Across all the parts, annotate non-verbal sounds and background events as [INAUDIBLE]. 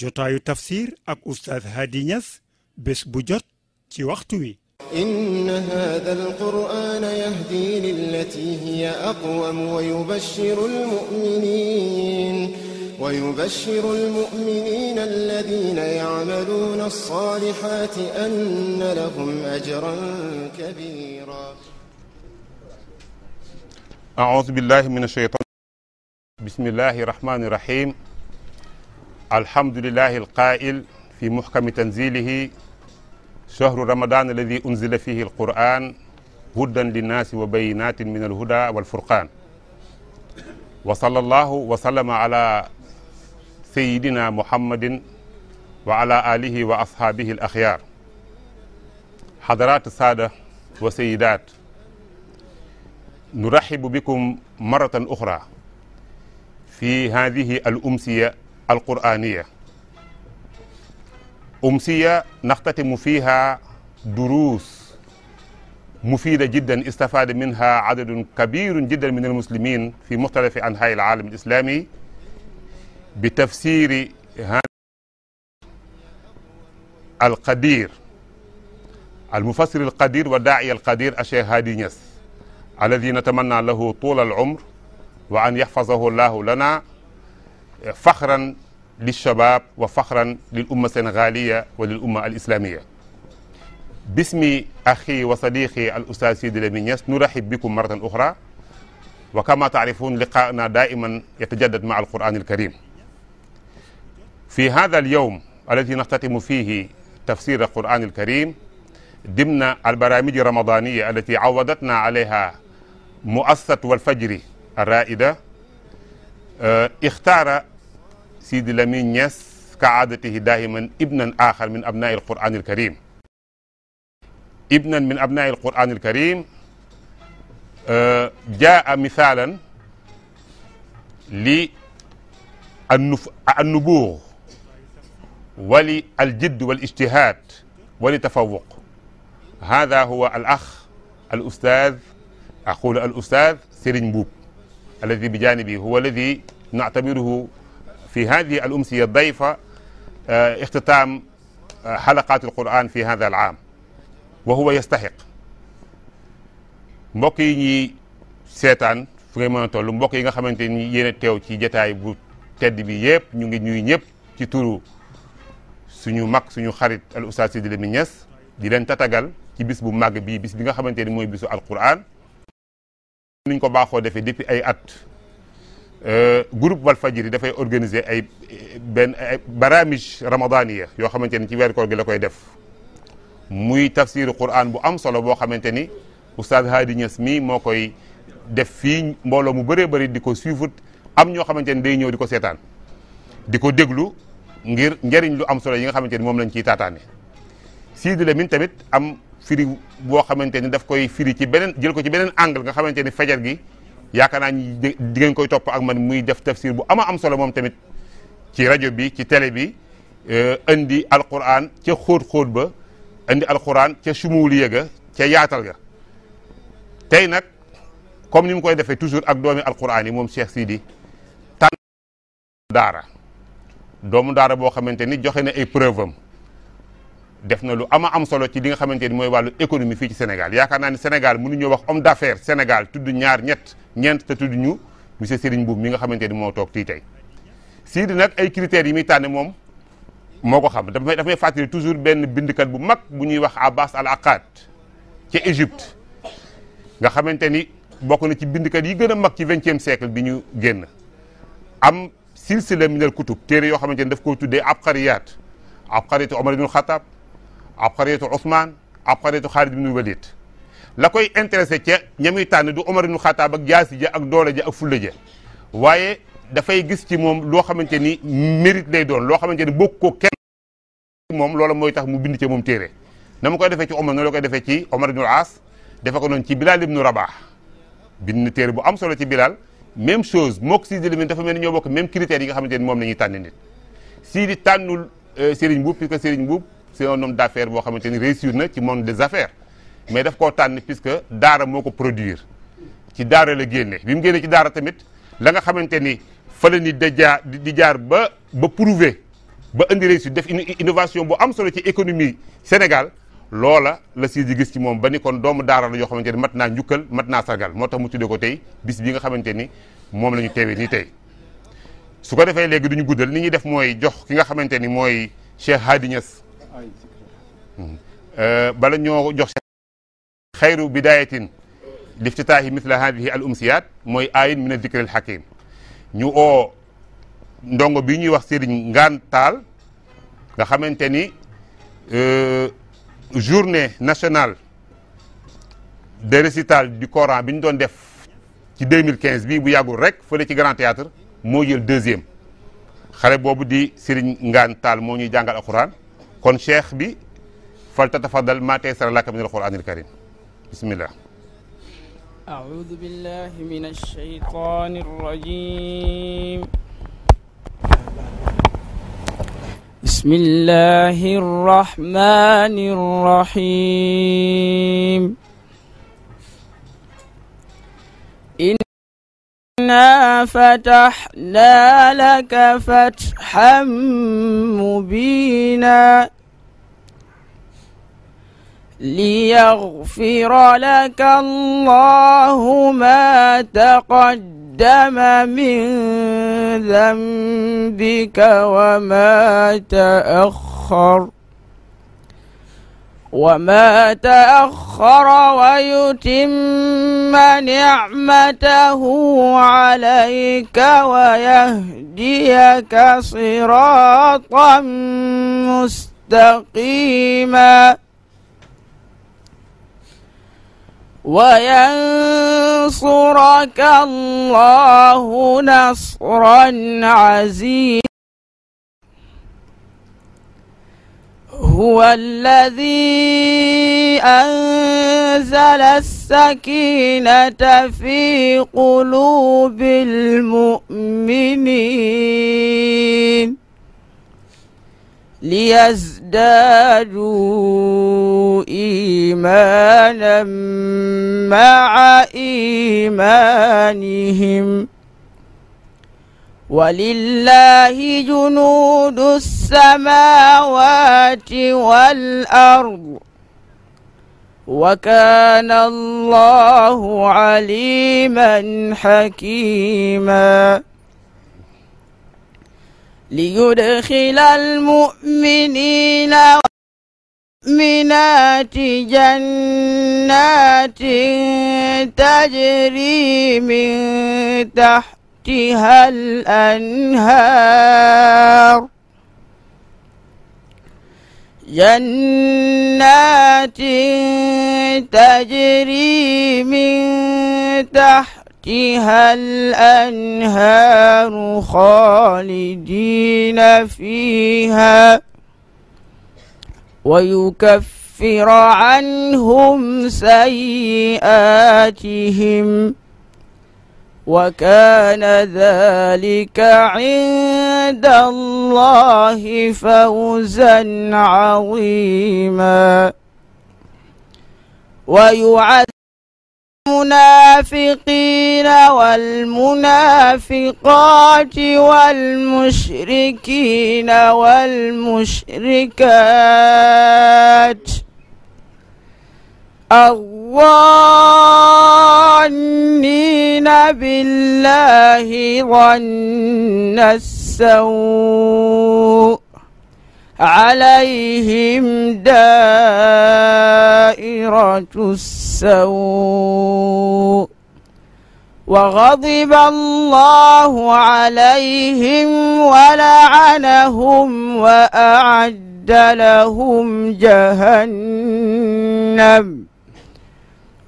jotaayu tafsir ak oustaz Hadi Niass bés bu jot ci waxtu wi. إن هذا القرآن يهدي للتي هي أقوم ويبشر المؤمنين ويبشر المؤمنين الذين يعملون الصالحات أن لهم أجرا كبيرا أعوذ بالله من الشيطان بسم الله الرحمن الرحيم alhamdulilahi alqail fi muhkami tanzilihi chahru ramadan alladi unzila fihi alquran hudan linnaasi wa bayinatin min alhuda walfurqan wa sala allahu wa sallama ala sayidina muhammadin wa ala alihi wa ashaabihi al axyaar xadaraat saada wa sayidaat nuraxibu bikum maratan uxra fi hadihi al umsiya alqur'aniya أمسية نختتم فيها دروس مفيدة جدا استفاد منها عدد كبير جدا من المسلمين في مختلف أنحاء العالم الإسلامي بتفسير هذا القدير المفسر القدير والداعي القدير الشيخ هادي نيس الذي نتمنى له طول العمر وأن يحفظه الله لنا فخرا li shabaab wa faxran lil umma sénégaliya wa lil umma al islamiya bismi axi wa sadiqi al ustaaz Sidy Lamine Niass nurahib bikum maratan uxra wa kama taarifuun liqaana daiman yatajaddad maa al quran al karim fi hada al yowm alladi naxtatimu fihi tafsir al quran al karim dimna al baramij ramadaniya allati awadatna alayha muassat walfajri al raida ixtaara Sidi Lamine Niass ka aadatihi daahiman ibnan axar min abnaa il quran il karim ibnan min abnaa il quran il karim eh, jaa misaalan li annubuur wali aljidd wal ijtihaad wali tafawuq hada huwa al ax al ustaaz aqulu al ustaaz Serigne Mbuub alladi bi jaanibi huwa alladi naatamiruhu في هذه الأمسية الضيفة اختتام حلقات القرآن في هذا العام وهو يستحق mbokk yi ñuy seetaan fu ngay mën a toll mbokk yi nga xamante ni yéen a teew ci jataay bu tedd bi yëpp ñu ngi ñuy ñëpp ci turu suñu mag suñu xarit al oustaz Sidy Lamine Niass di leen tatagal ci bis bu màgg bii bis bi nga xamante ni mooy bisu alquran nuñ ko baaxoo defee depuis ay at Euh, groupe Walfadjri dafay organiser ay benn ay baramij yoo xamante ni ci weer koor gi la koy def muy tafsiru Qur'an bu am solo boo xamante ni Oustaz Hadi Niass mii moo koy def fii mbooloo mu bëree bëri di ko suivre am ñoo xamante ni day ñëw di ko seetaan di ko déglu ngir njariñ lu am solo yi nga xamante ni moom lañ ciy taataane Sidi Lamine tamit am firi boo xamante ni daf koy firi ci beneen jël ko ci beneen angle nga xamante ni fajar gi. yaakaar naa ni koy topp ak man muy def tafsir bu ama am solo moom tamit ci rajo bi ci tele bi euh, indi alquran ca xóot-xóot ba indi alquran ca sumuwuliye ca yaatal ga tey nag comme ni mu koy defee toujours ak doomi alquran yi moom Cheikh Sidi tànn daara doomu daara boo xamante ni joxe na ay preuve def na lu ama am solo ci li nga xamante ni mooy wàllu économie fii ci Sénégal yaakaar naa ni Sénégal mënuñoo wax homme d'affaires Sénégal tudd ñaar ñett ñeent te tudd ñu monsieur Serigne Mbuub mi nga xamante ni moo toog tii tey Sidi nag ay critères yi muy tànn moom moo ko xam dafa may fàttali toujours benn bindkat bu mag bu ñuy wax Abbas al Aqad ca Égypte nga xamante ni bokk na ci bindkat yi gën a mag ci vingtième siècle bi ñu génn am silsila minal kutub téere yoo xamante ni daf ko tuddee abqariyaat abqariyatu Omar ibnul Xataab abqariyatu Ousmane abqariyatu Xaalid ibnu Walid la koy intéressé ca ñamuy tànn du Omar ibnu Xataab ak jaasi ja ak doole ja ak fulla ja waaye dafay gis ci moom loo xamante ni mérite lay doon loo xamante ni bokk ko kenn moom loola mooy tax mu bind ca moom téere na ma koy defee ci Omar na la koy defee ci Omar ibnu As defe ko noonu ci Bilal ibnu Rabah bind téere bu am solo ci Bilal même chose mook Sidi Lamine dafa mel ni ñoo bokk même critères yi nga xamante ni moom la ñuy tànn nit di tànnul euh, Serigne Mbuub puisque Serigne Mbuub c'est un homme d'affaires boo xamante ni réussir na ci monde des affaires mais def koo tànn puisque daara moo ko produire ci daara la génne bi mu génne ci daara tamit la nga xamante ni fa la ni di jaar di jaar ba ba prouver ba indi réussite def innovation bu am solo ci économie Sénégal loola la si di gis ci moom ba ni kon doomu daara la yoo xamante ni mat naa njukkal mat naa sargal moo tax mu tuddee ko tey bis bi nga xamante ni moom la ñu teewee nii tey su ko defee léegi duñu guddal ni ñuy def mooy jox ki nga xamante ni mooy Cheikh Hadi Euh, bala ñoo jox si xayru bidayatin liftitaahi mithla hadihi al umsiyat mooy ayin min adikri al hakim ñu oo ndongo bi ñuy wax Serigne Ngane nga xamante ni euh, journée nationale de récital du Coran bi ñu doon def ci mille 2015 bi bu yàggul rek fële ci Grand Théâtre moo jël deuxième xale boobu di Serigne Ngane moo ñuy jàngal alxuraan kon cheikh bi fal tatafadal maa taysara laka min alquranil karim إنا فتحنا لك فتحا مبينا ليغفر لك الله ما تقدم من ذنبك وما تأخر وما تأخر ويتم نعمته عليك ويهديك صراطا مستقيما وينصرك الله نصرا عزيزا هو الذي أنزل السكينة في قلوب المؤمنين ليزدادوا إيمانا مع إيمانهم ولله جنود السماوات والأرض وكان الله عليما حكيما ليدخل المؤمنين والمؤمنات جنات تجري من تحت تحتها الأنهار جنات تجري من تحتها الأنهار خالدين فيها ويكفر عنهم سيئاتهم وكان ذلك عند الله فوزا عظيما ويعذب المنافقين والمنافقات والمشركين والمشركات الظانين بالله ظن السوء عليهم دائرة السوء وغضب الله عليهم ولعنهم وأعد لهم جهنم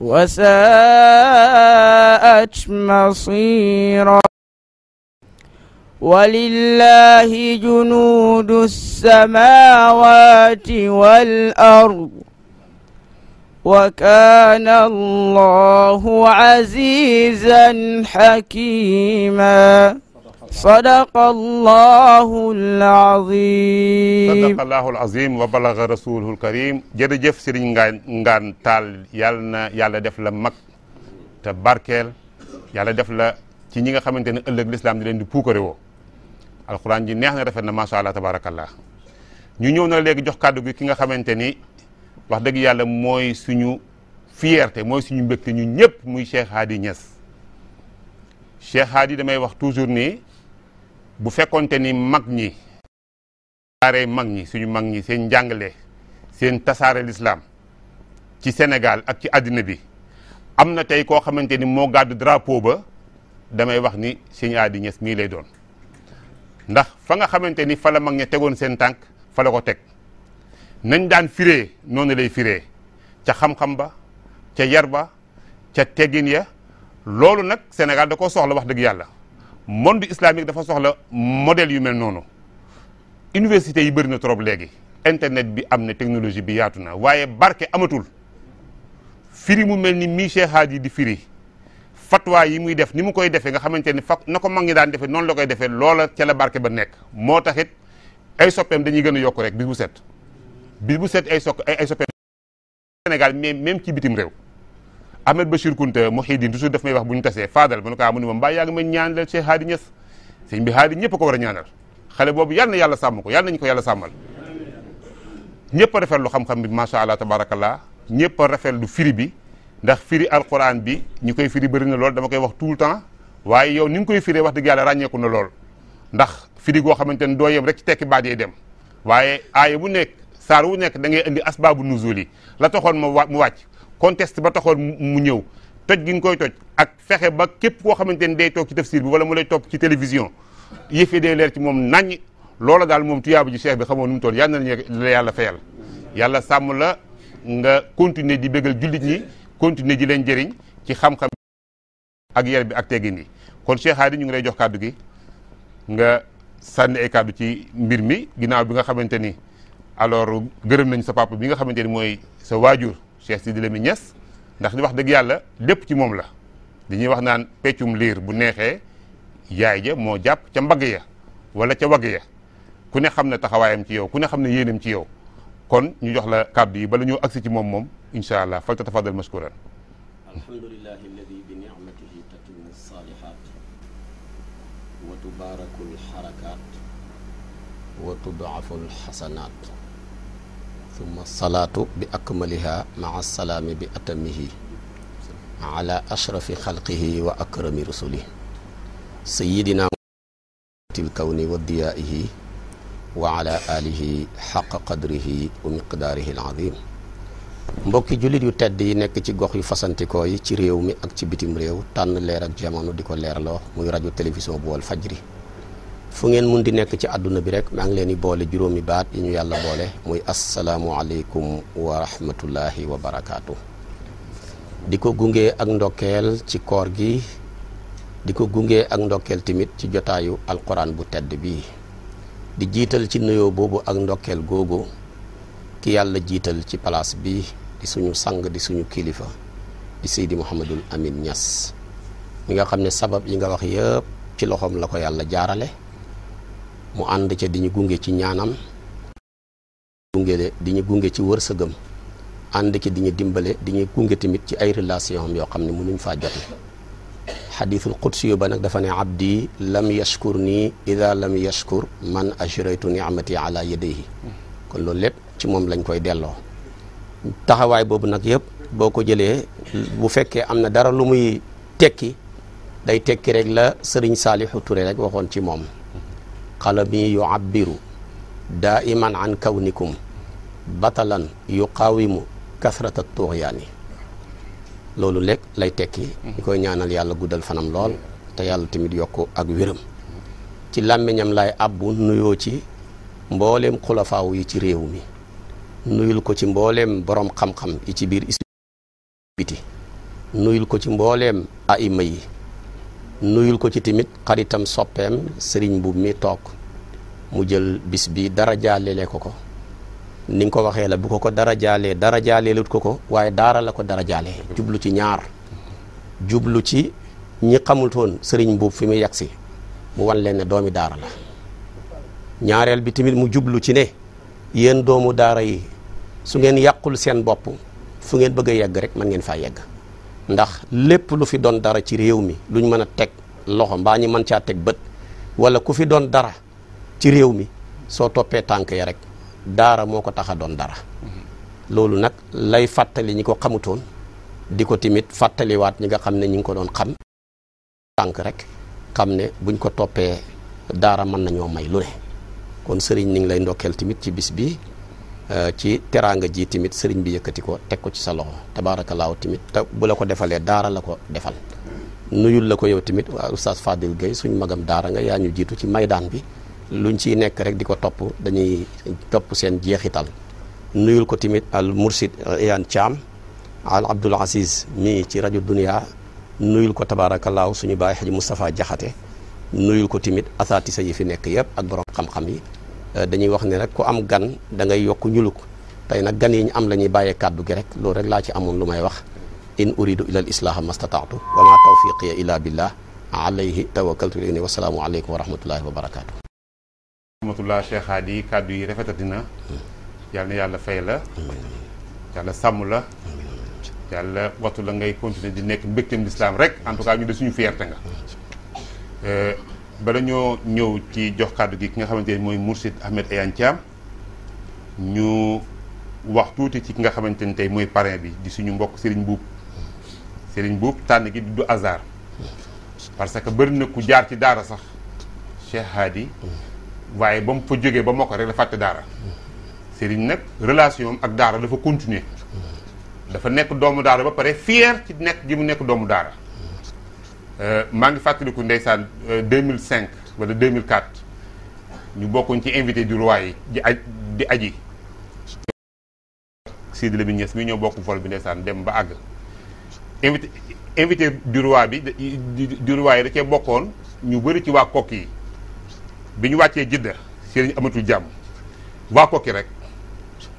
وساءت مصيرا ولله جنود السماوات والأرض وكان الله عزيزا حكيما sadaqallaahul aziim sadaqallaahul aziim wa balaga rasuuluhul kariim jërëjëf sëriñ ngaan ngaan taal yàlla na yàlla def la mag te barkeel yàlla def la ci ñi nga xamante ne ëllëg lislaam di leen di puukare woo alxuraan ji neex na rafet na macha allah tabaarakallah ñu ñëw na léegi jox kàddu gi ki nga xamante ni wax dëgg yàlla mooy suñu fierté mooy suñu mbégte ñu ñëpp muy Cheikh Hadi Niass Cheikh Hadi damay wax toujours ni. bu fekkonte ni mag ñi tasaare mag ñi suñu mag ñi seen njàngale seen tasaare lislaam ci Sénégal ak ci àddina bi am na tey koo xamante ni moo gàddu drapeau ba damay wax ni Sëñ Adi Niass mii lay doon ndax fa nga xamante ni fa mag ña tegoon seen tànk fa la ko teg nañ daan firee noonu lay firee ca xam-xam ba ca yar ba ca tegin ya loolu nag Sénégal da koo soxla wax dëgg yàlla monde islamique dafa soxla modèle yu mel noonu université yi bëri na trop léegi internet bi am na technologie bi yaatu na waaye barke amatul firi mu mel ni mi Cheikh yi di firi fatwa yi muy def ni mu koy defee nga xamante ni fa na ko mag ñi daan defee noonu la koy defee loola ca barke ba nekk moo taxit ay soppeem dañuy gën a yokk rek bis bu set bis bu set ay sok ay soppeem Sénégal mais même ci bitim réew Ahmed Bachir Kounta Mouhidine toujours daf may wax bu ñu tasee faadal ma ne ko ah, mu ne ma mbaa yaa ngi may ñaanal Cheikh Hadi Niass sëñ bi Hadi ñëpp ko war a ñaanal xale boobu yàlla na yàlla sàmm ko yàlla nañu ko sàmmal ñëpp a rafetlu xam-xam bi macha allah tabarakallah ñëpp a rafetlu firi bi ndax firi alquran bi ñu koy firi bëri na lool dama koy wax tout le temps waaye yow ni nga koy firee wax dëgg yàlla ràññeeku na lool ndax firi goo xamante ne doo yem rek ci tekki baat yi dem waaye aaya bu nekk saar wu nekk da ngay indi asbaabu nuzul yi la taxoon mu wàcc contexte ba taxoon mu ñëw toj gi nga koy toj ak fexe ba képp koo xamante ni day toog ci tafsir bi wala mu lay topp ci télévision yëf yi day leer ci moom naññ loola daal moom tuyaaba ji cheikh bi xamoon nu mu toll yal na la yàlla fayal yàlla sàmm la nga continuer di bégal jullit ñi continuer di leen jëriñ ci xam-xam ak yar bi ak teggin yi kon Cheikh Hadi ñu ngi lay jox kàddu gi nga sànni ay kàddu ci mbir mi ginnaaw bi nga xamante ni alors gërëm nañ sa papa bi nga xamante ni mooy sa waajur Cheikh Sidi Lamine Niass ndax di wax dëgg yàlla lépp ci moom la dañuy wax naan peccum liir bu neexee yaay ja moo jàpp ca mbagg ya wala ca wagg ya ku ne xam ne taxawaayam ci yow ku ne xam ne yéenam ci yow kon ñu jox la kàddu yi bala ñoo agsi ci moom moom incha allah fal tatafadal mashkuran alhamdulillahi alladi bi ni'matihi tatimu salihat wa tubaraku alharakat wa tudaafu alhasanat summa salaatu bi akmaliha maa salaami bi atamihi ala ashrafi xalqihi wa akrami rusuli sayidina til kawni wa diyaihi wa ala alihi xaqa qadrihi wa miqdaarihi al azim mbokki jullit yu tedd yi nekk ci gox yu fasantikoo yi ci réew mi ak ci bitim réew tànn leer ak jamono di ko leerloo muy rajo télévision bu wal fajri fu ngeen mun di nekk ci àdduna bi rek maa ngi leen di boole juróomi baat yi ñu yàlla boole muy asalaamualeykum wa rahmatullahi wa barakaatu. di ko gunge ak ndokkeel ci koor gi di ko gunge ak ndokkeel tamit ci jotaayu alquran bu tedd bi di jiital ci nuyoo boobu ak ndokkeel googu ki yàlla jiital ci palaas bi di suñu sang di suñu kilifa di Seydi Mouhamadul Amin Niass mi nga xam ne sabab yi nga wax yëpp ci loxoom la ko yàlla jaarale mu ànd ca di ñu ci ñaanam gunge di ñu gunge ci wërsëgam ànd ci di ñu dimbale di ñu gunge tamit ci ay relation yoo xam ne mënuñ faa jote xadiisul qudsi yu ba nag dafa ne abdi lam yashkur ni ida lam yashkur man ajraytu niamati ala yadayhi kon loolu lépp ci moom lañ koy delloo taxawaay boobu nag yëpp boo ko jëlee bu fekkee am na dara lu muy tekki day tekki rek la sëriñ Saalihu Ture rek waxoon ci moom qalami yucabbiru daa'iman an kawnikum batalan yu yuqaawimu kasrata tughyaani loolu lekk lay tekki ñu koy ñaanal yàlla guddal fanam lool te yàlla tamit yokk ak wéram ci làmmiñam lay àbbu nuyoo ci mbooleem xulafaaw yi ci réew mi nuyul ko ci mbooleem boroom xam-xam yi ci biir biti nuyul ko ci mbooleem aima yi nuyul ko ci tamit xaritam soppeem sëriñ bu mi toog mu jël bis bi dara jaaleele ko ko ni ko waxee la bu ko ko dara jaalee dara jaaleelut ko ko waaye daara la ko dara jaalee jublu ci ñaar jublu ci ñi xamutoon sëriñ boobu fi muy yegsi mu wan leen ne doomi daara la ñaareel bi tamit mu jublu ci ne yéen doomu daara yi su ngeen yàqul seen bopp fu ngeen bëgg a yegg rek mën ngeen faa yegg ndax lépp lu fi doon dara ci réew mi luñ mën a teg loxo mbaa ñi mën caa teg bët wala ku fi doon dara ci réew mi soo toppee tànk ya rek daara moo ko tax a doon dara loolu nag lay fàttali ñi ko xamutoon di ko timit fàttaliwaat ñi nga xam ne ñi ngi ko doon xam tànk rek xam ne buñ ko toppee daara mën nañoo may lu ne kon sëriñ ni ngi lay ndokkeel timit ci bis bi Euh, ci teraanga ji tamit sëriñ bi yëkkati ko teg ko ci sa loxo tabaarakallaahu tamit te bu la ko defalee daara la ko defal nuyul la ko yow tamit waa oustaz Fadil Gueye suñ magam daara nga yaa ñu jiitu ci maydan bi luñ ciy nekk rek di ko topp dañuy topp seen jeexital nuyul ko tamit al mursid Iyaan Thiam al Abdul Aziz mii ci rajo Dunia nuyul ko tabaarakallaahu suñu baay xaj Moustapha Jaxate nuyul ko tamit asaati sa yi fi nekk yëpp ak borom xam-xam yi Euh, dañuy wax ne rek ku am gan da ngay yokk ñuluk tey nag gan yi ñu am la ñuy bàyyee kàddu gi rek loolu rek laa ci amoon lu may wax in uridu ila al islaha mastataatu wa ma tawfiqiya illa billah alayhi tawakkaltu ilayhi wa salaamu aleykum wa rahmatullahi wa barakaatu rahmatullah Cheikh Hadi kàddu yi rafetati na hmm. yàlla na yàlla fay la hmm. yàlla sàmm la hmm. yàlla waxtu la ngay continuer di nekk mbégteem lislaam rek en tout cas ñu de suñu fierté nga euh, bala ñoo ñëw ci jox kàddu gi ki nga xamante ni mooy Mourchid Ahmed Eyane ñu wax tuuti ci ki nga xamante ni tey mooy parrain bi di suñu mbokk Serigne Boub Serigne Boub tànn gi du hasard parce que bëri na ku jaar ci daara sax Cheikh Hadi waaye ba mu fa jógee ba moo ko rek la fàtte daara sëriñ nag relation am ak daara dafa continuer dafa nekk doomu daara ba pare fier ci nekk gi mu nekk doomu daara Euh, maa ngi fàttaliku ndeysaan euh, cinq wala 2004 ñu bokkuñ ci invité du roi yi di aj di aji. Sidi Lamine Niass mi ñoo bokk vol bi ndeysaan dem ba àgg invité invité du roi bi du roi yi da cee bokkoon ñu bëri ci waa kokki yi bi ñu wàccee jidda si lañu amatul jàmm waa kokki rek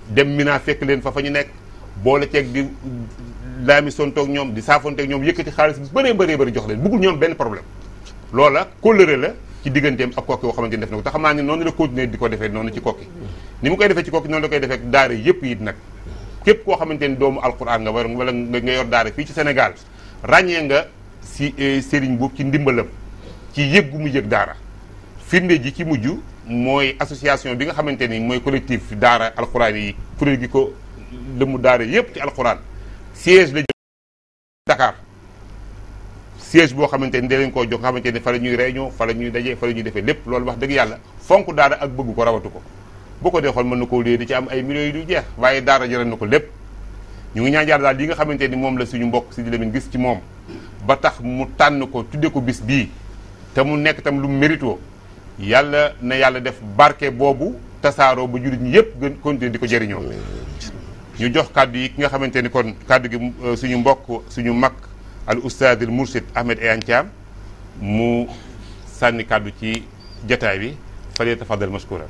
dem mi naa fekk leen fa fa ñu nekk boole ceeg di laami sontoog ñoom di saafonteeg ñoom yëkkati xaalis bu bëree bëree bëri jox leen bëggul ñoom benn problème loola kóllëre la ci digganteem ak kokki yoo xamante ni def na ko te xam naa ne di ko defee noonu ci kokki ni mu koy defee ci kokki noonu la koy defee daara yëpp it nag képp koo xamante ni doomu alquran nga war wala nga yor daara fii ci Sénégal ràññee nga si eh, sëriñ boobu ci ndimbalam ci yëg gu mu yëg daara firnde ji ci mujj mooy association bi nga xamante ni mooy collectif daara alquran yi kuréel gi ko lëmu daara yëpp ci alquran siège la Dakar siège boo xamante ni dinañ koo jox nga xamante ni fa la ñuy réunion fa la ñuy daje fa la ñuy defee lépp loolu wax dëgg yàlla fonk daara ak bëgg ko rawatu ko boo ko dee xool mën na koo lée di ci am ay millions yi du jeex waaye daara jaral na ko lépp ñu ngi ñaan yàlla daal li nga xamante ni moom la suñu mbokk si di Lamin gis ci moom ba tax mu tànn ko tuddee ko bis bii te mu nekk tam lu mérito yàlla na yàlla def barke boobu tasaaroo ba jullit ñi yëpp gën continuer di ko jëriñoo ñu jox kàddu yi ki nga xamante ni kon kàddu gi euh, suñu mbokk suñu mag al oustaz al mursid Ahmed Eyane Thiam mu sànni kàddu ci jataay bi fale tafadal mashkura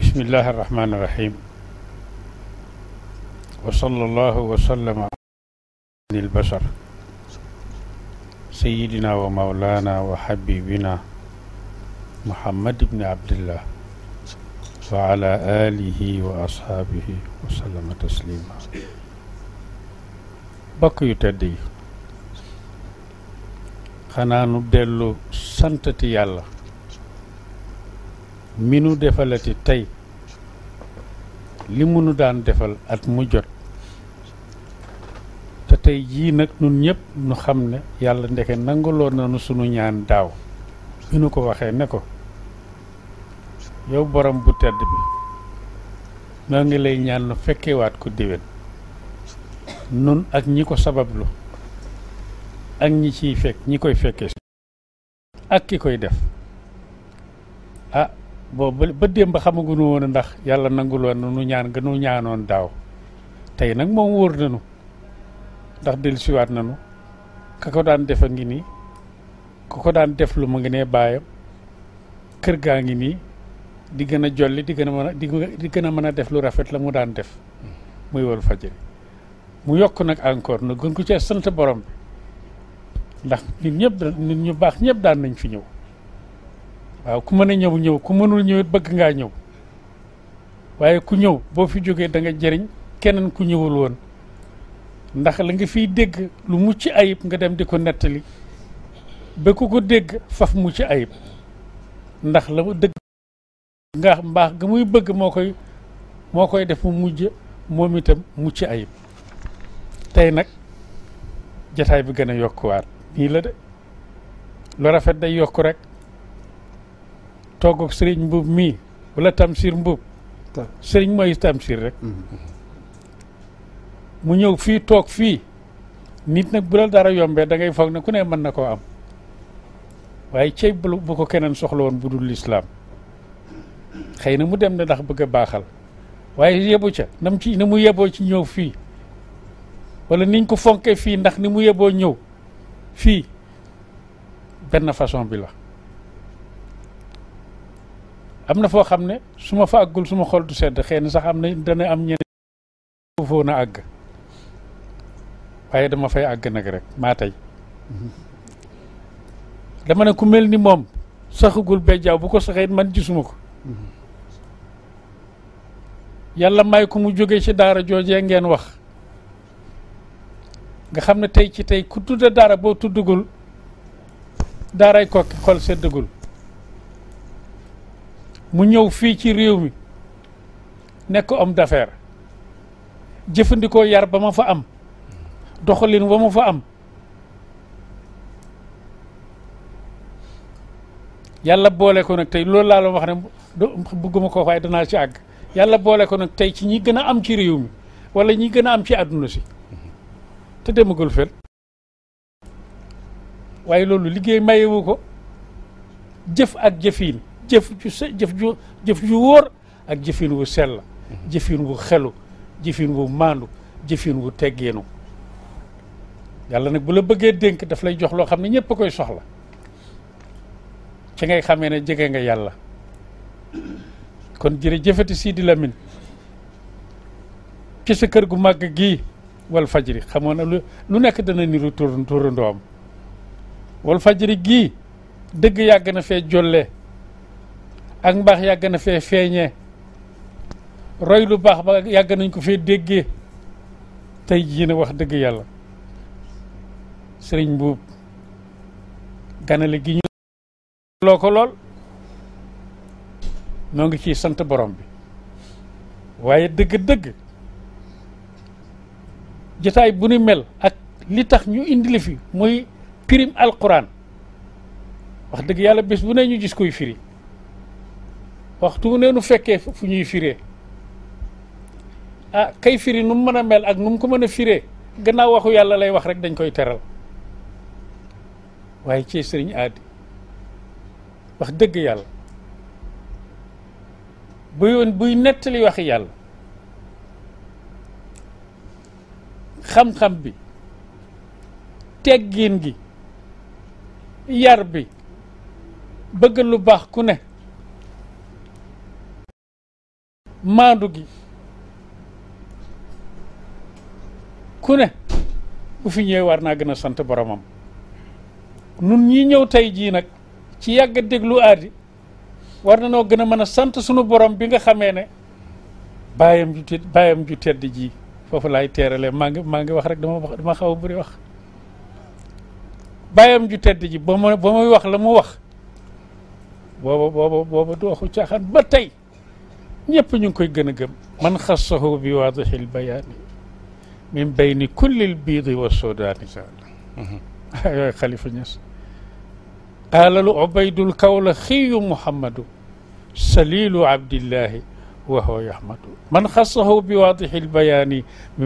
bismillahi arrahmani irrahim wa sallallahu wa sallama al bashar sayidina wa maulana wa habibina muhammad ibni abdillah wa ala alihi wa ashaabihi wa sallama taslima bokk yu tedd yi xanaa nu dellu santati yàlla mi nu defalati tey li mu nu daan defal at mu jot te tey jii nag nun ñëpp nu xam ne yàlla ndeke nangaloon nanu sunu ñaan daaw bi nu ko waxee ne ko yow borom bu tedd bi maa ngi lay ñaan nu fekkewaat ko déwén nun ak ñi ko sabablu ak ñi ciy fekk ñi koy fekkee ak ki koy def a ah, boobu ba démb xamaguñu woon ndax yàlla nangu woon nu ñaan gënu ñaanoon daaw tey nag moom wóor nañu ndax dellusiwaat nañu ka ko daan defa ngi nii ku ko daan def lu mu ngi nee baayam kër gaa ngi nii di gën a jolli di gën a mën a di gën a mën a def lu rafet la mu daan def muy wal fajari mu yokk nag encore na gën ko ci sant borom bi ndax nit ñëpp nit ñu baax ñëpp daan nañ fi ñëw waaw ku mën a ñëw ñëw ku mënul ñëw bëgg ngaa ñëw waaye ku ñëw boo fi jógee da nga jëriñ keneen ku ñëwul woon ndax la nga fiy dégg lu mucc ayib nga dem di ko nettali ba ku ko dégg faf mu ci ayib ndax la mu dëgg nga mbaax ga muy bëgg moo koy moo koy def mu mujj moom itam mu ci ayib tey nag jataay bi gën a yokkuwaat nii la de lu rafet day yokk rek toog sëriñ mbuub mii wala tamsir mbuub sëriñ mooy tamsiir rek mm-hmm. mu ñëw fii toog fii nit nag bu la dara yombee da ngay foog ne ku ne mën na koo am waaye cey bu ko keneen soxla woon bu dul lislaam xëy na mu dem na ndax bëgg a baaxal waaye yebu ca nam ci ni mu yeboo ci ñëw fii walla niñ ko fonkee fii ndax ni mu yeboo ñëw fii benn façon bi la am na foo xam ne su ma fa àggul su ma xol du sedd xëy na sax am na dana am ñeneen foofoo àgg waaye dama fay àgg nag rek maa tey dama ne ku mel ni moom saxagul bejjaaw bu ko saxee man gisuma ko yàlla may ko mu jóge ci daara jooje ngeen wax nga xam ne tey ci tey ku tudda daara boo tuddugul daaray kokki xol seddagul mu ñëw fii ci réew mi nekk om d'affaires jëfandikoo yar ba ma fa am doxalin wa ma fa am yàlla boole ko nag tey loolu laa la wax ne bëgguma ko waaye danaa si àgg yàlla boole ko nag tey ci ñi gën a am ci réew mi wala ñi gën a am ci àdduna si te demagul fenn waaye loolu liggéey mayewu ko jëf ak jëfiin jëf ju jëf ju jëf ju wóor ak jëfin wu sell jëfin wu xelu jëfin wu maandu jëfin wu teggeenu yàlla nag bu la bëggee dénk daf lay jox loo xam ne ñëpp koy soxla ci ngay xamee ne jege nga yàlla kon jërëjëfati Sidi Lamine ci sa kër gu màgg gii wal fajri xamoon na lu nekk dana niru tur turandoom wal fajri gii dëgg yàgg na fee jolle ak mbaax yàgg na fee feeñee roy lu baax ba yàgg nañ ko fee déggee tey jii na wax dëgg yàlla sëriñ buub ganale gi ñu loo ko lool noo ngi ciy sant borom bi waaye dëgg-dëgg jotaay bu nu mel ak li tax ñu indi li fi muy pirim alquran wax dëgg yàlla bés bu ne ñu gis koy firi waxtu wu ne nu fekkee fu ñuy firee ah kay firi nu mu mën a mel ak nu mu ko mën a firee gannaaw waxu yàlla lay wax rek dañ koy teral waaye ci sëriñ aadi wax dëgg yàlla bu yoon buy nettali wax yàlla xam-xam bi teggin gi yar bi bëgg lu baax ku ne maandu gi ku ne bu fi ñëwee war naa gën a sant boromam nun ñi ñëw tey jii nag ci yàgg déglu aadi war na noo gën a mën a sant sunu borom bi nga xamee ne baayam ju tedd bàyyam ju tedd ji foofu laay teeralee maa maa ngi wax rek dama xaw a bëri wax bàyyam ju tedd ji ba ma ba muy wax la mu wax booba booba booba du waxu caaxaan ba tey ñëpp ñu ngi koy gën a gëm man xassahu bi waadixil bayaani min bayni kullil biidi wa sodaani sa yooyu xalifa ñes qaala lu ubaydul kawlaxiyu muhammadu salilu abdillahi wa huwa yahmadu man xasahu bi waadixi lbayaani bi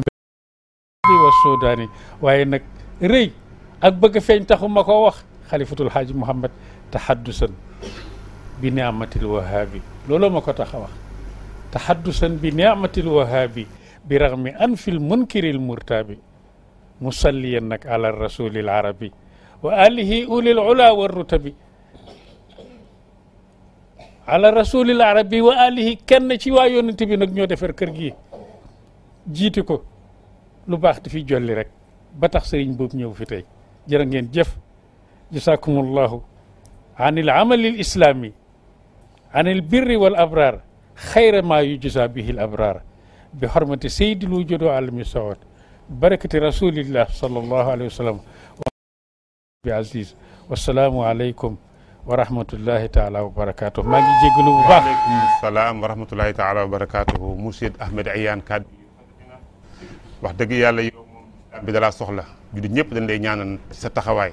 wa suudaani waaye nag rëy ak bëgg feeñ taxu ma koo wax xalifatul xaaji muhammad taxaddusan bi niamatil wahaabi looloo ma ko tax a wax taxaddusan bi niamatil wahaabi bi raxmi an fil munkiril murtaabi musalliyan nag ala rasulil arabi wa alihi ulil ula wa rutabi ala rasulil arabi wa alihi kenn ci waa yonent bi nag ñoo defar kër gi jiiti ko lu baax di fi jolli rek ba tax sëriñ boobu ñëw fi tey jërë ngeen jëf jasakumullahu an il amali l islami an il birri wal abrar xayra ma yujza bihi l abrar bi xormati sayyidil wujudi alami sawat barakati rasulillah sallallahu alayhi wa sallam bi Aziz wasalaamualeykum wa rahmatullahi taala wa barakaatu salaam wa rahmatullahi taala wa barakaatu Mourchid Ahmed Ayane kaddu wax dëgg yàlla yow bi dalaa soxla judi ñëpp dañ lay ñaanal ci sa taxawaay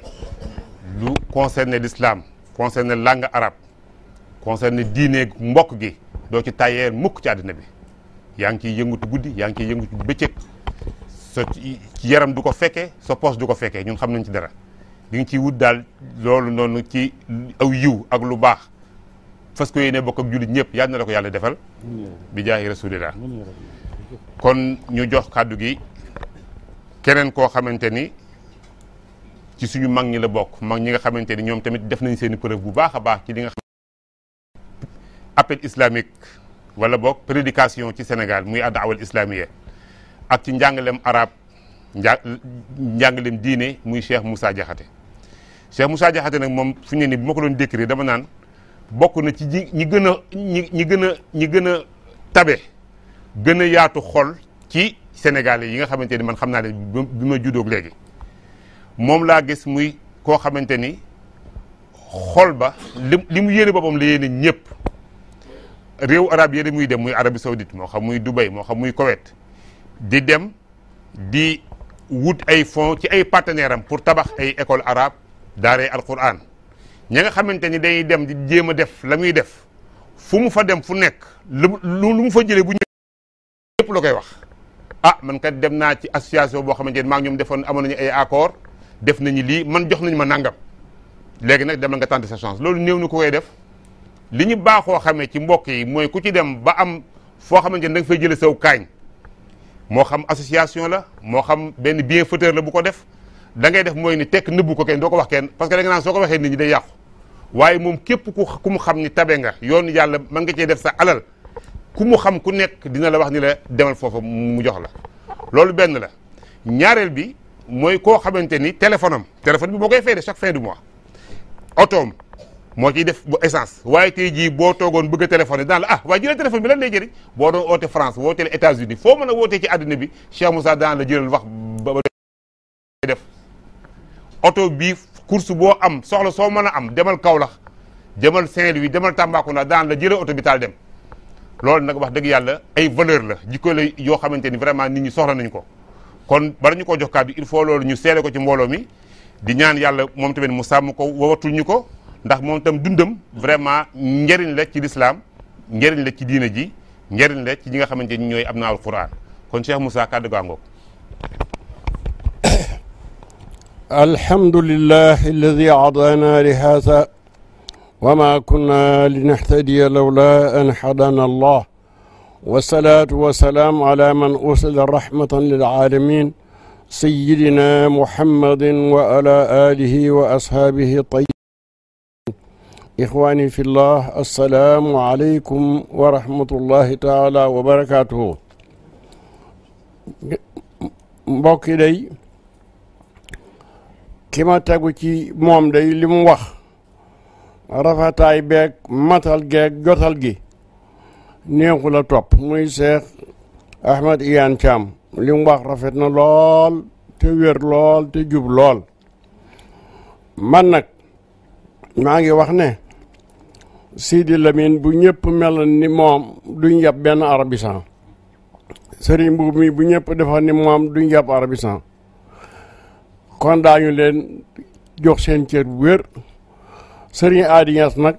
lu concerné l'islam concerné langue arabe concerné diine mbokk gi doo ci tayeer mukk ci àddina bi yaa ngi ciy yëngutu guddi yaa ngi ciy yëngutu bëccëg sa yaram du ko fekkee sa poche du ko fekkee ñun xam nañ ci dara di nga ciy wut daal loolu noonu ci aw yiw ak lu baax fas ko yéene bokk ak jullit ñëpp yal na la ko yàlla defal bi jaahi rasulillah kon ñu jox kàddu gi keneen koo xamante ni ci suñu mag ñi la bokk mag ñi nga xamante ni ñoom tamit def nañ seeni i bu baax a baax ci li nga xam appel islamique wala bokk prédication ci Sénégal muy addaawal islamiye ak ci njàngalem arab njàngalem diine muy Cheikh Moussa Diakhaté Cheikh Moussa Diakhaté nag moom fu ñu ne nii bu ma ko doon décrire dama naan bokk na ci ñi ñi gën a ñi ñi gën a ñi gën a tabe gën a yaatu xol ci Sénégalais yi nga xamante ni man xam naa ne bi ma juddoo léegi moom laa gis muy koo xamante ni xol ba li mu yéene boppam la yéene ñëpp réew arab yéene muy dem muy Arabie Saoudite moo xam muy Dubai moo xam muy Koweït di dem di wut ay fonds ci ay partenaire am pour tabax ay école arabe daaree alquran ña nga xamante ni day dem di jéem a def la muy def fu mu fa dem fu nekk lu lu mu fa jëlee bu ñëpp la koy wax ah man kat dem naa ci association boo xamante ni maa ñoom defoon amoon ay accord def nañu lii man jox nañu ma nangam léegi nag demal nga tenter sa chance loolu néew na ku koy def li ñu baaxoo xamee ci mbokk yi mooy ku ci dem ba am foo xamante ni da nga fay jëlee saw kaañ moo xam association la moo xam benn bienfaiteur la bu ko def da ngay def mooy ni tekk nëbbu ko kenn doo ko wax kenn parce que da nga soo ko waxee nit day yàqu waaye moom képp ku ku mu xam ni tabe nga yoon yàlla mën nga cee def sa alal ku mu xam ku nekk dina la wax ni la demal foofa mu jox la loolu benn la ñaareel bi mooy koo xamante ni téléphone am téléphone bi moo koy fay de chaque fin du mois otoom moo ci def bu essence waaye tey jii boo toogoon bëgg a téléphoné daan la ah waaye jëlal téléphone bi lan lay jëriñ boo doon oote France wooteel États-Unis foo mën a wootee ci àddina bi Cheikh Moussa daan la jëlal wax ba def oto bii course boo am soxla soo mën a am demal Kaolack demal Saint-Louis demal na daan la jëlee oto bi taal dem loolu nag wax dëgg yàlla ay valeur la jikko la yoo xamante ni vraiment nit ñi soxla nañ ko kon bala ñu ko jox kàddu il faut loolu ñu seele ko ci mbooloo mi di ñaan yàlla moom tamit mu sàmm ko wawatul ñu ko ndax moom tam dundam vraiment njëriñ la ci lislaam njëriñ la ci diina ji njëriñ la ci ñi nga xamante ni ñooy am na alquran kon Cheikh Moussa kàddu gaangoog الحمد لله الذي عضانا لهذا وما كنا لنهتدي لولا أن حدانا الله والصلاة والسلام على من أرسل رحمة للعالمين سيدنا محمد وعلى آله وأصحابه الطيبين إخواني في الله السلام عليكم ورحمة الله تعالى وبركاته mbokki day ki ma tegu ci moom de li mu wax rafetaay beeg matal geeg jotal gi neexu la topp muy Cheikh Ahmed Iyane Thiam li mu wax rafet na lool te wér lool te jub lool man nag maa ngi wax ne Sidi Lamine bu ñëpp mel ni moom duñ yab benn arabisant Serigne Mbuub mi bu ñëpp defal ni moom duñ yab arabisant kon daañu leen jox seen cër bu wér sëriñ Adias nag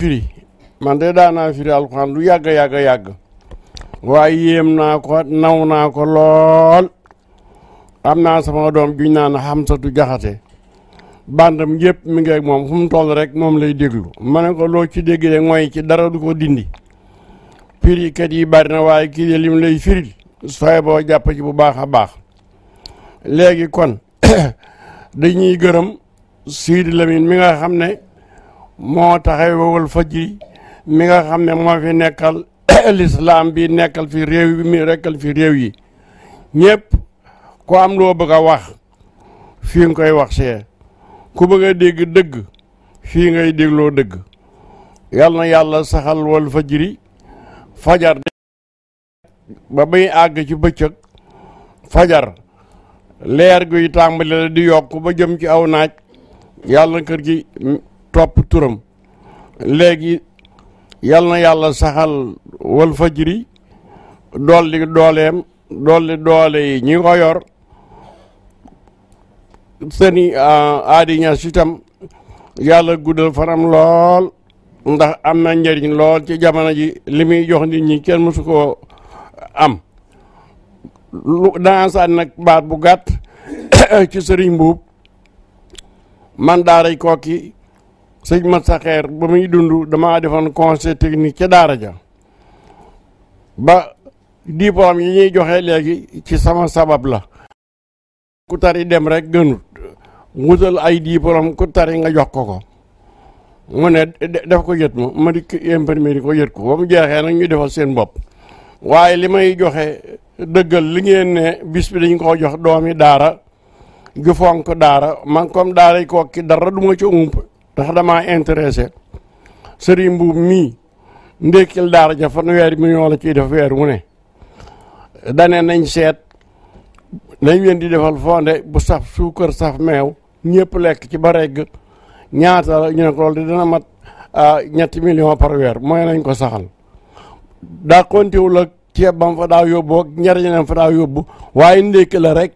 firi man de daanaa firi alxuraan lu yàgg yàgg yàgg waaye yéem naa ko naw naa ko lool am naa sama doom juñ naan xamsatu jaxate bandam yëpp mi ngi ak moom fu mu toll rek moom lay déglu ma ne ko loo ci dégg rek mooy ci dara du ko dindi firikat yi bari na waaye kii de lim lay firil sooy boo jàpp ci bu baax a baax léegi kon [COUGHS] dañuy gërëm Sidi Lamine mi nga xam ne moo taxaw wawal fajri mi nga xam ne moo fi nekkal [COUGHS] lislaam bi nekkal fi réew yi mi rekkal fi réew yi ñépp ku am loo bëgg a wax fii nga koy wax see ku bëgg dégg dëgg fii ngay dégloo dëgg yal na yàlla saxal wal fajri fajar ba muy àgg ci bëccëg fajar leer guy tàmbali la di yokk ba jëm ci aw naaj yàlla na kër gi topp turam léegi yàlla na yàlla saxal wal fajri dolli dooleem dolli doole yi ñi ko yor sëni ah, aadi ñas itam yàlla guddal fanam lool ndax am na njëriñ lool ci jamono ji li muy jox nit ñi kenn mësu koo am lu danaa saan nag baat bu gàtt [COUGHS] ci sëriñ mbuub man daaray kooki sëñ mat sa xeer ba muy dund dama defoon conseil technique ca daara ja ba diplôme yi ñuy joxe léegi ci sama sabab la ku tari dem rek gënut wutal ay diplôme ku tari nga jox ko ko mu ne def ko yët ma ma di imprimer ko yët ko ba mu jeexee nag ñu defal seen bopp waaye li may joxe dëggal li ngeen ne bis bi dañ koo jox doomi daara ju fonk daara man comme daara yi kooki dara duma ci ump ndax damaa intéressé sëriñ mbuub mii ndékkil daara ja fanweeri million la ciy def weer mu ne dane nañ seet dañ leen di defal fonde bu saf suukar saf meew ñëpp lekk ci ba regg ñaata la ñu ne ko loolu di dana mat ah, ñetti million par weer mooy nañ ko saxal daa kontiwul ak ceeb bam fa daa yóbbu waaye ndékki la rek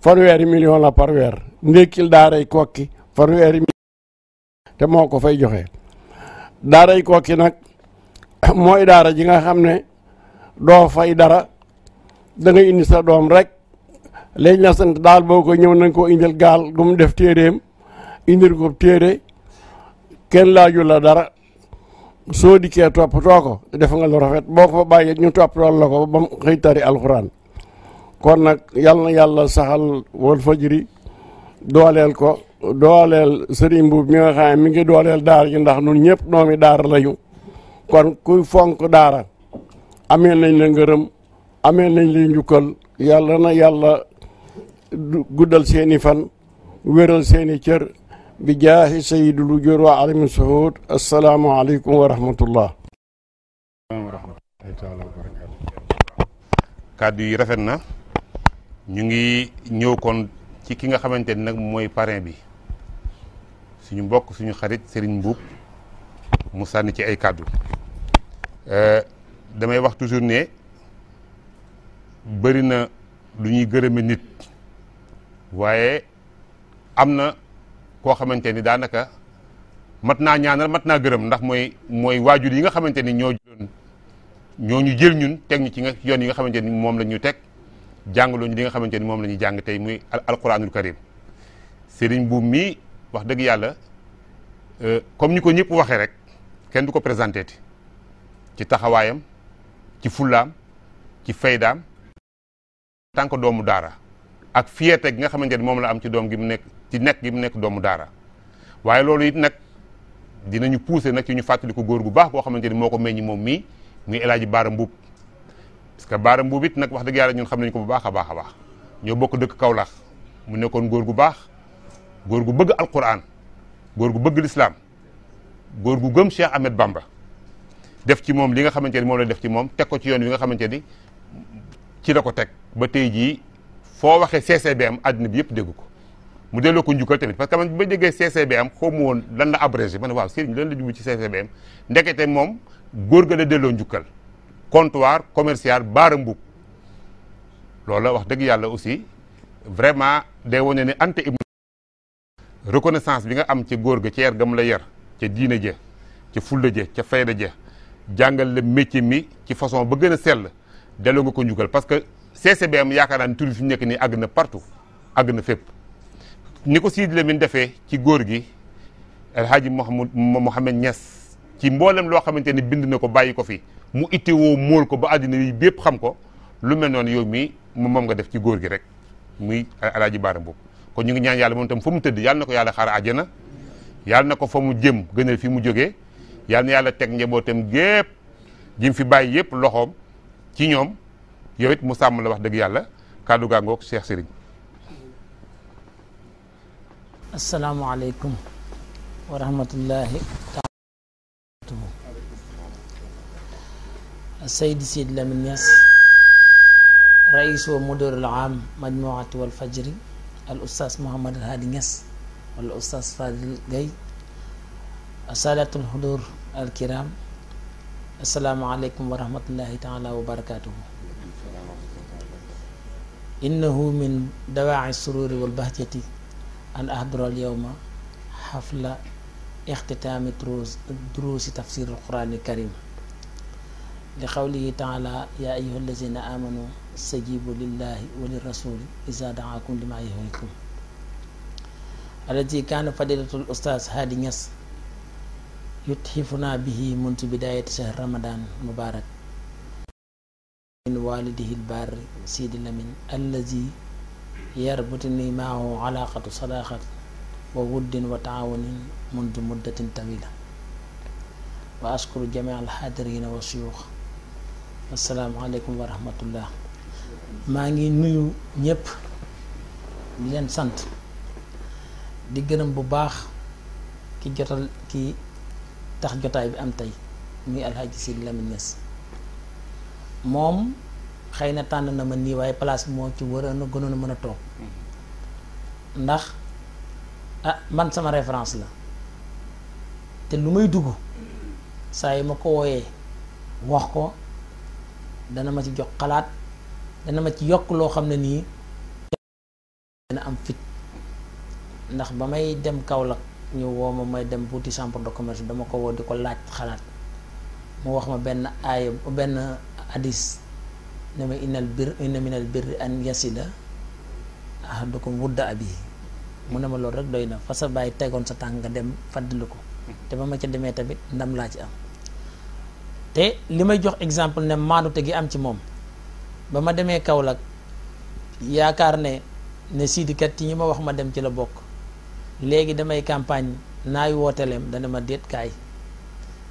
fanweeri million la par weer ndékkil daaray kokki fanweeri te moo ko fay joxe daaray kokki nag [COUGHS] mooy daara ji nga xam ne doo fay dara da indi sa doom rek léegi na sant daal boo koy ñëw nañ koo indil gaal gu def téeréem indil ko téere kenn laaju la dara soo dikkee toppatoo ko def nga lu rafet boo ko bàyyi ñu toppatoo la ko ba mu xëy tari alxuraan kon nag yal na yàlla saxal wal fajiri dooleel ko dooleel sëriñ Mbuub mi nga xam mi ngi dooleel daara ji ndax nun ñëpp doomi daara lañu kon kuy fonk daara amee nañ la ngërëm amee nañ la njukkal yàlla na yàlla guddal seeni fan wéral seeni cër bi jaahi sayyidul wujuud wa alimi suhuud assalaamu aleykum wa yi rafet na ñu ngi ñëw kon ci ki nga xamante ni nag mooy parrain bi suñu mbokk suñu xarit sëriñ Mboup mu sànni ci ay kàddu euh, damay wax toujours ne bëri na lu ñuy gërëme nit waaye am na koo xamante ni daanaka mat naa ñaanal mat naa gërëm ndax mooy mooy waajur yi nga xamante ni ñoo ñoo ñu jël ñun teg ñu ci yoon yi nga xamante ni moom la ñu teg jàngaloo ñu li nga xamante ni moom la ñuy jàng tey muy alquranul karim sëriñ bu mii wax dëgg yàlla euh, comme ni ko ñëpp waxee rek kenn du ko présenté ti ci taxawaayam ci fullaam ci faydaam tànk doomu daara ak fierté gi nga xamante ni moom la am ci doom gi mu nekk ci nekk gi mu nekk doomu daara waaye loolu it nag dinañu pousser nag ci ñu fàttaliku góor gu baax koo xamante ni moo ko meññi moom mii muy El Hadj Baara Mbuub parce que Baara Mbuub it nag wax dëgg yàlla ñun xam nañu ko bu baax a baax a baax ñoo bokk dëkk Kaolack mu nekkoon góor gu baax góor gu bëgg alquran góor gu bëgg lislaam góor gu gëm Cheikh Ahmed Bamba def ci moom li nga xamante ni moom la def ci moom teg ko ci yoon wi nga xamante ni ci la ko teg ba tey jii foo waxee CCBM àddina bi yëpp dégg ko mu delloo ko njukkal tamit parce que man bi ma déggee CCBM xaw ma woon lan la abrégé ma ne waaw sëriñ lan la jublu ci CCBM ndekete moom góor ga la delloo njukkal comptoir commercial baara mbub loolu la wax dëgg yàlla aussi vraiment day wane ne ante ibnu reconnaissance bi nga am ci góor ga ci yar gam la yar ca diine ja ca fulla ja ca fayda ja jàngal la métier mi ci façon ba gën a sell delloo nga ko njukkal parce que CCBM yaakaar naa ne tur fi mu nekk nii àgg na partout àgg na fépp ni ko Sidy Lamine defee ci góor gi mu Hadji mu Mouhamed Niass ci mboolem loo xamante ni bind na ko bàyyi ko fi mu itteewoo móol ko ba àddina yi bépp xam ko lu mel noonu yow mii moom nga def ci góor gi rek muy El Hadji Baara Mboup kon ñu ngi ñaan yàlla moom tam fa mu tëdd yàlla na ko yàlla xaar àjjana yàlla na ko fa mu jëm gënal fi mu jóge yàlla yàlla teg njabootam gépp jim fi bàyyi yëpp loxoom ci ñoom yow it mu sàmm la wax dëgg yàlla kàddu gaangoog Cheikh Serigne asalaamualeykum wa rahmatullahi taala Seydi Sidy Lamine Niass rais wa mudir al aam majmuati wal fajri al ustaz Mouhamad Hadi Niass wala ustaz Fadil Gaye saadatul xudur al kiram asalaamualeykum wa rahmatullahi taala wa barakatuhu innahu min dawaaci sururi wal bahjati an ahdural yawma xafla ixtitaami duruusi tafsir alquraan alkarim li qawlihi taala yaa ayuha allazina amanu istajibu lillahi wa lirasuli isa daakum lima yuhyikum allati kaana fadilatul ustaas Hadi Niass yutxifuna bihi mundu bidayati shahr ramadan mubarak min walidihi albarri sidi lamin allazi yar maahu alaaqatu sadaqat wa wuddin wa taawunin mundu muddatin tawila wa ashkuru jamii alxaadirina wa suyuux asalaamualeykum wa rahmatullah maa ngi nuyu ñépp di leen sant di gënam bu baax ki jotal ki tax jotaay bi am tey muy alxaaji Sidi Lamine moom xëy na tànn na ma nii waaye place moo ci waroon a gënoon a mën a toog ndax ah man sama référence la te lu may dugg saa yi ma ko wooyee wax ko dana ma ci jox xalaat dana ma ci yokk loo xam ne nii dana am fit ndax ba may dem kaw Kaolack ñu woo ma may dem buuti chambre de commerce dama ko woo di ko laaj xalaat mu wax ma benn aaya benn hadis ne ma innal bir inna minal birri an yasila ahadukum wudda abi mu ne ma loolu rek doy na fa sa bàyyi tegoon sa tànk nga dem fàddali ko te ba ma ca demee tamit ndam laa ci am te li may jox exemple ne maanute gi am ci moom ba ma demee Kaolack yaakaar ne ne siidikat ci ñi ma wax ma dem ci la bokk léegi damay campagne naay wooteleem dana ma déet kaay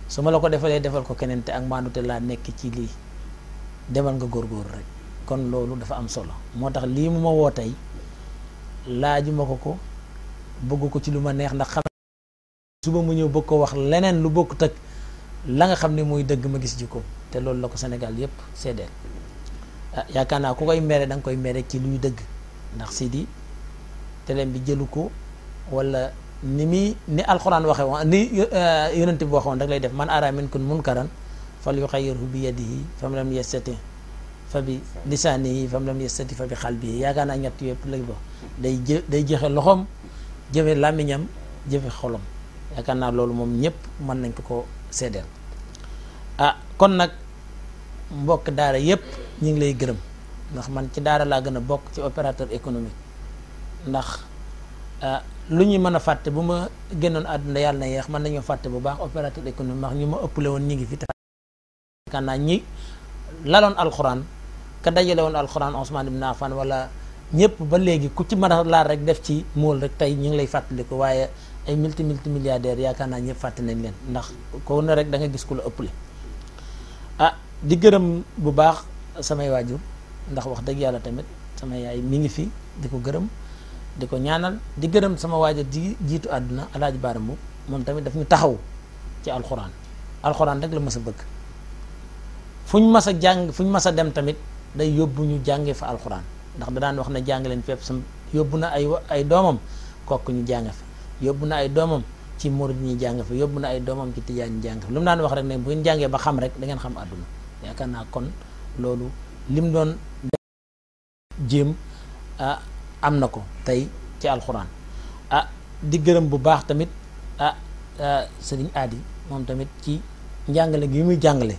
su ma la ko defalee defal ko keneen te ak maanute laa nekk ci lii demal nga góor rek kon loolu dafa am solo moo tax lii mu ma woo tey laaju ma ko ko bëgg ko ci lu ma neex ndax xam suba mu ñëw bëgg ko wax leneen lu bokk ak la nga xam ne mooy dëgg ma gis jikko te loolu la ko senegal yépp seedeel ah yaakaar naa ko koy mere da nga koy mere ci luy dëgg ndax Sidi teleem bi jëlu ko wala ni mi ni alxuraan waxee woon ni eh, yonent bi waxoon rek lay def man kon minkum karan fal yuxayirhu bi yadihi fam lam yastati fa bi lisaanihi fam lam yastati fa bi xalbihi yaakaar naa ñett yëpp lay ba day jë day jeexe loxoom jëfe làmmiñam jëfe xolom yaakaar naa loolu moom ñëpp mën nañ ko ko seddeel a ah, kon nag mbokk daara yëpp ñu ngi lay gërëm ndax man ci daara laa gën a bokk ci opérateur économique ndax ah, lu ñu mën a fàtte bu ma génnoon àdduna yàlla na yeex mën nañoo fàtte bu baax opérateur économique ndax ñu ma ëppale woon ñu ngi fi kan naa ñi laloon alxuraan ka dajale woon alxuraan Ousmane Ibn Affan wala ñëpp ba léegi ku ci mën laal rek def ci mool rek tey ñu ngi lay fàttaliku waaye ay multi multi milliardaires yaakaar naa ñëpp fàtte nañ leen ndax ko na rek da gis ku la ëpple ah di gërëm bu baax samay waajur ndax wax dëgg yàlla tamit sama yaay mi ngi fi di ko gërëm di ko ñaanal di gërëm sama waajur di jiitu àdduna alaaji baaramu moom tamit daf ñu taxaw ci alxuraan alxuraan rek la mës a bëgg fu ñu mas a jàng fu ñu mas a dem tamit day yóbbu ñu jànge fa alxuraan ndax da daan wax na jàng leen fépp sam yóbbu na ay ay doomam kokk ñu jàng fa yóbbu na ay doomam ci murid ñi jàng fa yóbbu na ay doomam ci tijaan ñi jàng fa lu mu daan wax rek ne bu ngeen jàngee ba xam rek da ngeen xam àdduna yaakaar naa kon loolu lim doon jéem ah am na ko tey ci alxuraan a di gërëm bu baax tamit ah sëriñ aadi moom tamit ci njàngale gi muy jàngale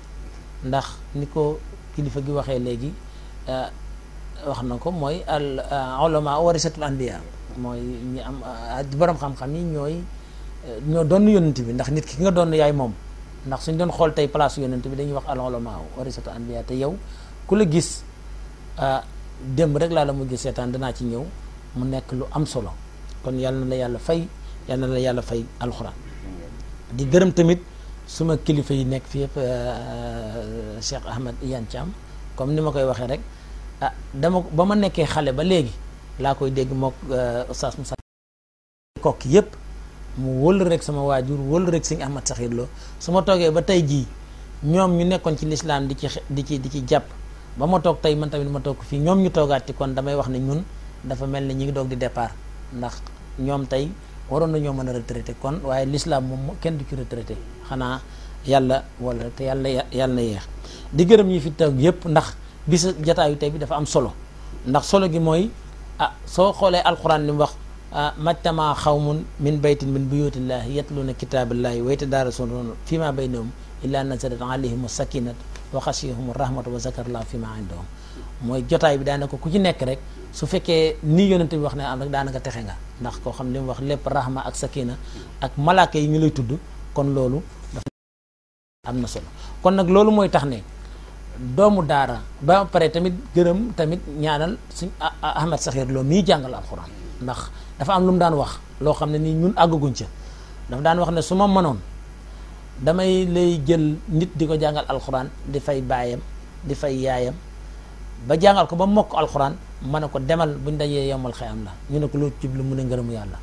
ndax ni ko kilifa gi waxee léegi euh, wax na ko mooy al euh, ulama warisatul anbiya mooy ñi am borom xam yi ñooy euh, ñoo doon yonent bi ndax nit ki nga doon yaay moom ndax suñ doon xool tey place yonent bi dañuy wax al ulama warisatul te yow ku la gis démb rek laa la mujj danaa ci ñëw mu nekk lu am solo kon yàlla yàlla fay yàlla yàlla fay alxuraan di gërëm tamit suma kilifa yi nekk fi yëpp euh, euh, Cheikh Ahmed Iyane Thiam comme ni ma koy waxee rek ah, dama ba ma nekkee xale ba léegi laa koy dégg mook euh, Oustaz Moussa kokki yëpp mu wóolu rek sama waajur wóolu rek Sëñ Ahmed Saxiir su ma toogee ba tey jii ñoom ñu nekkoon ci lislaam di ci di ci di ci jàpp ba ma toog tey man tamit ma toog fii ñoom ñu toogaat kon damay wax ne ñun dafa mel ni ñi ngi doog di départ ndax ñoom tey waroon nañoo mën a retraité kon waaye lislaam moom kenn du ci retraité xanaa yàlla wala te yàlla yàlla na yéex di gërëm ñi fi taw yépp ndax bis jataayu tey bi dafa am solo ndax solo gi mooy ah soo xoolee alquran li mu wax ah, majtamaa xawmun min baytin min buyutillahi yatluuna kitaabillahi wa yatadaarasuunahu fi ma baynahum illa nazalat alayhim sakinat wa xasiyahum rahmatu wa zakarallah fi ma indahum mooy jotaay bi ko ku ci nekk rek su fekkee nii yonent bi wax ne am rek daanaka texe nga ndax koo xam ne mu wax lépp rahma ak sakina ak malaaka yi ñu lay tudd kon loolu am na solo kon nag loolu mooy tax ne doomu daara ba pare tamit gërëm tamit ñaanal suñ Ahmed Sakhir Lo mii jàngal alxuraan ndax dafa am lu mu daan wax loo xam ne nii ñun àggaguñ ca dafa daan wax ne su ma manoon damay lay jël nit di ko jàngal alxuraan di fay baayam di fay yaayam ba jàngal ko ba mokk alxuraan mën na ko demal buñ dajee yombal xeyam la ñu ne ko loo jublu mu ne ngërëmu yàlla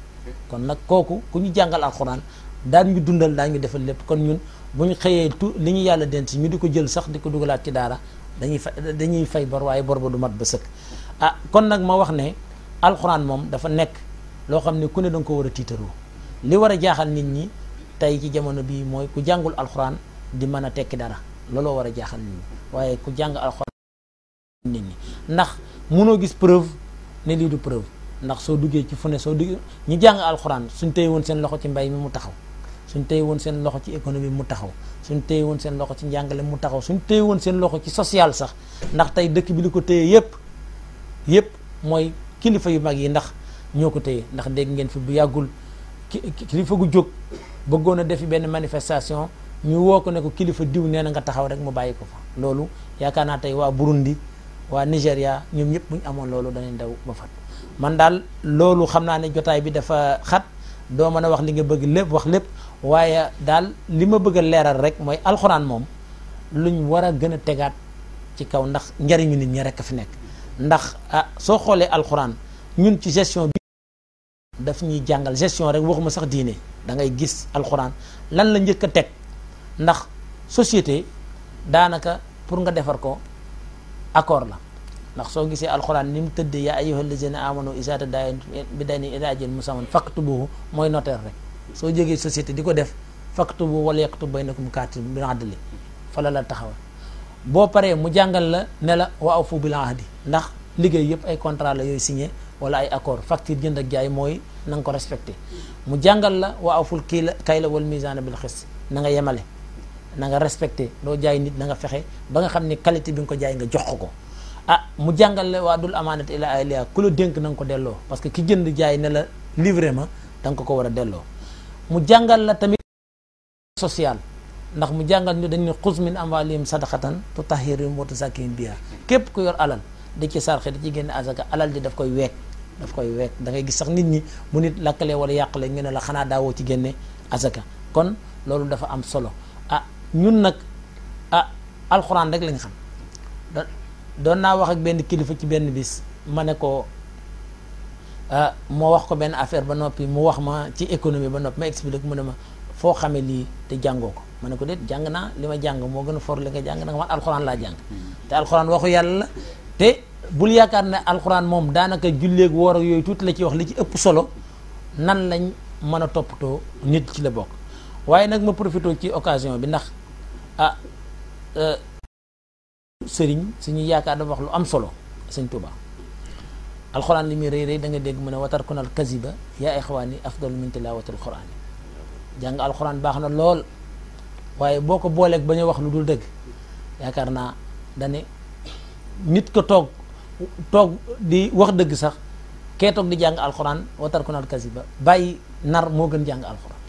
kon nag kooku ku ñu jàngal alxuraan daan ñu dundal daan ñu lépp kon ñun bu ñu xëyee tu li ñu yàlla denc ñu di ko jël sax di ko dugalaat ci daara dañuy fay dañuy fay bor waaye bor ba du mat ba sëkk ah kon nag ma wax ne alxuraan moom dafa nekk loo xam ne ku ne danga ko war a tiitaroo li war a jaaxal nit ñi tey ci jamono bii mooy ku jàngul alxuraan di mën a tekki dara looloo war a jaaxal nit ñi waaye ku jàng alxuraan ñi ndax mënoo gis preuve ne lii du preuve ndax soo duggee ci fu ne soo duggee ñu jàng alxuraan suñ tey woon seen loxo ci mbay mi mu taxaw suñ téye woon seen loxo ci économie mu taxaw suñ téye woon seen loxo ci njàngale mu taxaw suñ téye woon seen loxo ci social sax ndax tey dëkk bi li ko téye yépp yépp mooy kilifa yu mag yi ndax ñoo ko téye ndax dégg ngeen fi bu yàggul kilifa gu jóg bëggoon a def benn manifestation ñu woo ko ne ko kilifa diw nee nga taxaw rek mu bàyyi ko fa loolu yaakaar naa tey waa Burundi waa Nigéria ñoom ñëpp bu ñu amoon loolu danañ daw ba fat man daal loolu doo mën a wax li nga bëgg lépp wax lépp waaye daal li ma bëgg leeral rek mooy alxuraan moom luñ war a gën a tegaat ci kaw ndax njariñu nit ñi rek a fi nekk ndax ah soo xoolee alxuraan ñun ci gestion bi daf ñuy jàngal gestion rek waxuma sax diine dangay gis alxuraan lan la njëkk a teg ndax société daanaka pour nga defar ko accord la ndax soo gisee alxuraan ni mu tëddee yaa ayyuhal lazina amanu izaa tadaayantum bi daynin ilaa ajalin musamman faktubuhu mooy notaire rek soo jegee société di ko def faktubu wala yaktub baynakum kaatibun bil adli fa la la taxawal boo paree mu jàngal la ne la wa awfu bil ndax liggéey yëpp ay contrat la yooyu signé wala ay accord facture jënd jaay mooy na ko respecté mu jàngal la wa awful kiila kayla wal mizaana bil qist na nga yemale na nga respecté doo jaay nit na nga fexe ba nga xam ne qualité bi nga ko jaay nga jox ko ko ah mu jàngal la waa dul amaanat ila ahliha ku la dénk na ko delloo parce que ki jënd jaay ne la livré ma da ko ko war a delloo mu jàngal la tamit social ndax mu jàngal ñu dañu ne am xuz min amwaalihim sadaqatan tutahhiruhum wa bi biha képp ku yor alal di ci sarxe di ci génne asaka alal di daf koy week daf koy week dangay gis sax nit ñi mu nit lakkale wala yàqale ñu ne la xanaa daawoo ci génne asaka kon loolu dafa am solo ah ñun nag ah rek lañ xam doon naa wax ak benn kilifa ci benn bis ma ne ko ah, moo wax ko benn affaire ba noppi mu wax ma ci économie ba noppi ma explique mu ne ma foo xamee lii te jàngoo ko ma ne ko déet jàng naa li ma jàng moo gën a for li nga jàng nag man alxuraan laa jàng hmm. te alxuraan waxu yàlla la te bul yaakaar ne alxuraan moom daanaka julleeg woor ak yooyu tuuti la ci wax li ci ëpp solo nan lañ mën a toppatoo nit ci la bokk waaye nag ma profité ci occasion bi ndax ah, euh, sëriñ suñu yaakaar dafa wax lu am solo sëñ Touba alxuraan li muy rëy rëy da dégg mu ne watar konal kaziba yaa ixwaani afdalu min tilaawatil xuraan jàng alxuraan baax na lool waaye boo ko booleek ba ñu wax lu dul dëgg yaakaar naa dane nit ko toog toog di wax dëgg sax kee di jàng alxuraan watar konal kaziba bàyyi nar moo gën jàng alxuraan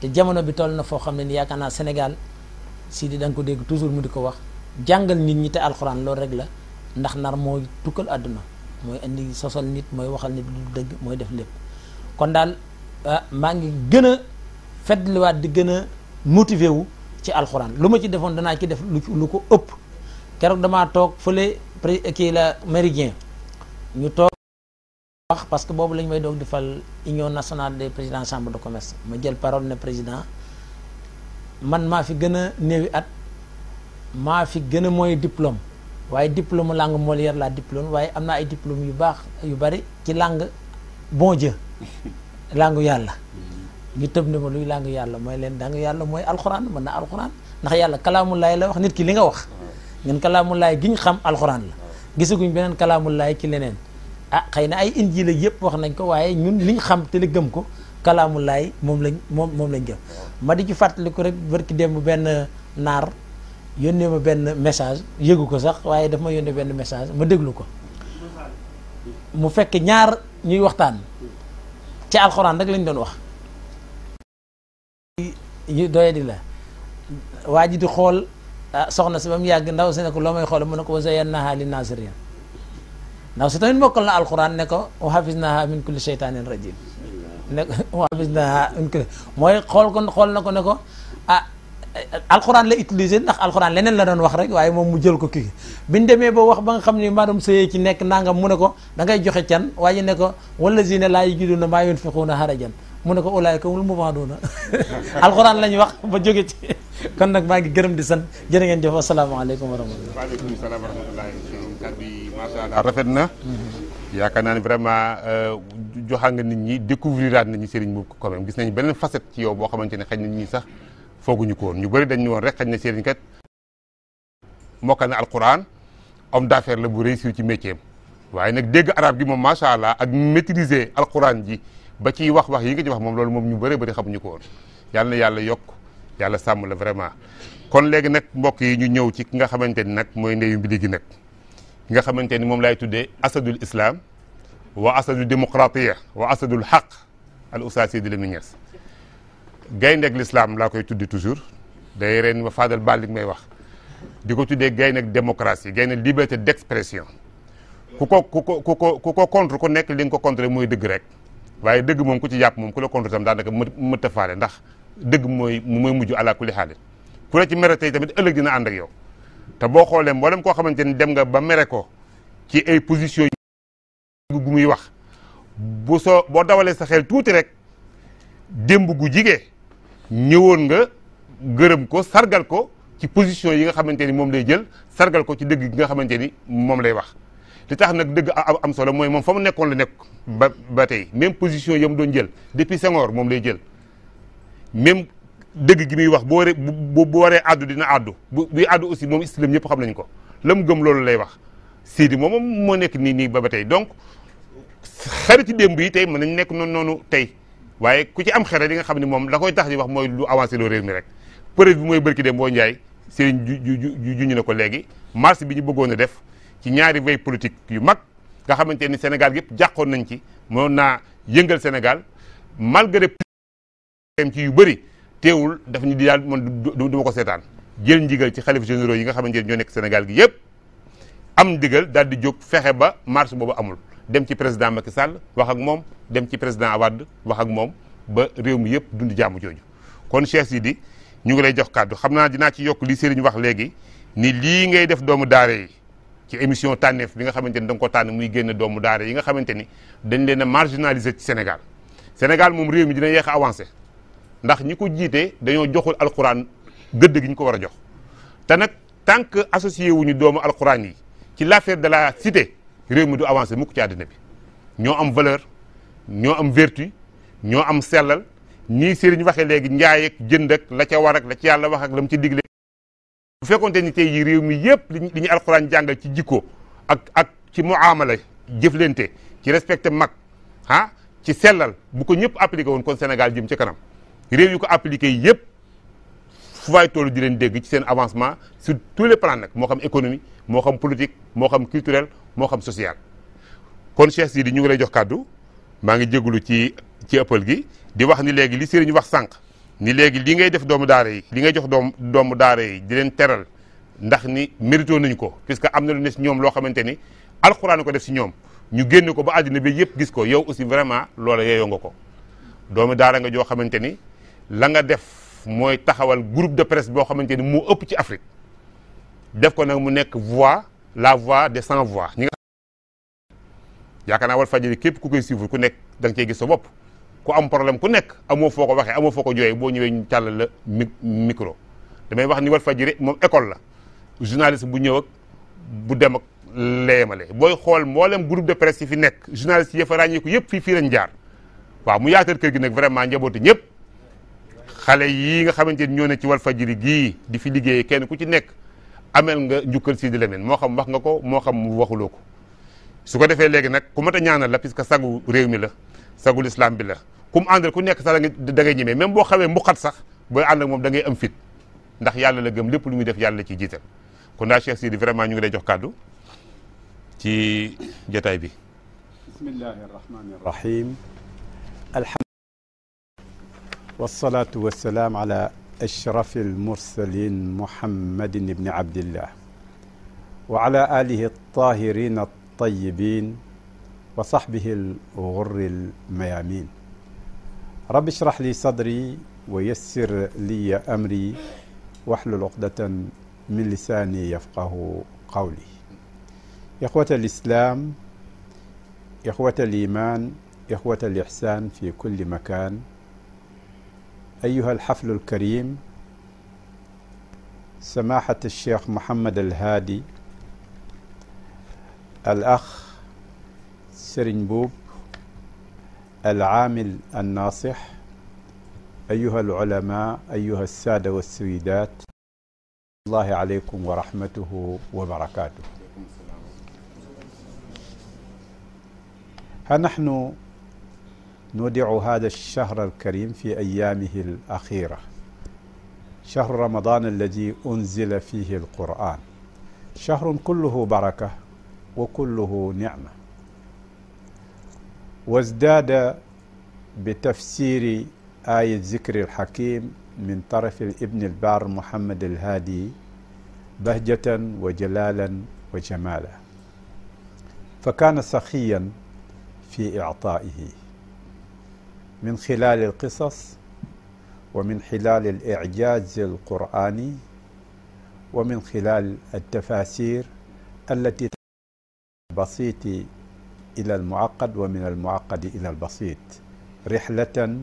te jamono bi toll na foo xam ne ni yaakaar naa Sénégal si di da ko dégg toujours mu di ko wax jàngal nit ñi te alxuraan loolu rek la ndax nar mooy tukkal àdduna mooy indi sosal nit mooy waxal nit lu dëgg mooy def lépp kon daal ah, maa ngi gën a fetliwaat di gën a motivé wu ci alxuraan lu ma ci defoon danaa ci def lu lu ko ëpp keroog damaa toog fële kii la méridien ñu toog wax parce que boobu lañ may doog defal fal union nationale des président chambre de commerce ma jël parole ne président man maa fi gën a néewi at maa fi gën a mooy diplôme waaye diplôme langue Molière laa diplôme waaye am naa ay diplôme yu baax yu bari ci làng bon jë [LAUGHS] langue yàlla ñu tëb ne ma luy langue yàlla mooy leen langue yàlla mooy alxuraan mën na alxuraan ndax yàlla kalaamu la wax nit ki li nga wax ngeen kalaamu laay gi ñu xam alxuraan la gisaguñ beneen kalaamu laay ci leneen a ah, xëy na ay injiil ak yëpp wax nañ ko waaye ñun liñ xam te li gëm ko kalaamulaay laay moom lañ moom moom lañ jëm ma di ci fàttaliku rek barki démb benn naar yónnee ma benn message yégu ko sax waaye daf ma yónnee benn message ma déglu ko mu fekk ñaar ñuy waxtaan ci alxuraan rek lañ doon wax ñu doye di la waa ji di xool ah, soxna si ba mu yàgg ndaw si ne ko loo may xool mu ne ko wazayyannaha li naasiriin ndaw si tamit mokkal na alxuraan ne ko wa hafiznaha min kulli shaytanin rajim ne ko wa hafiznaha min kulli mooy xool ko xool na ko ne ko ah alxuraan la utiliser ndax alxuraan leneen la doon wax rek waaye moom mu jël ko kii biñ demee ba wax ba nga xam ni madame Seye ci nekk nangam mu ne ko da joxe can waaye ne ko wala zina laa yajiduna maa yunfiquuna harajan mu ne ko ulaayka humul mubaaduna [LAUGHS] alxuraan la ñu wax ba jóge ci [LAUGHS] kon nag maa ngi gërëm di sant jërë ngeen jëf asalaamaaleykum wa rahmatulah. waaleykum salaam wa rahmatulah. kàddu yi macha rafet na. yaakaar naa ne vraiment euh, joxa nga nit ñi découvrir nañu Serigne boobu quand même gis nañu beneen facette ci yow boo xamante ne xaj na nit ñi sax. fooguñu ko woon ñu bëri dañ ñu woon rek xañ na sëriñ kat mokkal na alquran homme la bu réussir ci métier waaye nag dégg arab gi moom macha allah ak maîtriser alquran ji ba ciy wax wax yi nga ci wax moom loolu moom ñu bëree bari xamuñu ko woon yàlla na yàlla yokk yàlla sàmm la vraiment. kon léegi nag mbokk yi ñu ñëw ci ki nga xamante ni nag mooy ndeyu mbili gi nag ki nga xamante ni moom laay tuddee asadul islam wa asadul démocratie wa asadul xaq al oustaz Sidy Lamine Niass gayndeeg lislaam laa koy tuddi toujours day reen ma faadal ballig may wax di ko tuddee gayndeeg démocratie gayndeeg liberté d'expression ku ko ku ko ku ko ku ko contre ku nekk li ko contre mooy dëgg rek waaye dëgg moom ku ci jàpp moom ku la contre tam daanaka mëtt a faale ndax dëgg mooy mooy mujj àla kulli xaalis ku la ci mere tey tamit ëllëg dina ànd ak yow te boo xoolee mboolem koo xamante ni dem nga ba mere ko ci ay position gu muy wax bu soo boo dawalee sa tuuti rek démb gu jigee ñëwoon nga gërëm ko sargal ko ci position yi nga xamante ni moom lay jël sargal ko ci dégg gi nga xamante ni moom lay wax li tax nag dëgg am solo mooy moom fa mu nekkoon la nekk ba ba tey même position yam doon jël depuis Senghor moom lay jël même dëgg gi muy wax boo waree bu waree àddu dina àddu bu buy àddu aussi moom islam ñëpp xam nañ ko la mu gëm loolu lay wax Sidi moom moo nekk nii nii ba ba tey donc xarit ci démb yi tey mën nañ nekk noonu noonu tey waaye ku ci am xere di nga xam ne moom la koy tax di wax mooy lu avancé loo réew mi rek preuve bi mooy bërki dem boo njaay sëriñ ju ju ju ñu ne ko léegi marche bi ñu bëggoon a def ci ñaari veille politique yu mag nga xamante ni Sénégal yëpp jàqoon nañ ci mënoon naa yëngal Sénégal malgré ci yu bari teewul dafa ñu di daal man du ma ko seetaan jël ndigal ci xalifa généraux yi nga xamante ni ñoo nekk Sénégal gi yëpp am ndigal daal di jóg fexe ba marche boobu amul dem ci président Macky Sall wax ak moom dem ci président Wade wax ak moom ba réew mi yëpp dund jàmm jooju kon yi di ñu ngi lay jox kàddu xam naa dinaa ci yokk li Serigne wax léegi ni lii ngay def doomu daara yi ci émission tànneef bi nga xamante ni da ko tànn muy génn doomu daara yi nga xamante ni dañ leen a marginaliser ci Sénégal Sénégal moom réew mi dina yeex a ndax ñi ko jiite dañoo joxul alxuraan gëdd gi ñu ko war a jox te nag tant que associé wuñu doomu alxuraan yi ci l'affaire de la cité réew mi du avancé mukk ci àddina bi ñoo am valeur ñoo am vertu ñoo am sellal ñii sëriñ waxee léegi njaay ak jënd la ca war ak la ci yàlla wax ak la mu ci digle bu fekkonte ni tey réew mi yëpp li ñu alxuraan jàngal ci jikko ak ak ci muamala jëflante ci respecté mag ah ci sellal bu ko ñëpp appliqué woon kon Sénégal jëm ci kanam réew yu ko appliqué yëpp fu waay toolu di leen dégg ci seen avancement sur tous les plans nag moo xam économie moo xam politique moo xam culturel moo xam social kon Cheikh yi di ñu ngi lay jox kàddu maa ngi jégalu ci ci ëppal gi di wax ni léegi li ñu wax sànq ni léegi li ngay def doomu daara yi li ngay jox doom doomu daara yi di leen teral ndax ni mérito nañ ko puisque am na lu ne si ñoom loo xamante ni alxuraan ko def si ñoom ñu génn ko ba àddina bi yëpp gis ko yow aussi vraiment loola yeeyoo nga ko doomu daara nga joo xamante ni la nga def mooy taxawal groupe de presse boo xamante ni moo ëpp ci Afrique def ko nag mu nekk voix la voix des sans voix ñi nga yaakaar naa Walfadjri képp ku koy suivre ku nekk da nga cee sa bopp ku am problème ku nekk amoo foo ko waxee amoo foo ko jooyee boo ñëwee ñu tàllal la micro damay wax ni Walfadjri moom école la journaliste bu ñëw ak bu dem ak leemale booy xool mboolem groupe de presse yi fi nekk journaliste yi fa ràññeeku yëpp fii fii lañ jaar waaw mu yaatal kër gi nag vraiment njabootu ñëpp xale yii nga xamante ni ñoo ne ci Walfadjri gi di fi liggéey kenn ku ci nekk amel nga njukkal Sidi Lamine moo xam wax nga ko moo xam waxuloo ko su ko defee léegi nag ku mat a ñaanal la puisque sagu réew mi la sagu lislaam bi la ku mu ku nekk sax da ngay ñemee même boo xawee mbuqat sax booy ànd ak moom da am fit ndax yàlla la gëm lépp lu muy def yàlla la ciy jiital kon daa Cheikh Sidi vraiment ñu ngi lay jox kàddu ci jotaay bi bismillahi arrahmani arrahim alhamdu wasalaatu wasalaam ashrafi almursalin muhammadin ibni abdillah wa ala alihi altahirin altayibin wa sahbihi alghurri almayamin rabbi ishrah li sadri wa yassir li amri wahlul uqdatan min lisaani yafqahu qawli ixwata alislaam ixwata aliman ixwata alixsan fi kulli makan أيها الحفل الكريم سماحة الشيخ محمد الهادي الأخ سرين بوب العامل الناصح أيها العلماء أيها السادة والسيدات الله عليكم ورحمته وبركاته ها نحن nudiu hada ash-shahr al-karim fi ayyaamihi al-akhira shahru ramadan alladi unzila fihi al-quran shahrun kulluhu baraka wa kulluhu nicma وازداد بتفسير آية ذكر الحكيم من طرف ابن البار محمد الهادي بهجة وجلالا وجمالا فكان سخيا في إعطائه من خلال القصص ومن خلال الإعجاز القرآني ومن خلال التفاسير التي البسيط إلى المعقد ومن المعقد إلى البسيط رحلة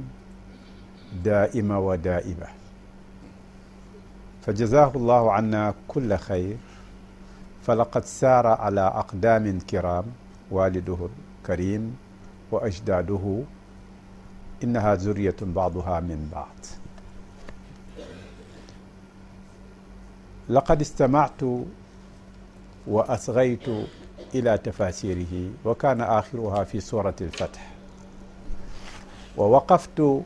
دائمة ودائبة فجزاه الله عنا كل خير فلقد سار على أقدام كرام والده الكريم وأجداده innaha zurriyatun baaduha min baad laqad istamactu wa asgaytu ila tafasirihi wa kaana axiruha fi surati alfatx wa waqaftu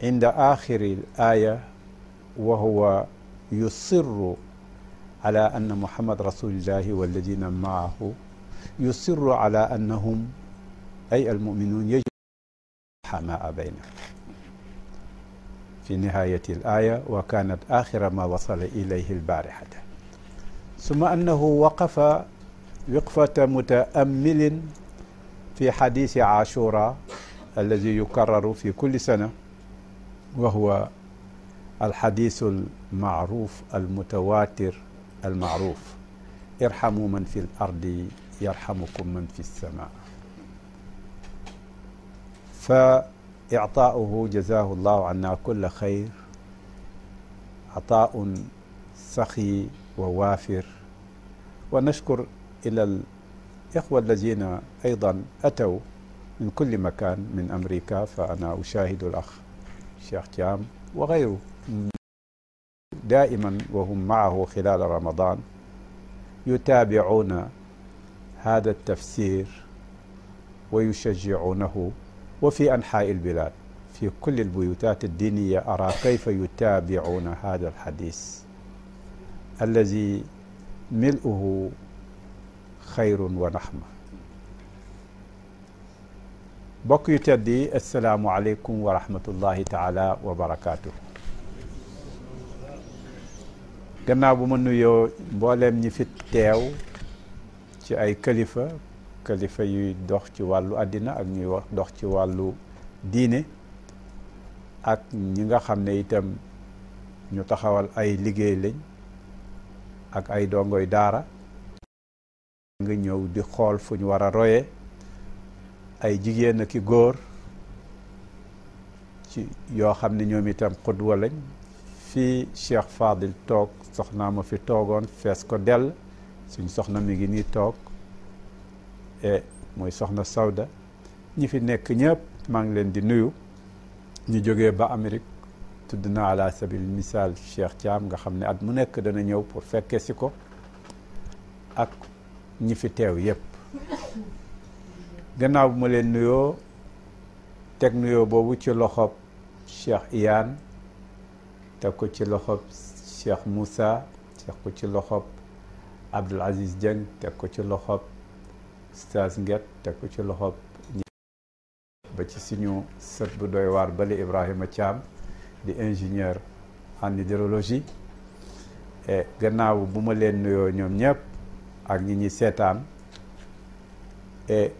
inda axiri alaya wa huwa yusiru ala anna muhammad rasulillahi walladina maahu yusiru ala annahum ay almuminuun حماء بينهم في نهاية الآية وكانت آخر ما وصل إليه البارحة ثم أنه وقف وقفة متأمل في حديث عاشوراء الذي يكرر في كل سنة وهو الحديث المعروف المتواتر المعروف ارحموا من في الأرض يرحمكم من في السماء fa ictaauhu jazahu llahu anna kulla xayr ataaun saxi wa waafir wa nashkur ila al ixwa allazina aydan ataw min kulli makan min amrika fa ana ushahidu al ax Cheikh Thiam wa xayru دائما وهم معه خلال رمضان يتابعون هذا التفسير ويشجعونه wa fi anxaai albilaad fi kulli albuyutaat addiiniya araa kayfa yutaabicuuna hada alxadis allazi miluhu xayrun wa naxma bokk yu tedd yi assalaamu aleykum wa rahmatullahi taala wa barakaatu gannaaw bu ma nuyoo mbooleem ñi fi teew ci ay kalifa kalifa yuy dox ci wàllu àddina ak ñuy wax dox ci wàllu diine ak ñi nga xam ne itam ñu taxawal ay liggéey lañ ak ay dongoy daara nga ñëw di xool fu ñu war a royee ay jigéen ak i góor ci yoo xam ne ñoom itam xudwa lañ fii Cheikh Fadil toog soxnaa ma fi toogoon fees ko dell suñ soxna mi ngi nii toog Eh, mooy soxna Sawda ñi fi nekk ñépp maa ngi leen di nuyu ñu jóge ba Amérique tudd naa ala sabil misaal Cheikh Thiam nga xam ne at mu nekk dana ñëw pour fekkee si ko ak ñi fi teew yépp gannaaw bu ma leen nuyoo teg nuyoo boobu ci loxob Cheikh Iyane teg ko ci loxob Cheikh Moussa teg ko ci loxob Abdoul Aziz Dieng teg ko ci loxob stage nget teg ko ci loxo ba ci suñu sët bu doy waar bale Ibrahima Thiam di ingénieur en hydrologie e gannaaw bu ma leen nuyoo ñoom ñëpp ak ñi ñi seetaan et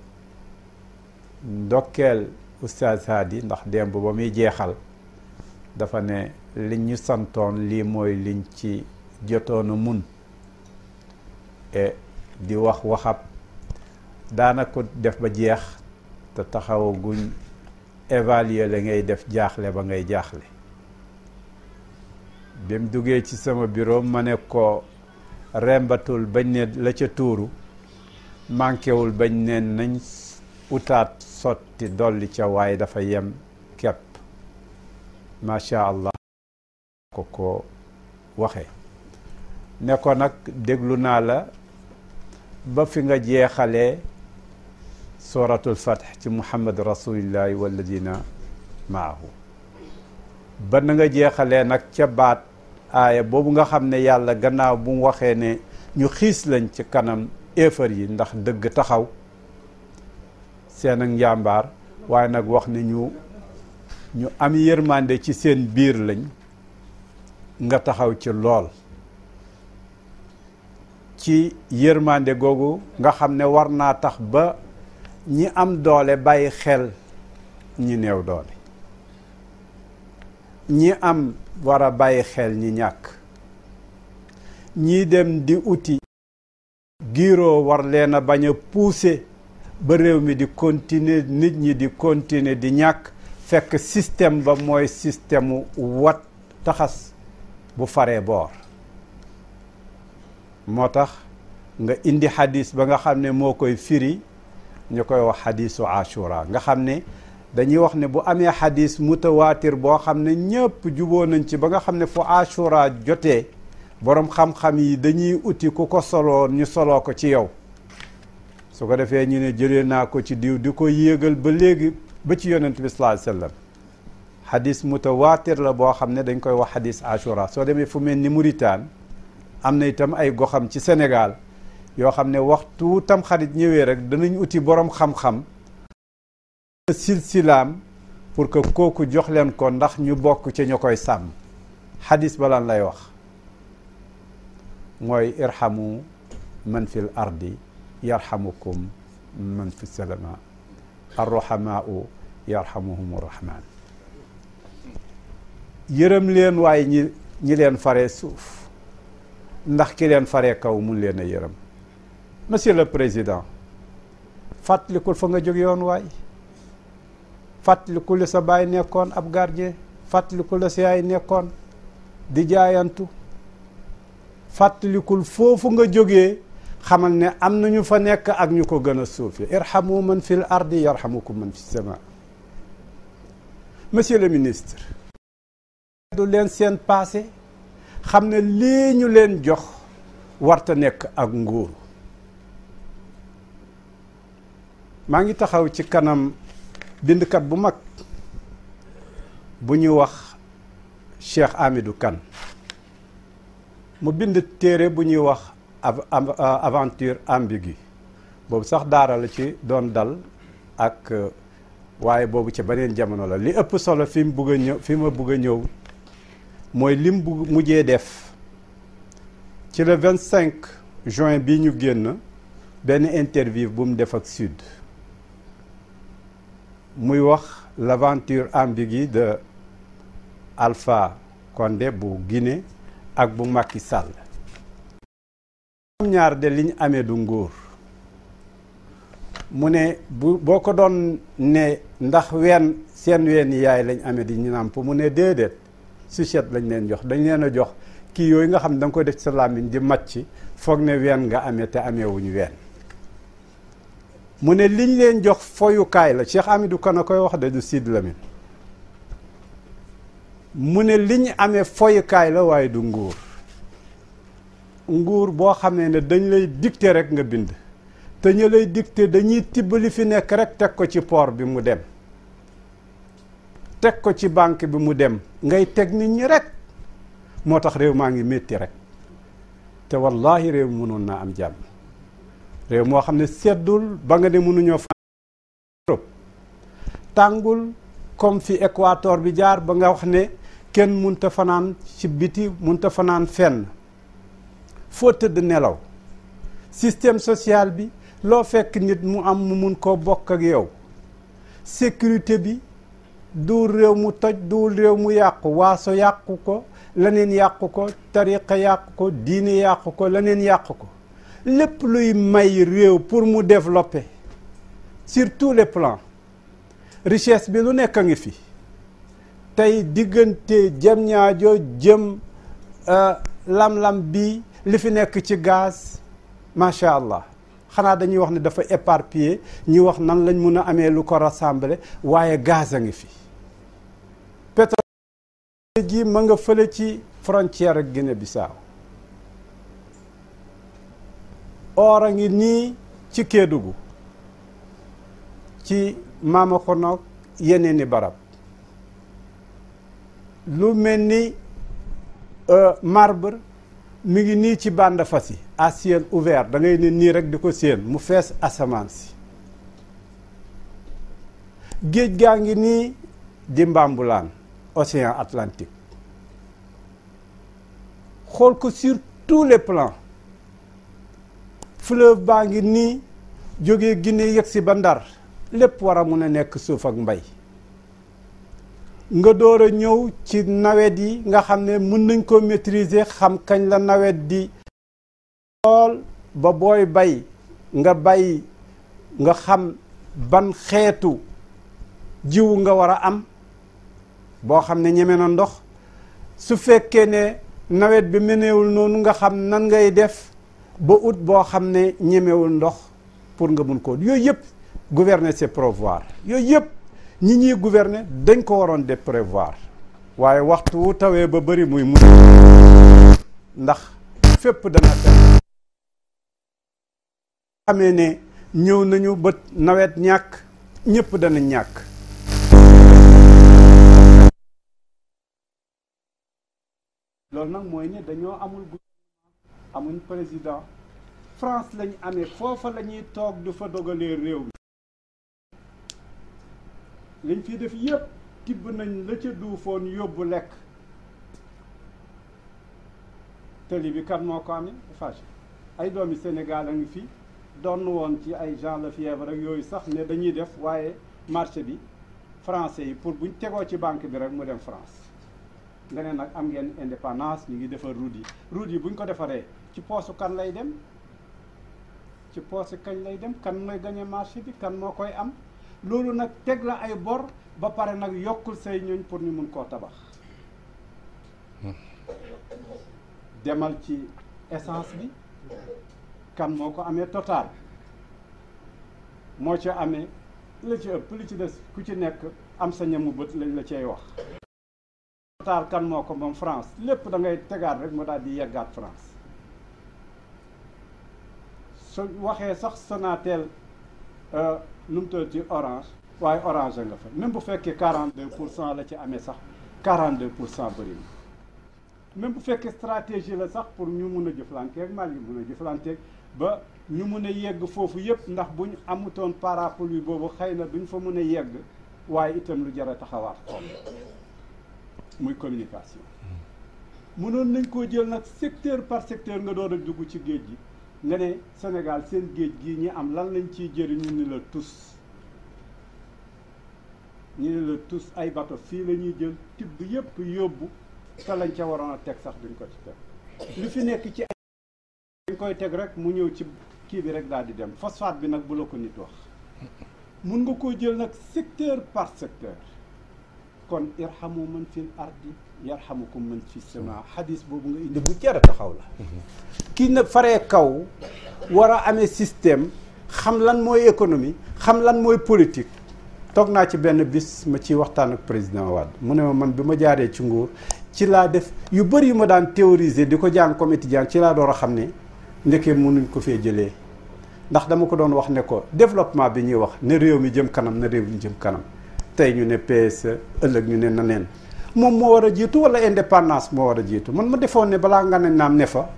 ndokkeel oustaz ndax démb ba muy jeexal dafa ne liñ ñu santoon lii mooy liñ ci jotoon mun e di wax waxab daana ko def ba jeex te taxaw guñ évaluer la ngay def jaaxle ba ngay jaaxle bi mu duggee ci sama bureau ma ne ko rembatul bañ ne la ca tuuru mànkewul bañ ne nañ utaat sotti dolli ca waaye dafa yem kepp macha allah ko ko waxe ne ko nag déglu naa la ba fi nga jeexalee suratul fatx ci muhammad rasulillahi walladina maahu ba na nga jeexalee nag ca baat aaya boobu nga xam ne yàlla gannaaw bu mu waxee ne ñu xiis lañ ci kanam éefar yi ndax dëgg taxaw seen ak njàmbaar waaye nag wax ne ñu ñu am yërmande ci seen biir lañ nga taxaw ci lool ci yërmande googu nga xam ne war naa tax ba ñi am doole bàyyi xel ñi néew doole ñi am war bàyyi xel ñi ñàkk ñii dem di uti giiroo war leen a bañ a pousser ba réew mi di continuer nit ñi di continuer di ñàkk fekk système ba mooy système wat taxas bu faree boor moo tax nga indi xadis ba nga xam ne moo koy firi ñu koy wax xadiisu ashura nga xam ne dañuy wax ne bu amee xadis mutawaatir boo xam ne ñëpp juboo nañ ci ba nga xam ne fu ashura jotee borom xam-xam yi dañuy uti ku ko soloo ñu soloo ko ci yow su ko defee ñu ne jëlee naa ko ci diw di ko yéegal ba léegi ba ci yonent bi sallallahu alayhi wasallam xadis mutawaatir la boo xam ne dañ koy wax xadis ashura soo demee fu mel ni Muritaan am na itam ay goxam ci Sénégal yoo xam ne waxtu tam xarit ñëwee rek danañ uti borom xam-xam silsilaam pour que kooku jox leen ko ndax ñu bokk ca ñu koy sàmm xadis balaan lay wax mooy irhamu man fi ardi yarhamukum man fi salama arruhamaau yarhamuhum rahman yërëm leen waaye ñi ñi leen fare suuf ndax ki leen faree kaw mun leen a yërëm monsieur le président fàttalikul fa nga jóg yoon waay fàttalikul sa baay nekkoon ab gardien fàttalikul la sa yaay nekkoon di jaayantu fàttalikul foofu nga jóge xamal ne am na ñu fa nekk ak ñu ko gën a suufe irhamu man fil ardi ko mën fi sama monsieur le ministre du leen seen paase xam ne lii ñu leen jox warta nekk ak nguur maa ngi taxaw ci kanam bindkat bu mag bu ñu wax Cheikh amidu Kane mu bind téere bu ñuy wax euh, aventure ambiguë boobu sax daara la ci doon dal ak euh, waaye boobu ci beneen jamono la li ëpp solo fi mu bugg a ñëw fi ma bugg ñëw mooy lim bu mujjee def ci le 25 juin bi ñu génn benn interview bu mu def ak sud muy wax l'aventure ambiguë de Alpha Condé bu Guinée ak bu Macky Sall ñoom ñaar de liñ amee du nguur mu ne bu boo ko doon ne ndax ween seen ween yaay lañ amee di ñu nàmp mu ne déedéet sucette lañ leen jox dañ leen a jox kii yooyu nga xam danga koy def ci sa làmmiñ di ci foog ne ween nga amee te ameewuñu ween mu ne liñ leen jox foyukaay la Cheikh Amidou Kan a koy wax de du Sid Lamine mu ne liñ amee foyukaay la waaye du nguur nguur boo xamee ne dañ lay dicter rek nga bind te ñu lay dicter dañuy tibb li fi nekk rek teg ko ci poor bi mu dem teg ko ci bànk bi mu dem ngay teg nit ñi rek moo tax réew maa ngi métti rek te wallahi réew mënoon naa am jàmm réew moo xam ne seddul ba nga ne mënuñoo fa Europe tàngul comme fi Équateur bi jaar ba nga wax ne kenn munta fanaan ci biti munta fanaan fenn foo tëdd nelaw sistem social bi loo fekk nit mu am mu mun koo bokk ak yow sécurité bi duul réew mu toj duul réew mu yàqu waaso yàqu ko leneen yàqu ko tariqa yàqu ko diine yàqu ko leneen yàqu ko lépp luy may réew pour mu développer sur tous les plans richesse bi lu nekk a ngi fi tey diggante jëm ñaajo euh, jëm lam-lam bi li fi nekk ci gaz macha allah xanaa dañuy wax ni dafa éparpillé ñu wax nan lañ mun a amee lu ko rassembler waaye gaz a ngi fi pétrole ji ma nga fële ci frontière ak Guinée Bissau or a ngi nii ci Kédougou ci Mamakhonaok yeneeni barab lu mel ni euh, marbre mi ngi nii ci bandafasi fas yi à ouvert da ngay nii rek di ko séen mu fees asamaan si géej gaa ngi nii di Mbambulaan océan Atlantique xool ko sur tous les plans fleuve baa ngi nii jóge Guinée yegg si ba Ndar lépp war a mun a nekk suuf ak mbay nga door a ñëw ci nawet yi nga xam ne mën nañ koo maîtriser xam kañ la nawet di lool ba booy bay nga bay nga xam ban xeetu jiwu nga war a am boo xam ne ñeme na ndox su fekkee ne nawet bi meneewul noonu nga xam nan ngay def ba ut boo xam ne ñemewul ndox pour nga mun ko yooyu yëpp gouverner c'est prévoir yooyu yëpp ñi ñuy gouverner dañ ko waroon deprévoir waaye waxtu wu tawee ba bëri muy mun ndax fépp dana te xamee ne ñëw nañu ba nawet ñàkk ñëpp dana ñàkk nag mooy ne dañoo amul amuñ président France lañ amee foofa lañuy toog du fa dogalee réew mi lañ fi def yépp tibb nañ la ca duufoon yóbbu lekk tëli bi kan moo ko amee Eiffage ay doomi Sénégal a ngi fi donn woon ci ay Jean Lefebvre ak yooyu sax ne dañuy def waaye marché bi français yi pour buñ tegoo ci banque bi rek mu dem France nga ne nag am ngeen indépendance ñu ngi defar route yi route yi buñ ko defaree ci poosu kan lay dem ci poosu kañ lay dem kan mooy gagné marché bi kan moo koy am loolu nag teg la ay bor ba pare nag yokkul say ñooñ pour ñu mun koo tabax demal ci essence bi kan moo ko amee total moo ci amee li ci ëpp li ci des ku ci nekk am sa ñamu bët lañ la cey wax total kan moo ko moom France lépp da ngay tegaat rek mu daal di yeggaat France su waxee sax Sonatel euh, nu mu ci orange waaye orange nga fa même bu fekkee 42 pour cent la ci amee sax 42 pour cent bëri na même bu fekkee stratégie la sax pour ñu mun a jëflanteeg Mali mun a jëflanteeg ba ñu mun a yegg foofu yëpp ndax bu ñu amutoon parapluie boobu xëy na duñ fa mun a yegg waaye itam lu jar a taxawaat xool muy communication. Hmm. mënoon nañ koo jël nag secteur par secteur nga door a dugg ci géej gi. nga ne senegal seen géej gi ñi am lan lañ ciy jëriñ ñu ni la tus ñu ni la tus ay bato fii la ñuy jël tibb yépp yóbbu te lañ ca waroon a teg sax duñ ko ci teg lu fi nekk ci dañ koy teg rek mu ñëw ci kii bi rek daal di dem phosphate bi nag bu la ko nit wax mun nga koo jël nag secteur par secteur kon irhamu man fil ardi yarhamukum man fi sama xadis mm-hmm. boobu nga indi bu jar a taxaw la mm-hmm. kii nag faree kaw war a amee système xam lan mooy économie xam lan mooy politique toog naa ci benn bis ma ciy waxtaan ak président Wade mu ne ma man bi ma jaaree ci nguur ci laa def yu bëri yu ma daan théoriser di ko jàng comme étudiant ci laa door a xam ne ndekee mënuñ ko fee jëlee ndax dama ko doon wax ne ko développement bi ñuy wax ne réew mi jëm kanam na réew mi jëm kanam tey ñu ne PSE ëllëg ñu ne naneen moom moo war a jiitu walla indépendance moo war a jiitu man ma defoon ne balaa nga ne naam ne fa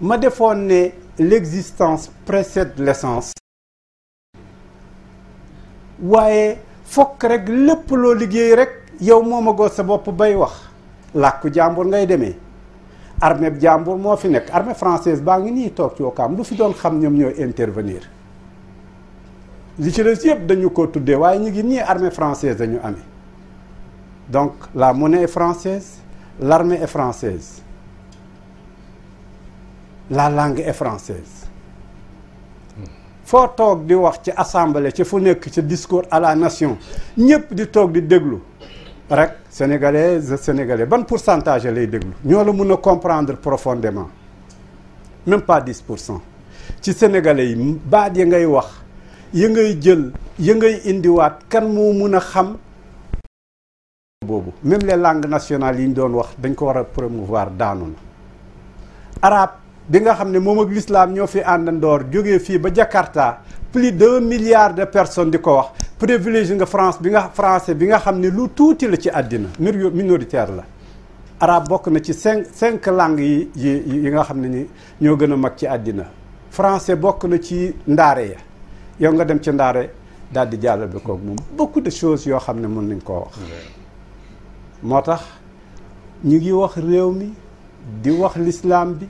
ma defoon ne l'existence précède l'essence waaye fokk rek lépp loo liggéey rek yow moom a goot sa bopp bay wax làkku jàmbur ngay demee armée jàmbur moo fi nekk armée francaise baa ngi nii toog ci Ouakam lu fi doon xam ñoom ñooy intervenir li ci des yëpp dañu ko tuddee waaye ñu ngi nii armée française dañu amee Donc la monnaie est française, l'armée est la langue est française. foo toog di wax ci assemblée ci fu nekk ci discours à la nation ñëpp di toog di déglu rek sénégalais sénégalais ban pour pourcentage lay déglu ñoo la mun a comprendre profondément même pa 10 pour cent ci sénégalais yi baat ya ngay wax ya ngay jël ya ngay indiwaat kan moo mun a xam boobu même les langues nationales yi ñu doon wax dañ ko war a promouvoir daanu na arabe bi nga xam ne moom ak lislaam ñoo fi àndandoor jóge fii ba Jakarta plus d'un milliard de personne di ko wax privilège nga France bi nga français bi nga xam ne lu tuuti la ci àddina minoritaire la arabe bokk na ci cinq cinq langues yi yi yi nga xam ne ni ñoo gën a mag ci àddina français bokk na ci ndaare ya yow nga dem ci ndaare daal di jàllale koog moom beaucoup de choses yoo xam ne mën nañ koo wax moo tax ñu ngi wax réew mi di wax lislaam bi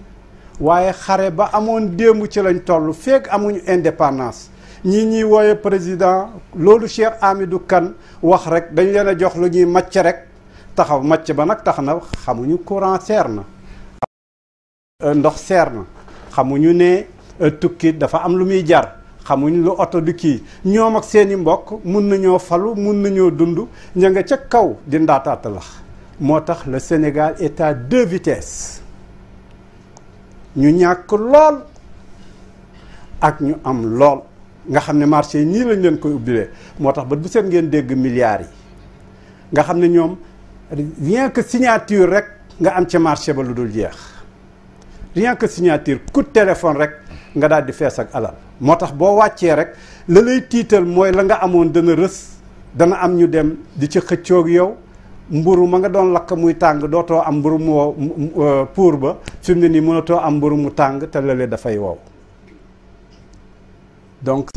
waaye xare ba amoon démb ci lañ toll feek amuñu indépendance ñi ñuy wooye président loolu Cheikh Hamidou kan wax rek dañ leen a jox lu ñuy màcc rek taxaw màcc ba nag tax na xamuñu courant seer na euh, ndox seer na xamuñu ne euh, tukki dafa am lu muy jar xamuñ lu oto di kii ñoom ak seeni mbokk mun nañoo falu mun nañoo dund ña nga ca kaw di ndaataata lax moo tax la Sénégal est à deux ñu ñàkk lool ak ñu am lool nga xam ne marché yi nii lañ leen koy ubbilee moo tax ba bu seen ngeen dégg milliards yi nga xam ne ñoom rien que signature rek nga am ca marché ba lu dul jeex rien que signature coup téléphone rek nga daal di fees ak alal moo tax boo wàccee rek la tiital mooy la nga amoon dana rës dana am ñu dem di ci xëccoog yow mburu ma nga doon lakk muy tàng dootoo am mburu mu wow euh, pour ba fi mu mënatoo am mburu mu tàng te lale dafay wow donc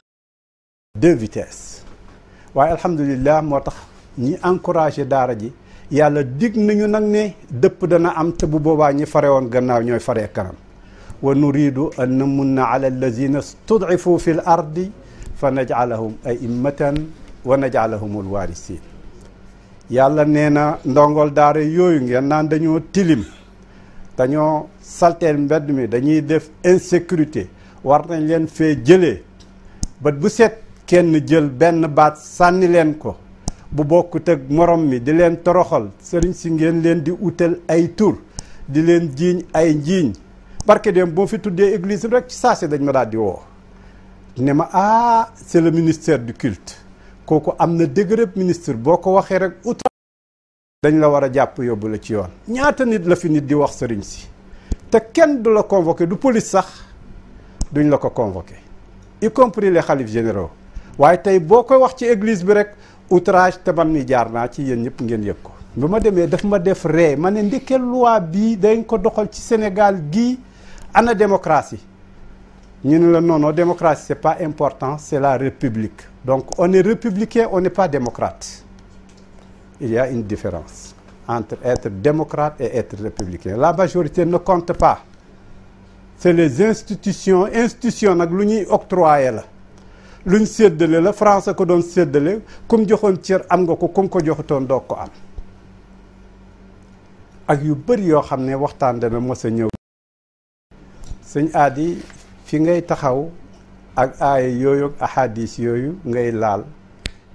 deux vitesses waaye alhamdulilah moo tax ñi encouragé daara ji yàlla dig nañu nag ne dëpp dana am te bu boobaa ñi fare woon gannaaw ñooy faree kanam wa nuridu an mun na allazina istud'ifu fi l ardi fa naj'alahum a'immatan wa naj'alahum alwaarisin yàlla nee na ndongol daara yooyu ngeen naan dañoo tilim dañoo salteel mbedd mi dañuy def insécurité war nañ leen fee jëlee bët bu set kenn jël benn baat sànni leen ko bu bokk ak morom mi di leen toroxal sëriñ si ngeen leen di utal ay tur di leen jiiñ ay njiiñ barke dem boo fi tuddee église rek ci si dañ ma daal di woo ne ma ah c'est le ministère du culte kooku am na degré ministre boo ko waxee rek uta dañ la war a jàpp yóbbu la ci yoon ñaata nit la fi nit di wax sëriñ si te kenn du la convoqué du police sax duñ la ko convoqué y compris les xalif généraux waaye tey boo koy wax ci église bi rek outrage te man mi jaar naa ci yéen ñëpp ngeen yëg ko. bu ma demee daf ma def ree ma ne ndekkee loi bii dañ ko doxal ci Sénégal gii. ana démocratie ñu ne la non non démocratie c'est pas important c'est la république donc on est républicain on ne pas démocrate il y a une différence entre être démocrate et être républicain la majorité ne compte pas c'est les institutions institution nag lu ñuy octroyer la lu ñu séddale la France ko doon séddale comme joxoon cër am nga ko comme ko joxutoon doo ko am ak yu bëri yoo xam ne waxtaan dana mos ñëw sëñ aadi fi ngay taxaw ak aaya yooyu ak ahadis yooyu ngay laal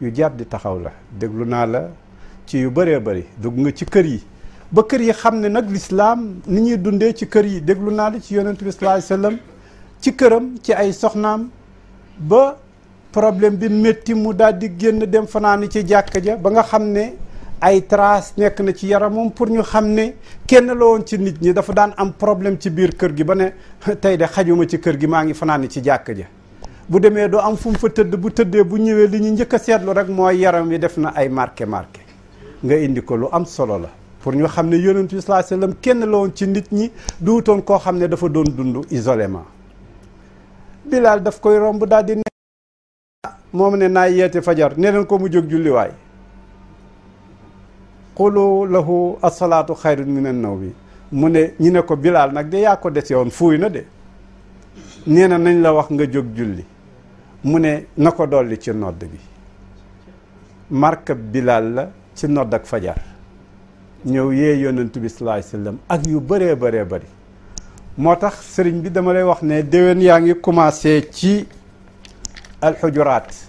yu jaar di taxaw la déglu naa la ci yu bëree bari dugg nga ci kër yi ba kër yi xam ne nag lislaam ni ñuy dundee ci kër yi déglu naa la ci yonent bi sallallahu alayhi ci këram ci ay soxnaam ba problème bi métti mu dal di génn dem fanaani ci jàkka ja ba nga xam ne ay trace nekk na ci yaramom pour ñu xam ne kenn la woon ci nit ñi dafa daan am problème ci biir kër gi ba ne [LAUGHS] tey de xajuma ci kër gi maa ngi fanaani ci jàkk ja bu demee du am fu fa tëdd bu tëddee bu ñëwee li ñu njëkk a seetlu rek mooy yaram wi def na ay marqué marqué nga indi ko lu am solo la pour ñu xam ne yonent bi kenn la woon ci nit ñi duutoon koo xam ne dafa doon dund isolement Bilaal daf koy romb daal di ne moom ne naa yeete fajar ne ko mu jóg julliwaay qulu lahu asalaatu xayrun min an nawmi mu ne ñi ne ko bilaal nag de yaa ko dese woon fuuy na de nee nañ la wax nga jóg julli mu ne na ko dolli ci nodd bi marka bilaal la ci nodd ak fajar ñëw yee yonent bi salaay sallam ak yu bëree bëree bari moo tax sëriñ bi dama lay wax ne déwén yaa ngi commencé ci alxujuraat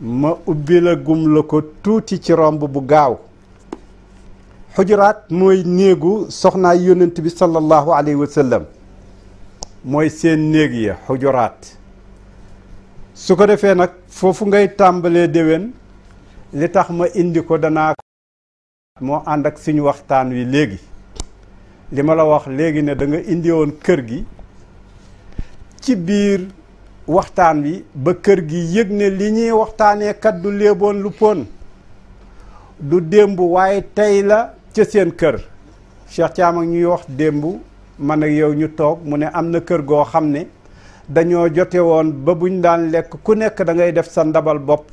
ma ubbi la gum la ko tuuti ci romb bu gaaw xujuraat mooy néegu soxnaay yonent bi sallallahu alayhi wa sallam mooy seen néeg ya xujuraat su ko defee nag foofu ngay tàmbalee dewen li tax ma indi ko danaa moo ànd ak suñu waxtaan wi léegi li ma la wax léegi ne danga nga indi woon kër gi ci biir waxtaan wi ba kër gi yëg ne li ñuy waxtaanee kat du léeboon lu pon du démb waaye tey la ca seen kër Cheikh Thiam ak ñuy wax démb man ak yow ñu toog mu ne am na kër goo xam ne dañoo jote woon ba buñ daan lekk ku nekk da ngay def sa ndabal bopp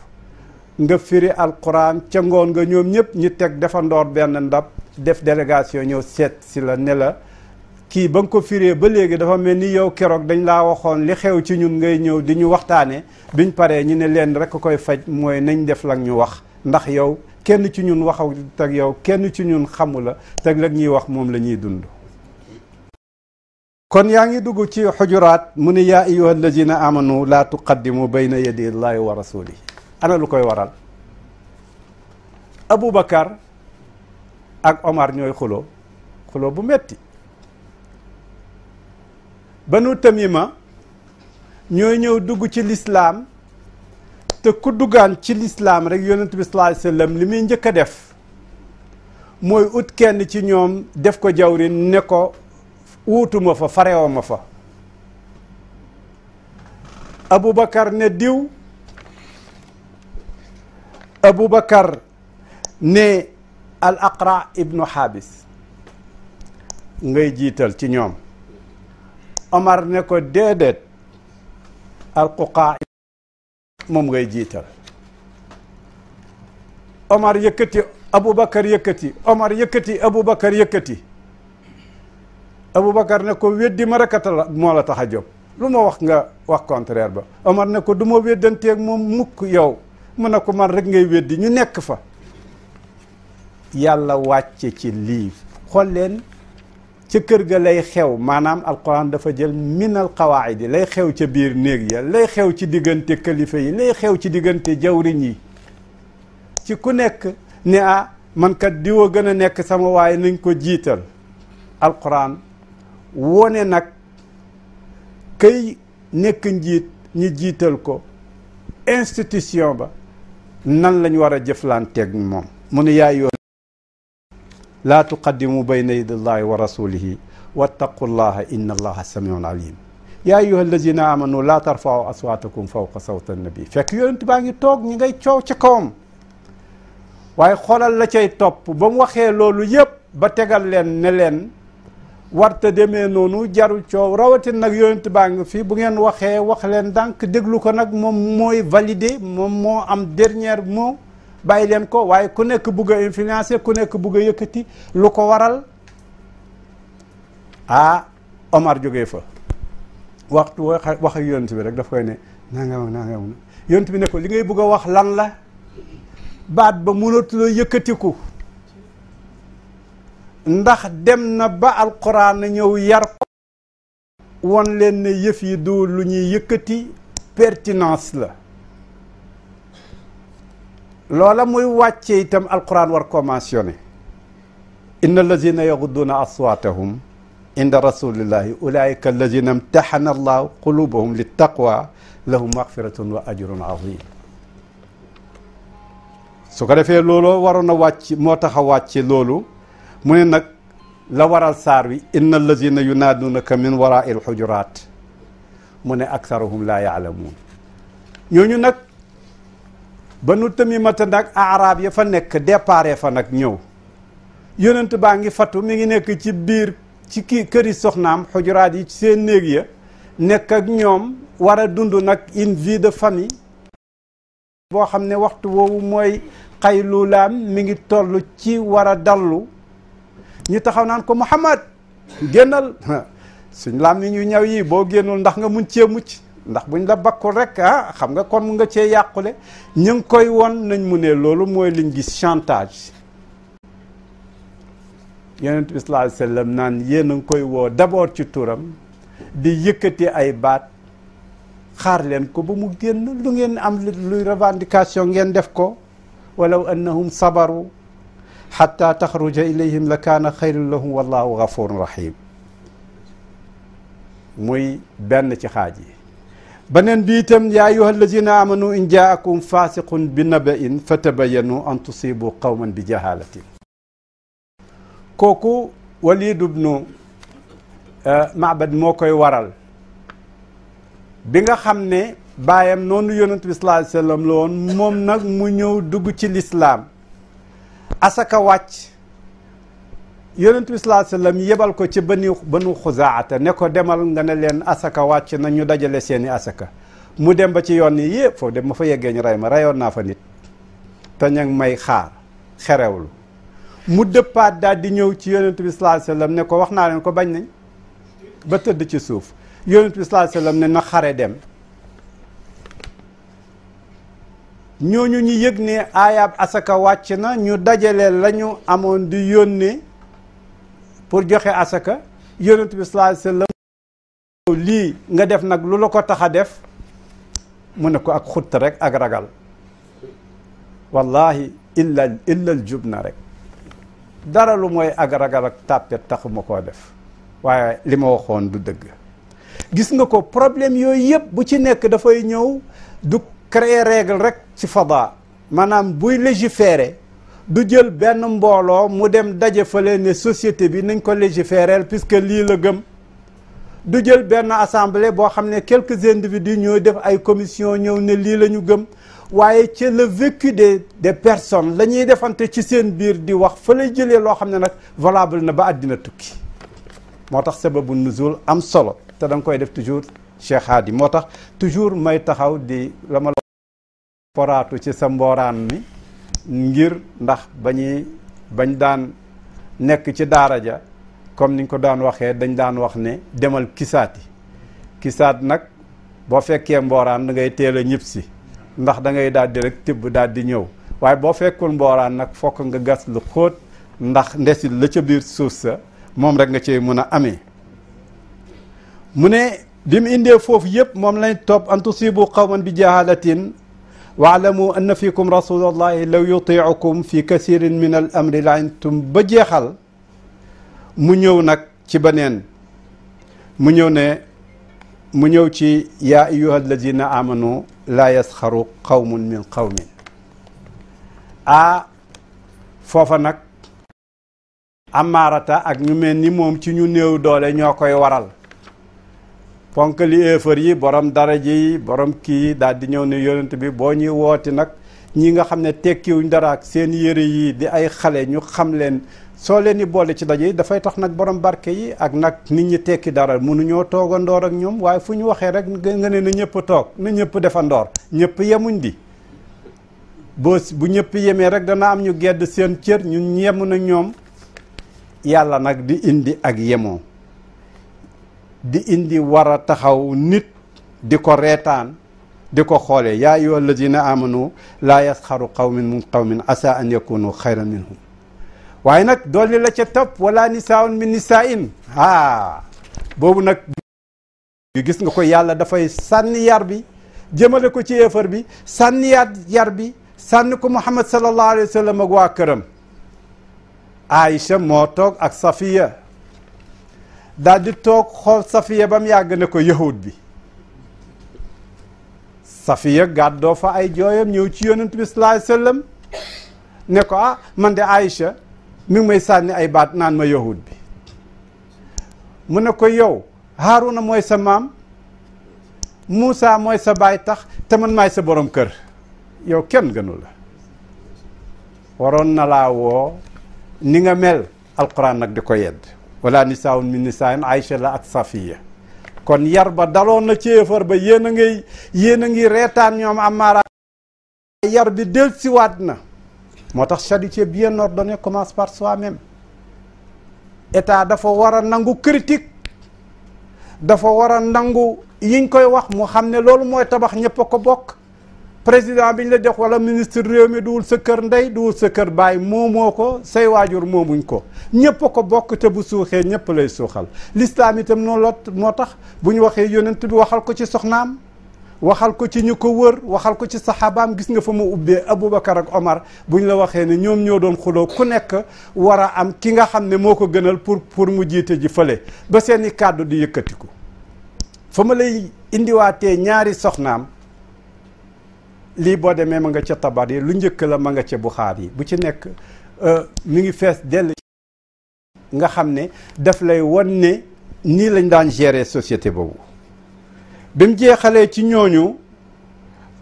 nga firi alquran ca ngoon nga ñoom ñëpp ñu teg defandoor benn ndab def délégation ñëw seet si la ne la kii ba nga ko firee ba léegi dafa mel ni yow keroog dañ laa waxoon li xew ci ñun ngay ñëw di ñu waxtaane biñ paree ñu ne leen rekk koy faj mooy nañ def lak ñu wax ndax yow kenn ci ñun waxaw teg yow kenn ci ñun xamu la teg lak ñuy wax moom la ñuy dund kon yaa ngi dugg ci xujuraat mu ne yaa ayyuha allazina amanu laa tuqaddimu bayna yadi llahi wa rasulihi ana lu koy waral abu bakar ak Omar ñooy xuloo xuloo bu metti banu tamima ñooy ñëw dugg ci lislaam te ku duggaan ci lislaam rek yonent bi sallallahu alayhi li muy njëkk a def mooy ut kenn ci ñoom def ko jawri ne ko wuutuma fa farewama fa Aboubacar ne diw Aboubacar ne al aqra ibnu xaabis ngay jiital ci ñoom Omar ne ko déedéet alquqaa moom ngay jiital Omar yëkkati Aboubacar yëkkati Omar yëkkati Aboubacar yëkkati ne ko weddi ma rekata moo la tax a jóg lu ma wax nga wax contraire ba Omar ne ko du ma weddanteeg moom mukk yow mu ne ko man rek ngay weddi ñu nekk fa yàlla wàcce ci lii xool ca kër ga lay xew maanaam alquran dafa jël minal qawaid yi lay xew ca biir néeg ya lay xew ci diggante kalifa yi lay xew ci diggante jawriñ yi ci ku nekk ni ah man kat diwa gën a nekk sama waaye nañ ko jiital alxuraan wone nag kay nekk njiit ñi jiital ko institution ba nan lañ war a jëflanteeg moom mu ne yaay yoon laa tuqaddimu bayna yadillahi wa rasulihi wattaqu llaha inna allaha samiun alim yaa ayyuha allazina amanu laa tarfau aswaatakum fawqa sawta nabi fekk yonent baa ngi toog ñi ngay coow ci kawam waaye xoolal la cay topp ba mu waxee loolu yépp ba tegal leen ne leen warta demee noonu jarul coow rawatin nag yonent baa ngi fii bu ngeen waxee wax leen dànk déglu ko nag moom mooy validé moom moo am dernier mot bàyyi leen ko waaye ku nekk bugg a influencer ku nekk bugg a yëkkati lu ko waral ah Omar jógee fa waxtu wax wax ak yonent bi rek daf koy ne naa nga wax naa nga wax yonent bi ne ko li ngay bugg a wax lan la baat ba mënatula yëkkatiku ndax dem na ba alquran na ñëw yar ko won leen ne yëf yi du lu ñuy yëkkati pertinence la loola muy wàcce itam alquran war koo mentionné inna allazina yagudduna aswaatahum inda rasulillahi ulaika allazina imtaxana allahu qulubahum li taqwa lahum maxfiratun wa ajrun azim su ko defee looloo waroon a wàcc moo tax a wàcce loolu mu ne nag la waral saar wi inna allazina yunaadunaka min warai alxujuraat mu ne aksaruhum laa yaalamuun ñooñu nag ba nu tamimata nag arab ya fa nekk déparé fa nag ñëw yonent baa ngi fattu mi ngi nekk ci biir ci kii këri soxnaam xujuraat yi seen néeg ya nekk ak ñoom war a dund nag une vie de famille boo xam ne waxtu woowu mooy xaylulaam mi ngi toll ci war a dallu ñu taxaw naan ko Muhammad génnal [LAUGHS] suñ laam mi ñu ñaw yi boo génnul ndax nga mun cee mucc ndax bu buñ la bakkul rek ah xam nga kon nga cee yàqule ñu ngi koy won nañ mu ne loolu mooy liñ gis chantage yonent bi sallallahu alayhi naan yéen a ngi koy woo d'abord ci turam di yëkkati ay baat xaar leen ko ba mu génn lu ngeen am luy revendication ngeen def ko walaw annahum sabaru xatta taxruja ilayhim la kaana xayrun lahum wallahu gafurun rahim muy benn ci xaaj yi beneen bi itam yaa ayuha allazina amanu in jaakum bi nabain fatabayanu an tusibu qawman bi jahalatin kooku walid ibnu eh, maabad moo koy waral bi nga xam ne baayam noonu yonent bi sallallahu alayhi wa la woon moom nag mu ñëw dugg ci lislaam asaka wàcc yonent bi sallallahu alayhi yebal ko ci bani banu xuzaata ne ko demal nga ne leen asaka wàcc na ñu dajale seeni asaka mu dem ba ci yoon yi yëpp foofu dem ma fa yeggee ñu rey ma reyoon naa fa nit te ña may xaar xerewul mu dëppaat dal di ñëw ci yonent bi sallallahu ne ko wax naa leen ko bañ nañ ba tëdd ci suuf yonent bi sallallahu ne na xare dem ñooñu ñu yëg ne aayab asaka wàcc na ñu dajale lañu amoon di yónnee pour joxe asaka yonent bi sallallahu alayhi wa lii nga def nag lu la ko tax a def mu ne ko ak xutt rek ak ragal wallahi illa illal jub na rek dara lu mooy ak ragal ak tàppet taxuma ko def waaye li ma waxoon du dëgg gis nga ko problème yooyu yëpp bu ci nekk dafay ñëw du créer règle rek ci fada maanaam buy légiférer du jël benn mbooloo mu dem daje fa fale ne société bi nañ ko légiférer puisque lii la gëm du jël benn assemblée boo xam ne quelques individus ñoo def ay commission ñëw ne lii la ñu gëm waaye ci le vécu des des personnes la ñuy defante ci seen biir di wax fa lay jëlee loo xam ne nag valable na ba àddina tukki moo tax sababu nuzul am solo te da nga koy def toujours Cheikh Hadi moo tax toujours may taxaw di la ma la ci sa mbooraan mi ngir ndax bañuy bañ daan nekk ci daara ja comme niñ ko daan waxee dañ daan wax ne demal kisaati kisaat nag boo fekkee mbooraan da ngay teel a ñibbisi ndax da ngay daal di rek tibb daal di ñëw waaye boo fekkul mbooraan nag fokk nga gas lu xóot ndax ndesit la ca biir suuf sa moom rek nga cey mën a amee mu ne bi mu indee foofu yëpp moom lañ topp an tusibu qawman bi jaalatin waalamu anna fiikum rasulallahi law yutiicukum fi kasirin min al amri la antum ba jeexal mu ñëw nag ci beneen mu ñëw ne mu ñëw ci yaa ayuha alladina amanu laa yasxaru qawmun min qawmin a foofa nag amaarata ak ñu mel ni moom ci ñu néew doole ñoo koy waral ponk li éefar yi borom daraja yi borom kii daal di ñëw ne yonent bi boo ñuy wooti nag ñi nga xam ne tekkiwuñ dara ak seen yére yi di ay xale ñu xam leen soo leen di boole ci daje yi dafay tax nag borom barke yi ak nag nit ñi tekki dara mënuñoo toog andoor ak ñoom waaye fu ñu waxee rek nga ne na ñëpp toog na ñëpp defandoor ñëpp yemuñ di boo bu ñëpp yemee rek dana am ñu gedd seen cër ñu yemu na ñoom yàlla nag di indi ak yemoo di indi wara taxaw nit di ko reetaan di ko xoole ya ayyuha alladina amanu laa yasxaru qawmin min qawmin asa an yakunu xayran minhum waaye nag dolli la ca topp wala nisaaun min nisaain aa ah, boobu nag gis nga ko yàlla dafay sànni yar bi jëmale ko ci yéefar bi sànni yar bi sànni ko muhammad sallallahu alayhi wa sallam ak waa këram aïcha moo toog ak safiya daal di toog xool safiya ba mu yàgg ne ko yahud bi safiya gàddoo fa ay jooyam ñëw ci yonent bi sallallahu alayhi ne ko ah man de Aïcha mi ngi may sànni ay baat naan ma yahud bi mu ne ko yow Haaruna mooy sa maam Muusa mooy sa baay tax te man maay sa borom kër yow kenn gënu la waroon na laa woo ni nga mel alquran nag di ko yedd wala nisaawun min nisaayin Aysa la ak Safiya kon yar ba daloon na ceefar ba yéen a ngay yéen a ngi reetaan ñoom Ammaara yar bi del siwaat na moo tax charité bien ordonnée commence par soi-même état dafa war a nangu critique dafa war a nangu yiñ koy wax mu xam ne loolu mooy tabax ñëpp a ko bokk président bi ñu la jox wala ministre réew mi duwul sa kër ndey duwul sa kër baay moomoo ko say waajur moomuñ ko ñëpp a ko bokk te bu suuxee ñëpp lay suuxal lislaam itam noonu la moo tax bu ñu waxee yonent bi waxal ko ci soxnaam waxal ko ci ñu ko wër waxal ko ci saxaabaam gis nga fa mu ubbee Aboubacar ak Omar bu ñu la waxee ne ñoom ñoo doon xuloo ku nekk war a am ki nga xam ne moo ko gënal pour pour mu jiite ji fële ba seeni kàddu di yëkkatiku fa ma lay indiwaatee ñaari soxnaam lii boo demee ma nga ca tabar yi lu njëkk la ma nga ca buxaar yi bu ci nekk euh, mu ngi fees dell nga xam ne daf lay won ne nii lañ daan gérer société boobu bi mu jeexalee ci ñooñu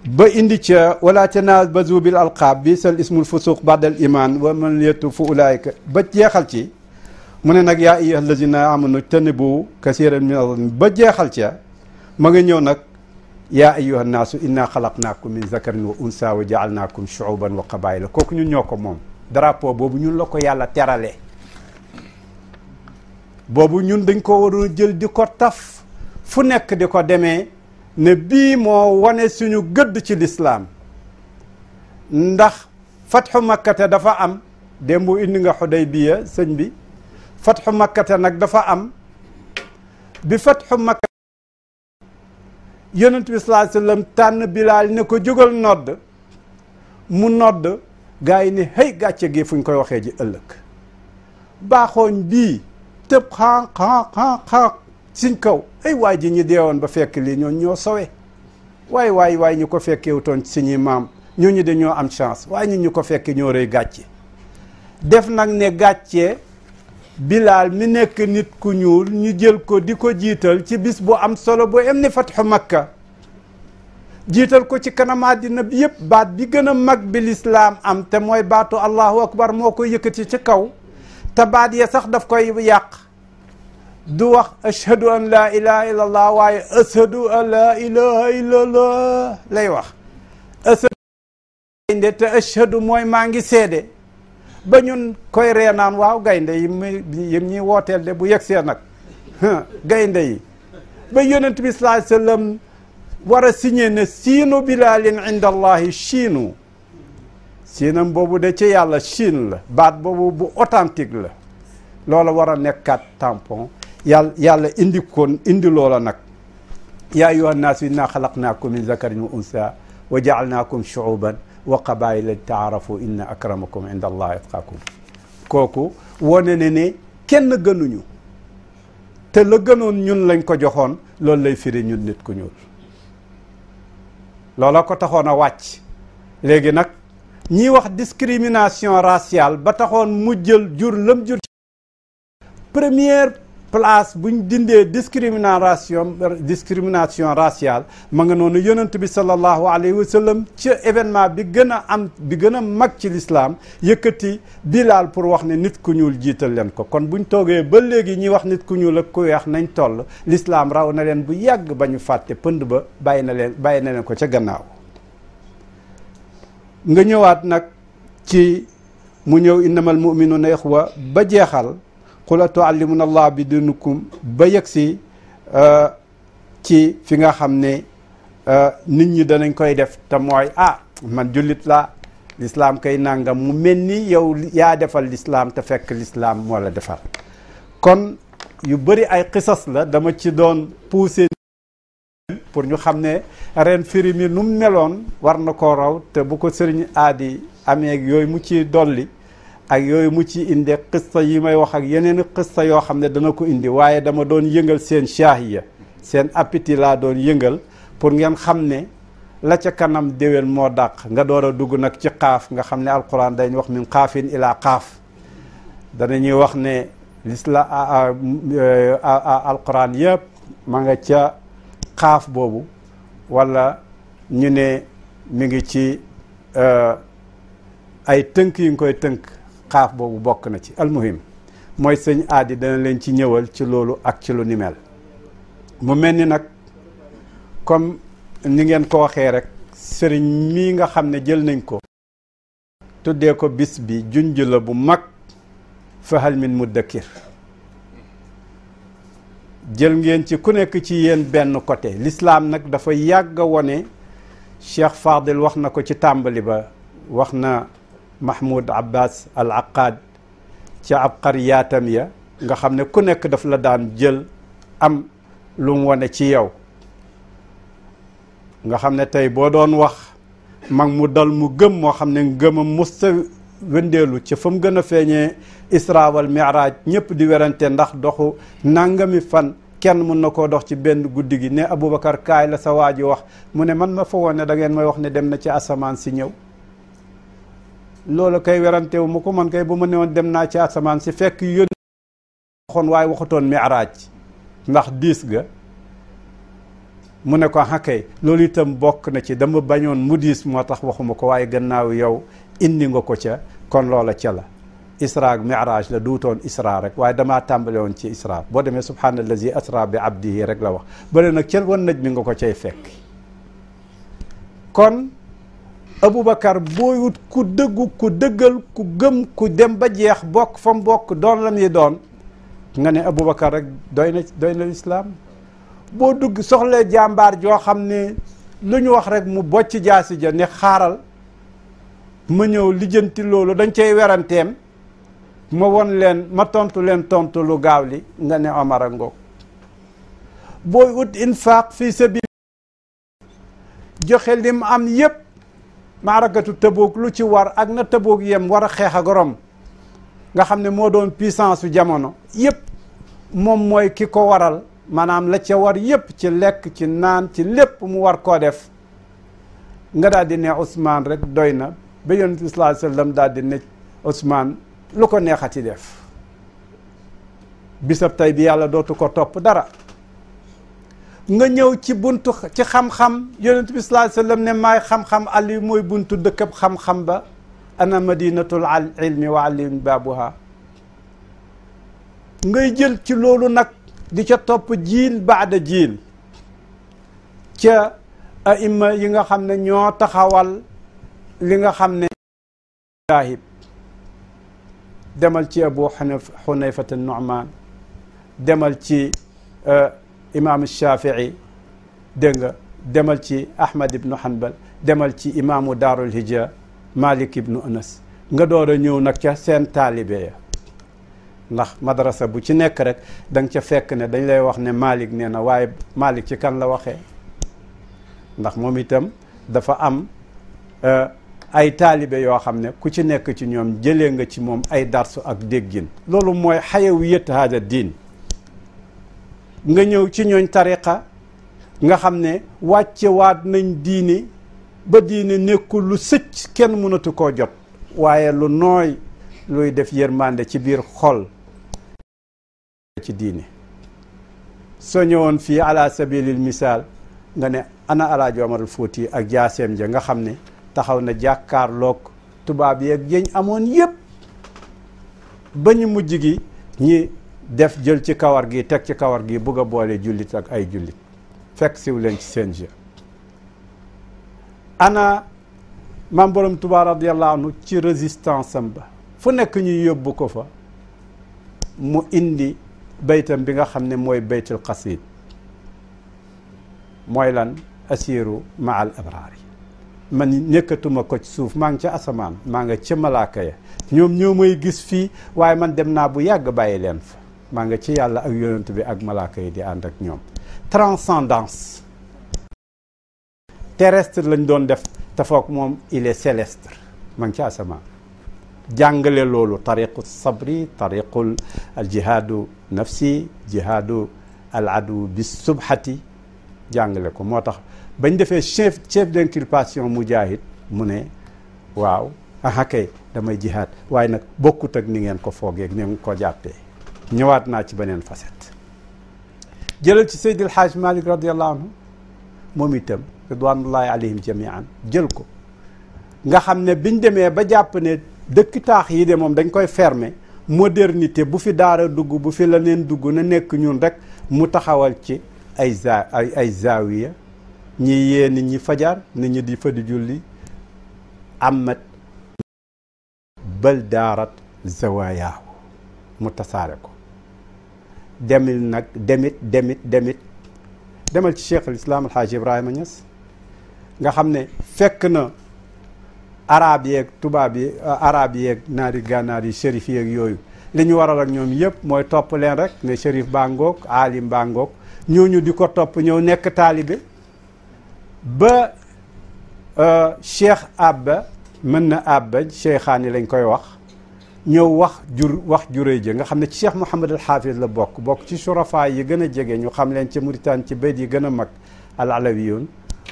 ba indi ca wala tanaabazu bil alqaab bi sal ismul fusuq badal iman wa man yetu fu ulaayka ba jeexal ci mu ne nag yaa ayyuhal lazina amanu tanibu kasiran min ba jeexal ca ma nga ñëw nag yaa ayyuha naasu naa xalaqnaakum min zakarin wa unsa wa jaalnaakum shuuban wa qabaila kooku ñun ñoo ko moom drapeau boobu ñun la ko yàlla terale boobu ñun dañ ko waroon jël di ko taf fu nekk di ko demee ne bii moo wane suñu gëdd ci lislaam ndax fatxu makkate dafa am démb indi nga xudaybiya sëñ bi fatxu makkate nag dafa am bi fatxu makkate yeneen bi sallallahu alayhi wasallam tànn bi bilaal ne ko jógal nodd mu nodd gaa yi ne hey gàcce gi fu ñu koy waxee ji ëllëg baaxooñ bii tëb xan xan xan xan siñ kaw ay waay ji ñi deewoon ba fekk lii ñoon ñoo sowe waay waay waay ñu ko fekkewutoon suñuy maam ñooñu dañoo am chance waaye ñun ñu ko fekkee ñoo rëy gàcce def nag ne gàccee bilaal mi nekk nit ku ñuul ñu jël ko di ko jiital ci bis bu am solo bu am ni fatxu makka jiital ko ci kanamaat dina bi yépp baat bi gën a mag bi lislaam am te mooy baatu allahu akbar moo ko yëkkati ci kaw te baat ya sax daf koy yàq du wax ashhadu an laa ilaha illa laa lay wax ashhadu te ashhadu mooy maa ngi seede ba ñun koy ree naan waaw gaynde yi muy yim ñuy wooteel de bu yegsee nag [LAUGHS] gaynde yi ba yonent bi sallallahu alayhi wasallam war a signé ne siinu bilaalin boobu de ci yàlla chiin la baat boobu bu authentique la loola wara a nekkaat tampon yàlla yàlla indi koon indi loola nag ya ayyuhan naas inna xalaqnaakum min zakarin wa unsa wa jaalnaakum shuuban bàyyi wa qabaila taarafu inna akramakum inda allah itqaakum kooku wone ne ne kenn gënuñu te la gënoon ñun lañ ko joxoon loolu lay firi ñun nit ku ñuul loola ko taxoon a wàcc léegi nag ñiy wax discrimination raciale ba taxoon mu jël jur lëm jur première place bu ñu dindee discrimination discrimination raciale ma nga noonu yonent bi sallallahu alayhi wa sallam ci événement bi gën a am bi gën a mag ci lislaam yëkkati bilaal pour wax ne nit ku ñuul jiital leen ko kon bu ñu toogee ba léegi ñi wax nit ku ñuul ak ku weex nañ toll lislaam raw na leen bu yàgg ba ñu fàtte pënd ba bàyyi na leen bàyyi na leen ko ca gannaaw nga ñëwaat nag ci mu ñëw innamal mu'minuna ixwa ba jeexal xula tuallimuna allah bi dinukum ba yëgsi euh, ci fi nga xam ne euh, nit ñi danañ koy def te mooy ah man jullit laa lislaam kay nangam mu mel ni yow yaa defal lislaam te fekk lislaam moo defar kon yu bëri ay xisas la dama ci doon pousser pour ñu xam ne ren firi mi nu meloon war na ko raw te bu ko sëriñ aadi amee yooyu mu ci dolli ak yooyu mu ci indi xista yi may wax ak yeneen xista yoo xam ne dana ko indi waaye dama doon yëngal seen shaahiya seen appétit laa doon yëngal pour ngeen xam ne la ca kanam déwén moo dàq nga door a dugg nag ci xaaf nga xam ne alquran dañ wax min xaafin ilaa xaaf danañuy wax ne lisla alquran yëpp ma nga ca xaaf boobu wala ñu ne mi ngi ci euh, ay tënk yi nga koy tënk xaaf boobu bokk na ci almuhim mooy sëñ aadi dana leen ci ñëwal ci loolu ak ci lu ni mu mel ni nag comme ni ngeen ko waxee rek sëriñ mi nga xam ne jël nañ ko tuddee ko bis bi junj la bu mag fahal mu muddakir jël ngeen ci ku nekk ci yéen benn côté lislaam nag dafa yàgg wone Cheikh Fadil wax na ko ci tàmbali ba wax na mahmoud abbas al aqad ca ab xariyaatam ya nga xam ne ku nekk daf la daan jël am lu mu wane ci yow nga xam ne tey boo doon wax mag mu dal mu gëm moo xam ne ngëmam musta wëndeelu ca fa mu gën a feeñee isra wal miraaj ñëpp di werante ndax doxu nangami fan kenn mun na koo dox ci benn guddi gi ne Aboubacar kaay la sa waa ji wax mu ne man ma fa woon ne da ngeen may wax ne dem na ci asamaan si ñëw loolu kay werante wu ma ko man kay bu ma newoon dem naa ci asamaan si fekk yónni waxoon waaye waxutoon mi'raaj ndax diis ga mu ne ko xakkay loolu itam bokk na ci dama bañoon mu diis moo tax waxuma ko waaye gannaaw yow indi nga ko ca kon loola ca la isra ak mi'raaj la duutoon isra rek waaye damaa tàmbale woon ci isra boo demee subhaanallazi asra bi abdihi rek la wax bële nag ca wan naj mi nga ko cay fekk kon Aboubacar booy wut ku dëggu ku dëggal ku gëm ku dem ba jeex bokk fa mu bokk doon la muy doon nga ne Aboubacar rek doy na doy na lislaam boo dugg soxlee jàmbaar joo xam ne lu ñu wax rek mu bocc jaasi ja ne xaaral ma ñëw lijjanti loolu dañ cay weranteem ma won leen ma tontu leen tontu lu gaaw li nga ne Omar a ngoog booy ut infaaq fii sabilillah joxe lim am yépp maarakatu tëbook lu ci war ak na tëboog yem war a xeex ak Rome nga xam ne moo doon puissance su jamono yépp moom mooy ki ko waral maanaam la ca war yépp ci lekk ci naan ci lépp mu war koo def nga daal di ne Ousmane rek doy na ba yonent bi sallallahu alayhi wasallam daal di ne Ousmane lu ko neexati def bisab tey bi yàlla dootu ko topp dara nga ñëw ci buntu ci xam-xam yonent bi xam-xam àll yi mooy buntu dëkkab xam-xam ba ana madinatul ilmi wa alim baabuha ngay jël ci loolu nag di ca topp jiil baada jiin ca aima yi nga xam ne ñoo taxawal li nga xam ne daahib demal ci abu xunayfata nu'man demal ci euh, imaamu Shafii dégg nga demal ci Ahmad ibnu Hanbal demal ci imaamu Daarul Hijra Malik ibnu Anas nga door a ñëw nag ca seen taalibe ya ndax madrasa bu ci nekk rek da ca fekk ne dañ lay wax ne Malik nee na waaye Malik ci kan la waxee ndax moom itam dafa am eh, ay taalibe yoo xam ne ku ci nekk ci ñoom jële nga ci moom ay darsu ak déggin loolu mooy xayawiyat haada diin nga ñëw ci ñooñ tariqa nga xam ne wàccewaat nañ diini ba diine nekkul lu sëcc kenn mënatu koo jot waaye lu nooy luy def yërmànde ci biir xol ci diini soo ñëwoon fii ala sabilil misaal nga ne ana alaaji Omar Fouti ak jaaseem ja nga xam ne taxaw na jàkkaarloog tubaab yeeg yeñ amoon yépp ba ñu mujj gi ñi def jël ci kawar gi teg ci kawar gi bugg a boole jullit ak ay jullit fekk siw leen ci seen jeu ana maam borom Tuubaa radiyallaahu anhu ci résistance ba fu nekk ñuy yóbbu ko fa mu indi baytam bi nga xam ne mooy baytul xasiid mooy lan asiiru ma al abraar yi man nekkatuma ko ci suuf maa ngi ca asamaan maa nga ca malaaka ya ñoom ñoo may gis fii waaye man dem naa bu yàgg bàyyi leen fa maa nga ci yàlla ak yonent bi ak malaaka yi di ànd ak ñoom transcendance terrestre lañ doon def te foog moom il est céleste ma ngi ci asamaan jàngale loolu tariqu sabri tariqul al jihaadu nafsi jihaadu al adu bi subhati jàngale ko moo tax bañ defee chef chef d'inculpation mujahid mu ne waaw aha kay damay jihaad waaye nag bokkut ak ni ngeen ko foogeeg ni ngeen ko jàppee ñëwaat naa ci beneen facette jëlal ci Seydil Hadj Malick radiyallahu anhu moom itam ridwanullahi alayhim jamian jël ko nga xam ne biñ demee ba jàpp ne dëkk taax yi de moom dañ koy ferme modernité bu fi daara dugg bu fi leneen dugg na nekk ñun rekk mu taxawal ci ay za zaawiya ñi yee nit ñi fajar nit di fa di julli amat bal daarat zawaayaahu mu tasaare ko demil nag demit demit demit demal ci cheikh al alxaaji ibrahima Niass nga xam ne fekk na arab yeeg tubaab yi euh, arab yeeg naari gànnaar yi shérif yooyu li ñu waral ak ñoom yëpp mooy topp leen rek ne shérif baa ngoog aalim baa ngoog di ko topp ñëw nekk taalibe ba euh, cheikh abba mën na abba cheikhaani lañ koy wax ñëw wax jur wax juré jë nga xam ne ci Cheikh Mouhamed al Hafiz la bokk bokk ci surafa yi gën a jege ñu xam leen ci Mauritanie ci bayt yi gën a mag al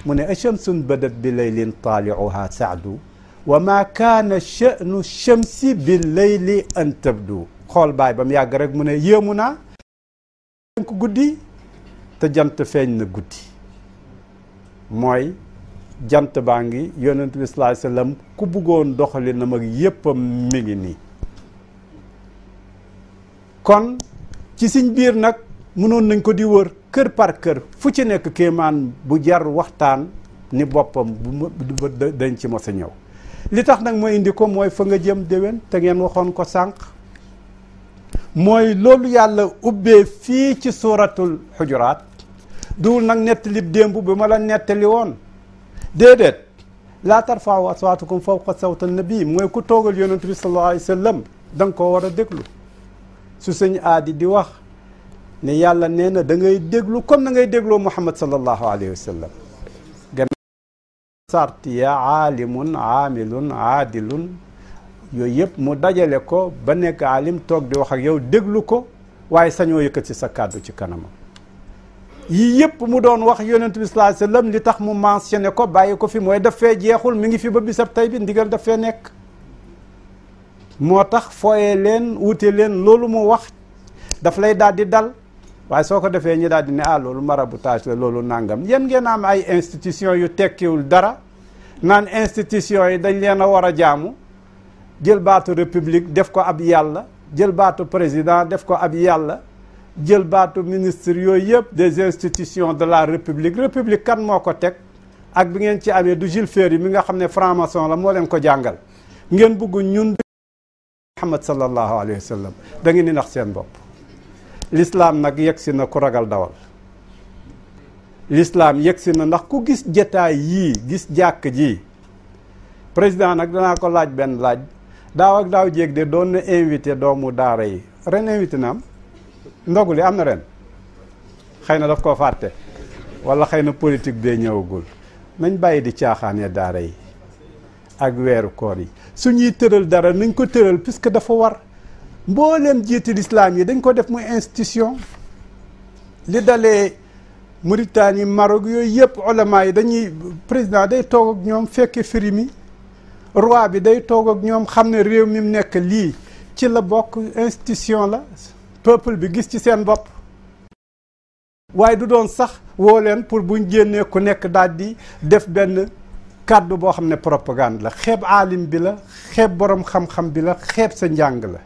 mu ne achamsun badat bi laylin taaliuha saadu wa ma kaana chanu chamsi bi layli an tabdu xool baay bam yàgg rek mu ne yéemu naa ko guddi te jant feeñ na guddi mooy jant baa ngi yonent bi sallallahu alayhi ku bëggoon doxali na mag yéppam mi ngi nii kon ci siñ biir nag mënoon nañ ko di wër kër par kër fu ci nekk kéemaan bu jar waxtaan ni boppam bu dañ ci mos a ñëw li tax nag mooy indi ko mooy fa nga jëm déwén te ngeen waxoon ko sànq mooy loolu yàlla ubbee fii ci suuratul xujuraat duwul nag nettalib démb bi ma la nettali woon déedéet laa ko aswaatukum fawqa sawta nabi mooy ku toogal yonentu bi sallallahu alayhi danga sallam koo war a déglu su sëñ aadi di wax ne yàlla nee na da ngay déglu comme na ngay dégloo muhammad sallallahu alayhi wa sallam sart ya aalimun aamilun aadilun yooyu yëpp mu dajale ko ba nekk aalim toog di wax ak yow déglu ko waaye sañoo yëkkat si sa kàddu ci kanamam yi yëpp mu doon wax yonent bi sallallahu alayhi wa li tax mu mentionné ko bàyyi ko fi mooy daf fee jeexul mu ngi fi ba bisab tey bi ndigal daf fee nekk moo tax fooye leen wutee leen loolu mu wax daf lay daal di dal waaye soo ko defee ñu daal di ne ah loolu maraboutage la loolu nangam yéen ngeen am ay institution yu tekkiwul dara naan institution yi dañ leen a war a jaamu jël baatu république def ko ab yàlla jël baatu président def ko ab yàlla jël baatu ministre yooyu yëpp des institutions de la république république kan moo ko teg ak bi ngeen ci amee du Jules Ferry mi nga xam ne franc-maçon la moo leen ko jàngal Muhammad sallallahu alayhi wa sallam da ngeen nax seen bopp lislaam nag yegg si na ku ragal dawal lislaam yegg si na ndax ku gis jataay yii gis jàkk ji président nag danaa ko laaj benn laaj daaw ak daaw jéeg de doon na invité doomu daara yi ren invité na am ndogu li am na ren xëy na daf koo fàtte wala xëy na politik bee ñëwagul nañ bàyyi di caaxaane daara yi ak weeru koor yi suñuy tëral dara nañ ko tëral que dafa war mbooleem jiiti lislaam yi dañ ko def muy institution li dalee Mauritanie Maroc yooyu yëpp olama yi dañuy président day toog ak ñoom fekke firi mi roi bi day toog ak ñoom xam ne réew mi mu nekk lii ci la bokk institution la peuple bi gis ci seen bopp waaye du doon sax woo leen pour buñ génnee ku nekk daal di def benn kàddu boo xam ne propagande la xeeb alim bi la xeeb boroom xam-xam bi la xeeb sa njàng la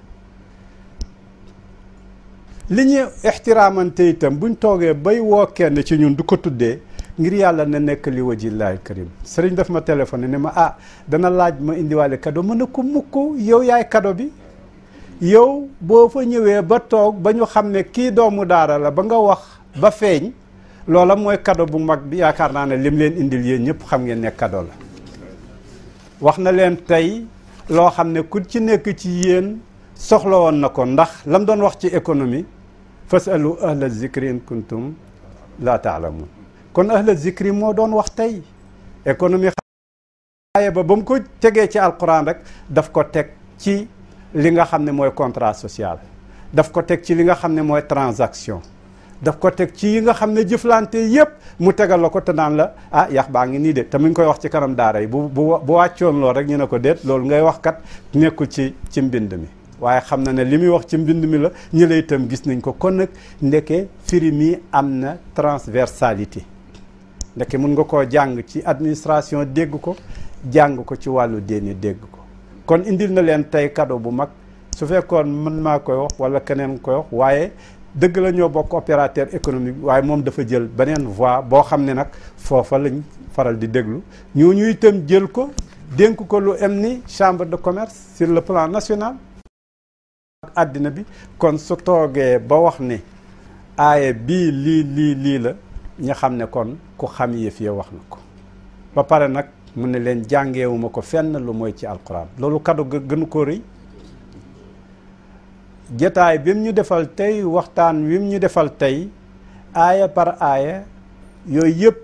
li ñuy ixtiraamante itam buñ toogee bay woo kenn ci ñun du ko tuddee ngir yàlla na nekk li wajillaahi karim sëriñ daf ma téléphoné ne ma ah dana laaj ma indiwaale kado mën na ko mukk yow yaay kado bi yow boo fa ñëwee ba toog ba ñu xam ne kii doomu daara la ba nga wax ba feeñ loola mooy cadeau bu mag bi yaakaar naa ne lim leen indil yéen ñëpp xam ngeen ne cadeau la wax na leen tey loo xam ne ku ci nekk ci yéen soxla woon na ko ndax lam doon wax ci économie fasalu ahla zikri in kuntum laa taalamun kon ahla zikri moo doon wax tey économie waaye ba ba mu ko tegee ci alquran rek daf ko teg ci li nga xam ne mooy contrat social daf ko teg ci li nga xam ne mooy transaction daf ko teg ci yi nga xam ne jëflante yépp mu tegal la ko te naan la ah yax baa ngi nii de te mu ngi koy wax ci kanam daara yi bu bu bu wàccoon lool rek ñu ne ko déet loolu ngay wax kat nekkul ci ci mbind mi waaye xam na ne li muy wax ci mbind mi la ñi lay itam gis nañ ko kon nag ndeke firi mi am na transversalité ndeke mun nga koo jàng ci administration dégg ko jàng ko ci wàllu déni dégg ko kon indil na leen tey cadeau bu mag su fekkoon mën maa koy wax wala keneen koy waaye dëgg la ñoo bokk opérateur économique waaye moom dafa jël beneen voie boo xam ne nag foofa lañ faral di déglu ñu itam jël ko dénk ko lu em ni chambre de commerce sur le plan national ak àddina bi kon su toogee ba wax ne aaye bii lii lii lii la ña xam ne kon ku xam yëf ya wax na ko ba pare nag mu ne leen jàngeewuma ko fenn lu mooy ci alquran loolu kàddu gënu ko rëy jataay bim ñu defal tey waxtaan wim ñu defal tey aaya par aaya yooyu yëpp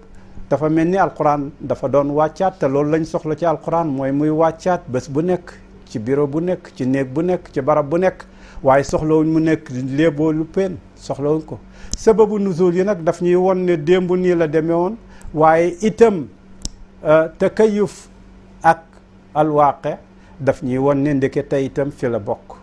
dafa mel ni alquran dafa doon wàccaat te loolu lañ soxla ci alquran mooy muy wàccaat bés bu nekk ci bureau bu nekk ci néeg bu nekk ci barab bu nekk waaye soxlawuñ mu nekk léeboo lu peen soxlawuñ ko sababu nuzul yi nag daf ñuy won ne démb nii la demee waaye itam euh, takayuf ak alwaaqe daf ñuy won ne ndeke tey itam fi la bokk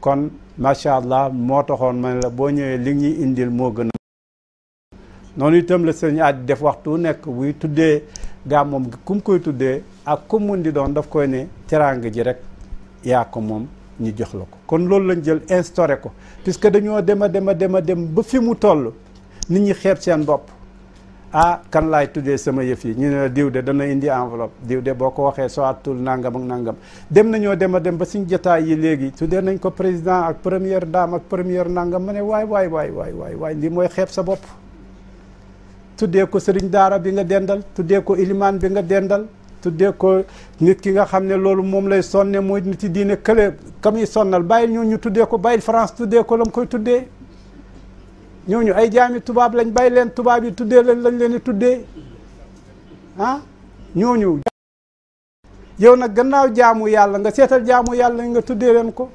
kon macha allah moo taxoon ma la boo ñëwee li ñuy indil moo gën a noonu itam la sëñ aaj def waxtu nekk wuy tuddee gaa moom ku koy tuddee ak ku mun di doon daf koy ne teraanga ji rek yaa ko moom ñu jox la ko kon loolu lañ jël instauré ko puisque dañoo dem a dem a dem a dem ba fi mu toll nit ñi xeet seen bopp ah kan laay tuddee sama yëf yi ñu ne la diw de dana indi enveloppe diw de boo ko waxee soo atul nangam ak nangam dem nañoo dem a dem ba suñ jotaay yi léegi tuddee nañ ko président ak première dame ak première nangam ma ne waay waay waay waay waay waay lii mooy xeeb sa bopp tuddee ko sëriñ daara bi nga dendal tuddee ko ilimaan bi nga dendal tuddee ko nit ki nga xam ne loolu moom lay sonne mooy nit ci diine kële ka muy sonnal bàyyil ñoo ñu tuddee ko bàyyil France tuddee ko la mu koy tuddee ñooñu ay jaami tubaab lañ bay leen tubaab yi tuddee leen lañ leen di tuddee ah ñooñu yow nag gannaaw jaamu yàlla nga seetal jaamu yàlla nga tuddee leen ko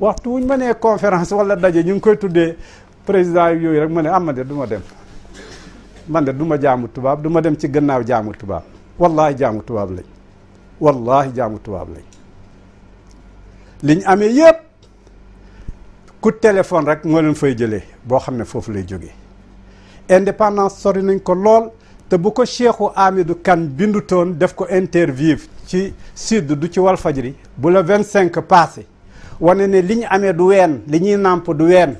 waxtu wuñ ma ne conférence wala daje ñu ngi koy tuddee président yi yooyu rek ma ne am ah, ma de duma dem man de duma ma tubaab du ma dem ci gannaaw jaamu tubaab wallahi jaamu tubaab lañ wallahi jaamu tubaab lañ liñ amee yëpp ku téléphone rek moo leen fay jëlee boo xam ne foofu lay jóge indépendance sori nañ ko lool te bu ko Cheikhou Hamidou Kane bindutoon def ko interview ci sud du ci Walfadjri bu la vingt cinq passé wane ne li ñu amee du ween li ñuy nàmp du ween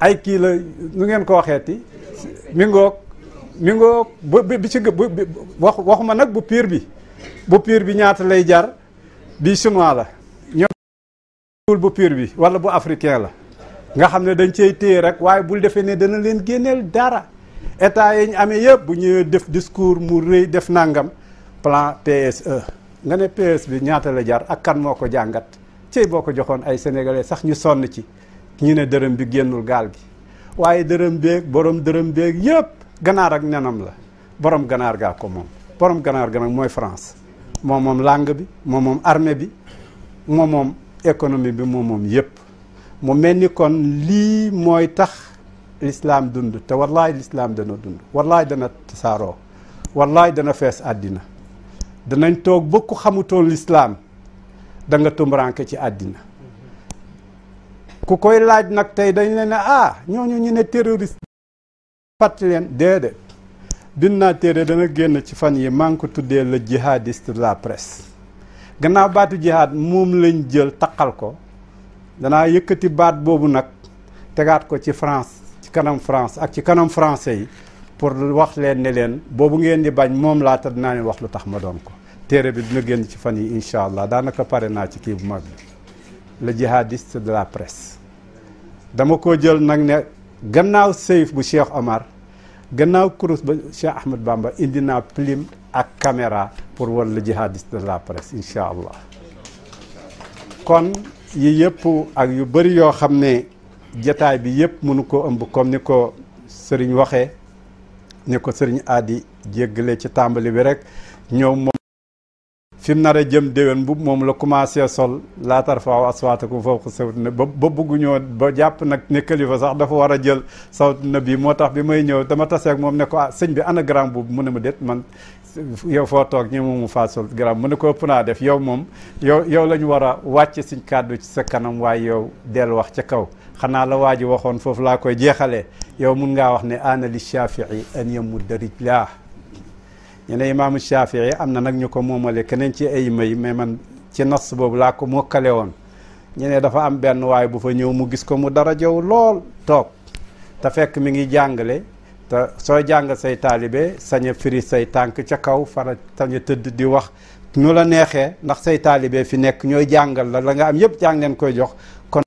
ay kii la nu ngeen ko waxeeti mi ngoog mi bu bi ci bu wax waxuma nag bu piir bi bu piir bi ñaata lay jar bi chinois la l bu pur bi wala bu africain la nga xam ne dañ cey téye rek waaye bul defee ne dana leen génneel dara état yi amee yëpp bu ñëwee def discours mu rëy def nangam plan PSE nga ne PS bi ñaata la jar ak kan moo ko jàngat cey boo ko joxoon ay sénégalais sax ñu sonn ci ñu ne dërëm bi génnul gaal gi waaye dërëm beeg borom dërëm beeg yëpp ganaar ak nenam la borom ganaar gaa ko moom borom ganaar ga nag mooy France moom moom langue bi moom moom armée bi moom économie bi moom moom yépp mu mel ni kon lii mooy tax lislaam dund te wallaay lislaam dana dund wallaay dana tasaaroo wallaay dana fees àddina danañ toog ba ku xamutoon lislaam danga nga ci àddina ku koy laaj nag tey dañ leen ne ah ñooñu ñu ne terroriste fàtt leen déedéet bind naa téere dana génn ci fan yi maa ngi ko tuddee le jihadiste la presse gannaaw baatu jihaad moom lañ jël taqal ko danaa yëkkati baat boobu nag tegaat ko ci France ci kanam France ak ci kanam français yi pour wax leen ne leen boobu ngeen di bañ moom laa te dinaa leen wax lu tax ma doon ko téere bi dina génn ci fan yi incha allah daanaka pare naa ci kii bu mag bi le jihadiste de la presse dama ko jël nag ne gannaaw sëyf bu Cheikh Omar gannaaw kurus ba Cheikh Ahmed Bamba indi naa plume ak caméra pour wan la jihadiste de la presse incha allah kon yi yëpp ak yu bëri yoo xam ne jataay bi yëpp mënu ko ëmb comme ni ko sëriñ waxee ni ko sëriñ aadi jéggale ci tàmbali bi rek ñëw moom fi mu jëm déwén bu moom la commencé sol laa tarfa'u aswaatakum fawqa sawti na ba ba bugguñoo ba jàpp nag ne kilifa sax dafa war a jël sawti na bii moo tax bi may ñëw dama taseeg moom ne ko ah sëñ bi ana grand boobu mu a ma déet man yow foo toog ñi mu faa sol garab mu ne ko ëpp naa def yow moom yow yow lañu ñu war a wàcc suñ kàddu ci sa kanam waaye yow del wax ca kaw xanaa la waa ji waxoon foofu laa koy jeexalee yow mun ngaa wax ne ana li shafii mu yamudda rijlah ñu ne imaamu shafii am na nag ñu ko moomale keneen ci ay may mais man ci nas boobu laa ko mokkale woon ñu ne dafa am benn waaye bu fa ñëw mu gis ko mu dara jëw lool toog te fekk mi ngi jàngale te sooy jàng say taalibe sañ a say tànk ca kaw fara sañ tëdd di wax ñu la neexee ndax say taalibe fi nekk ñooy jàngal la la nga am yëpp jàng leen koy jox kon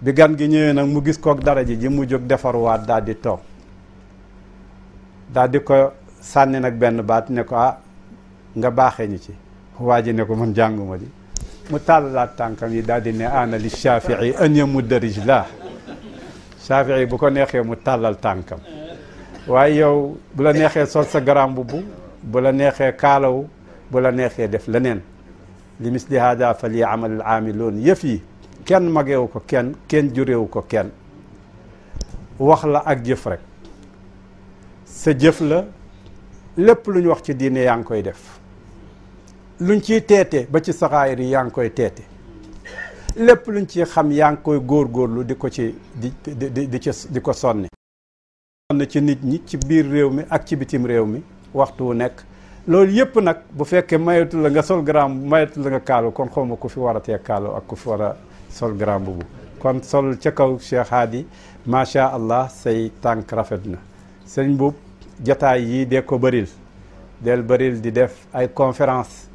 bi gan gi ñëwee nag mu gis kook dara ji ji mu jóg defar daal daldi toog daldi ko sànni nag benn baat ne ko ah nga baaxee ñu ci waa ji ne ko man jànguma di mu tàllalaat tànkam yi daal di ne ana li shafii mu yamudda rijlah yi bu ko neexee mu tàllal tànkam waaye yow bu la neexee sol sa garaam bu bu la neexee kaalaw bu la neexee def leneen li misli haada fal ya'malil aamiluun yëf yi kenn mageewu ko kenn kenn jurewu ko kenn wax la ak jëf rek sa jëf la lépp lu ñu wax ci diine yaa ngi koy def luñ ciy teete ba ci saxaayir yi yaa ngi koy teete lépp luñ ci xam yaa ngi koy góor góorlu di ko ci di di di di ko sonni sonn ci nit ñi ci biir réew mi ak ci bitim réew mi waxtu wu nekk loolu yëpp nag bu fekkee mayetu la nga sol grand mayetu la nga kaalu kon xawma ku fi war a tee kaalu ak ku fi war sol grand bubu kon sol ca kaw Cheikh Hadi macha allah say tànk rafet na sëñ buub jataay yii dee ko bëril del bëril di def ay conférence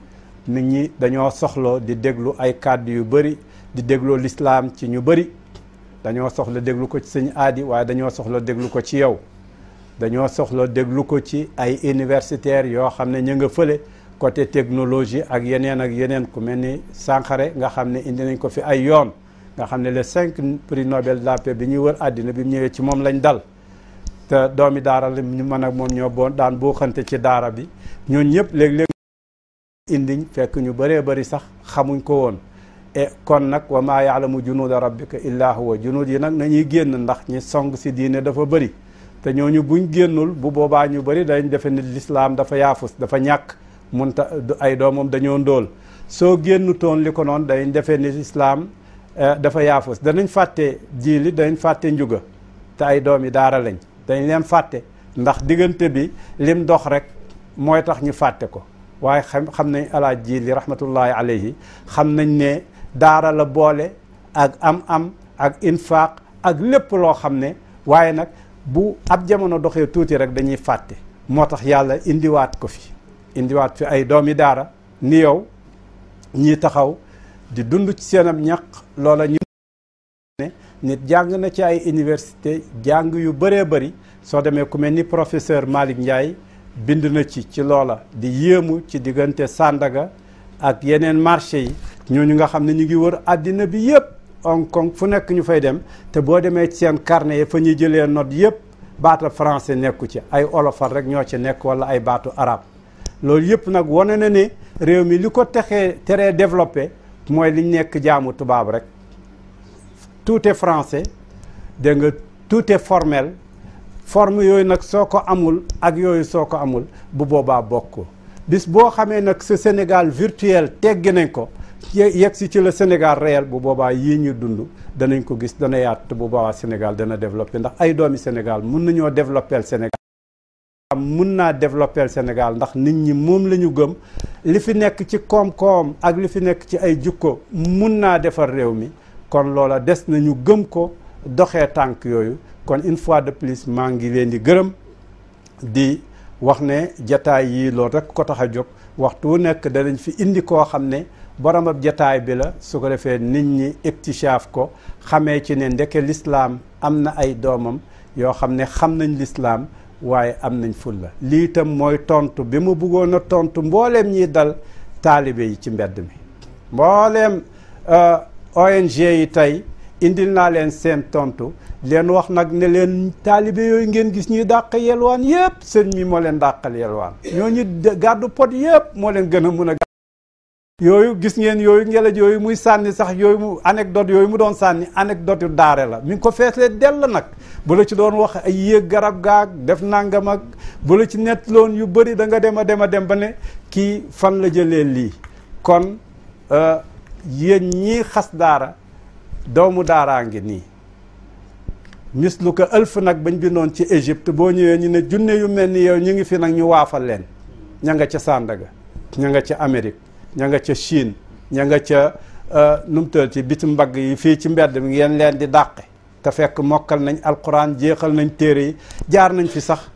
nit ñi dañoo soxloo di déglu ay kàddu yu bëri di dégloo lislaam ci ñu bëri dañoo soxla déglu ko ci sëñ aadi waaye dañoo soxla déglu ko ci yow dañoo soxla déglu ko ci ay universitaires yoo xam ne ñu nga fële côté technologie ak yeneen ak yeneen ku ni Sankhare nga xam ne indi nañ ko fi ay yoon nga xam ne les cinq prix Nobel dapp bi ñuy wër àddina bi mu ñëwee ci moom lañ dal te doomi daara la ñu mën ak moom ñoo bon daan boo ci daara bi ñooñu ñëpp léeg-léeg indi fekk ñu bëree bari sax xamuñ ko woon E, kon nag wa maa yaalamu junuuda rabbika illaa huwa junuud yi nag nañuy génn ndax ñi song si diine dafa bëri te ñoo ñooñu buñ génnul bu boobaa ñu bëri dañ defe ni lislaam dafa yaafus dafa ñàkk munta ay doomam dañoo ndóol soo génnu toon li ko noonu dañ defee ni lislaam e, dafa yaafus danañ fàtte jiili danañ fàtte njuga te ay doom yi daara lañ dañ leen fàtte ndax diggante bi lim dox rek mooy tax ñu fàtte ko waaye xam xam nañ alaaj jiili rahmatullahi alayhi xam nañ ne daara la boole ak am-am ak infaq ak lépp loo xam ne waaye nag bu ab jamono doxee tuuti rek dañuy fàtte moo tax yàlla indiwaat ko fi indiwaat fi ay doomi daara ni yow ñi taxaw di dund ci seen am ñaq loola ñu ne nit jàng na ci ay université jàng yu bëree bëri soo demee ku mel ni professeur Malick Ndiaye bind na ci ci loola di yéemu ci diggante sàndaga ak yeneen marché yi ñooñu nga xam ne ñu ngi wër àddina bi yëpp Hong Kong fu nekk ñu fay dem te boo demee ci seen carnet yi fa ñuy jëlee note yëpp baata français nekku ci ay olofal rek ñoo ci nekk wala ay baatu arab loolu yëpp nag wane na ne réew mi li ko texee tere développé mooy liñ nekk jaamu tubaab rek tout est français dégg nga tout est formel forme yooyu nag soo ko amul ak yooyu soo ko amul bu boobaa bokk bis boo xamee nag ce Sénégal virtuel teggi nañ ko yegg si ci la Sénégal réel bu boobaa yii ñu dund danañ ko gis dana yaatu bu boobaa Sénégal dana développé ndax ay doomi Sénégal mun nañoo développé Sénégal. mun naa développé Sénégal ndax nit ñi moom la ñu gëm li fi nekk ci koom-koom ak li fi nekk ci ay jukko mun naa defar réew mi kon loola des nañu gëm ko doxee tànk yooyu kon une fois de plus maa ngi leen di gërëm di wax ne jataay yi loolu rek ko tax a jóg waxtu wu nekk danañ fi indi koo xam ne borom ab jataay bi la su ko defee nit ñi iktishaaf ko xamee ci ne ndeke lislaam am na ay doomam yoo xam ne xam nañ lislaam waaye am nañ fulla lii itam mooy tontu bi mu buggoon a tontu mbooleem ñi dal taalibe yi ci mbedd mi mbooleem uh, ONG yi tey indil naa leen seen tontu leen wax nag ne leen taalibe yooyu ngeen gis ñuy dàq yelwaan yépp sëñ mi moo leen dàqal yelwaan ñooñu gàddu pot yépp moo leen gën a mun a yooyu gis ngeen yooyu ngelaj yooyu muy sànni sax yooyu mu anecdote yooyu mu doon sànni anecdote yu daare la mi ngi ko feeslee dell nag bu ci doon wax ay garab gaag def nangam ak bu ci nett loon yu bari danga nga dem a dem a dem ba ne kii fan la jëlee lii kon euh, yéen ñi xas daara doomu daaraa ngi nii mis lu ko ëlf nag bañ bindoon ci Égypte boo ñëwee ñu ne junne yu mel ni yow ñu ngi fi nag ñu waafal leen ña nga ca sàndaga ña nga ca Amérique ña nga ca Chine ña nga ca euh, nu mu ci biti mbagg yi fii ci mbedd mi ngeen leen di dàqe te fekk mokkal nañ alquran jeexal nañ téere yi jaar nañ fi sax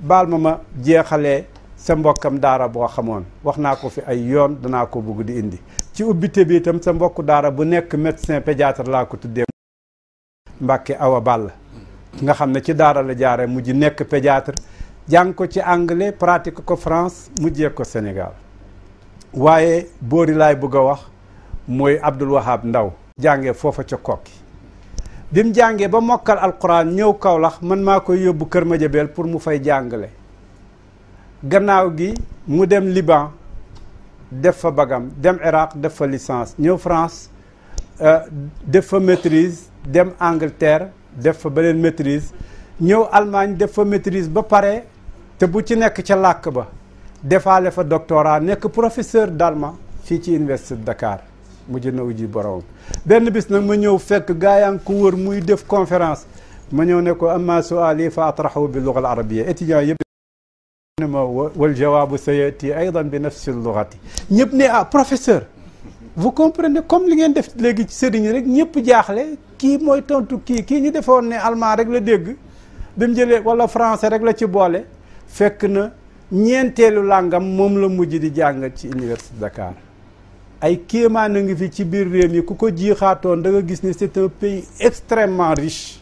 baal ma ma jeexalee sa mbokkam daara boo xamoon wax naa ko fi ay yoon danaa ko bugg di indi ci ubbite bi itam sa mbokku daara bu nekk médecin pédiatre laa ko tuddee Mbàkke Awa Ball nga xam ne ci daara la jaare mujj nekk pédiatre jàng ko ci anglais pratique ko France mujjee ko Sénégal waaye boori laay bëgg a wax mooy Abdul Wahab Ndaw jàngee foofa ca kokki bi mu jàngee ba mokkal alquran ñëw Kaolack man maa koy yóbbu Kër ma Madiabel pour mu fay jàngale gannaaw gi mu dem Liban def fa bagam dem Irak def fa licence ñëw France euh, def fa maîtrise dem Angleterre def fa beneen maîtrise ñëw Allemagne def fa maîtrise ba pare te bu ci nekk ca làkk ba defaale fa doctorat nekk professeur d'allemand fii ci université de Dakar mujj na uji borom benn bis nag ma ñëw fekk gaa yaa ngi ko wër muy def conférence ma ñëw ne ko amma suali fa atrahu bi lugha al arabiyya étudiant yëpp ne ma wal jawaabu sayati aydan bi ñëpp ne ah professeur vous comprenez comme li ngeen def léegi ci sëriñ rek ñëpp jaaxle kii mooy tontu kii kii ñu defoon ne allemand rek la dégg bi mu jëlee wala français rek la ci boole fekk na ñeenteelu làngam moom la mujj di jàng ci université Dakar ay kéemaan a ngi fi ci biir réew yi ku ko jiixaatoon da nga gis ne c'est un pays extrêmement riche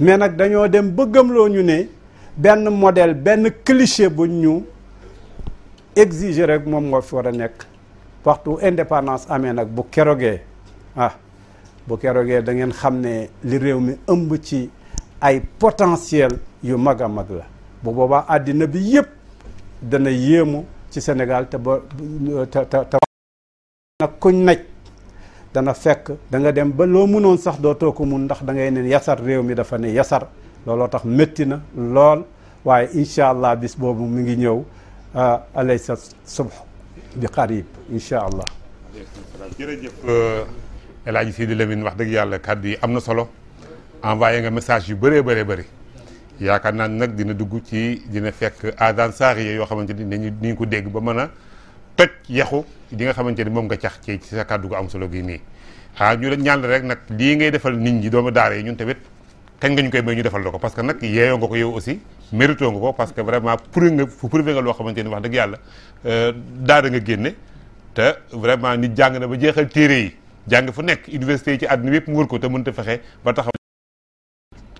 mais nag dañoo dem bëggamloo ñu ne benn modèle benn cliché bu ñu exiger rek moom moo fi war a nekk waxtu indépendance amee nag bu kerogee ah bu kerogee da ngeen xam ne li réew mi ëmb ci ay potentiel yu mag a mag la bu boobaa àddina bi yépp dana yéemu ci Sénégal te ba te te nag kuñ naj dana fekk da nga dem ba loo mënoon sax dootoo ko mun ndax da ngay neen yasar réew mi dafa ne yasar looloo tax métti na lool waaye incha allah bis boobu mu ngi ñëw ah, alaysa subh bi qarib incha allah. jërëjëf El Hadj Sidi Lamine wax dëgg yàlla kàddu yi am na solo envoyé nga message yu bëree bëree bëri. yaakaar naa nag dina dugg ci dina fekk aadaan saariya yoo xamante ni nañu ni ñu ko dégg ba mën a toj yaxu di nga xamante ni moom nga cax ci sa kàddu gu am solo gi nii ah ñu ñaan la rek nag lii ngay defal nit ñi doomu daara yi ñun tamit kañ nga ñu koy may ñu defal la ko parce que nag yeeyoo nga ko yow aussi mérito nga parce que vraiment prouvé nga fu prouvé nga loo xamante ni wax dëgg yàlla euh, daara nga génne te vraiment nit jàng na ba jeexal téere yi jàng fu nekk université yi ci àdduna yëpp mu wër ko te mënut a fexe ba taxaw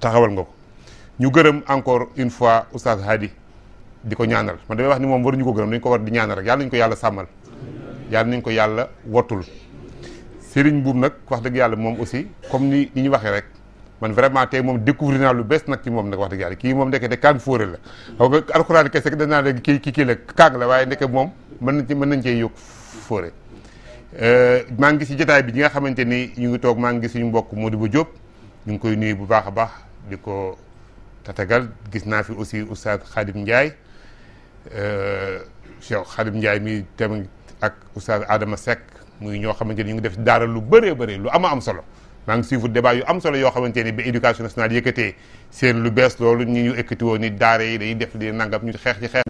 taxawal nga ko ñu gërëm encore une fois oustaz Hadi di ko ñaanal man damay wax ni moom waruñu ko gërëm dañ ko war di ñaanal rek yàlla nañu ko yàlla sàmmal yàlla nañ ko yàlla wottul Serigne Mbuub nag wax dëgg yàlla moom aussi comme ni ni ñu waxee rek man vraiment tey moom découvrir naa lu bees nag ci moom nag wax dëgg yàlla kii moom ndekete kaang fóore la xaw nga alxuraan kese dañ naan rek kii kii kii la kaang la waaye ndeke moom mën nañ ci mën nañ cee yokk fóore euh, maa ngi ci jotaay bi ñi nga xamante ni ñu ngi toog maa ngi gis ñu mbokk Modibo Diop ñu ngi koy nuyu bu baax a baax di ko tatagal gis naa fi aussi oustaz Khadim Ndiaye euh, Cheikh Khadim njaay mii tamit ak oustaz Adama Seck muy ñoo xamante ni ñu ngi def daara lu bëree bëri lu ama am solo maa ngi suivre débat yu am solo yoo xamante ni ba éducation nationale yëkkatee seen lu bees loolu ñi ñu ekkati woon ni daara yi dañuy def li nangam ñu xeex ci xeex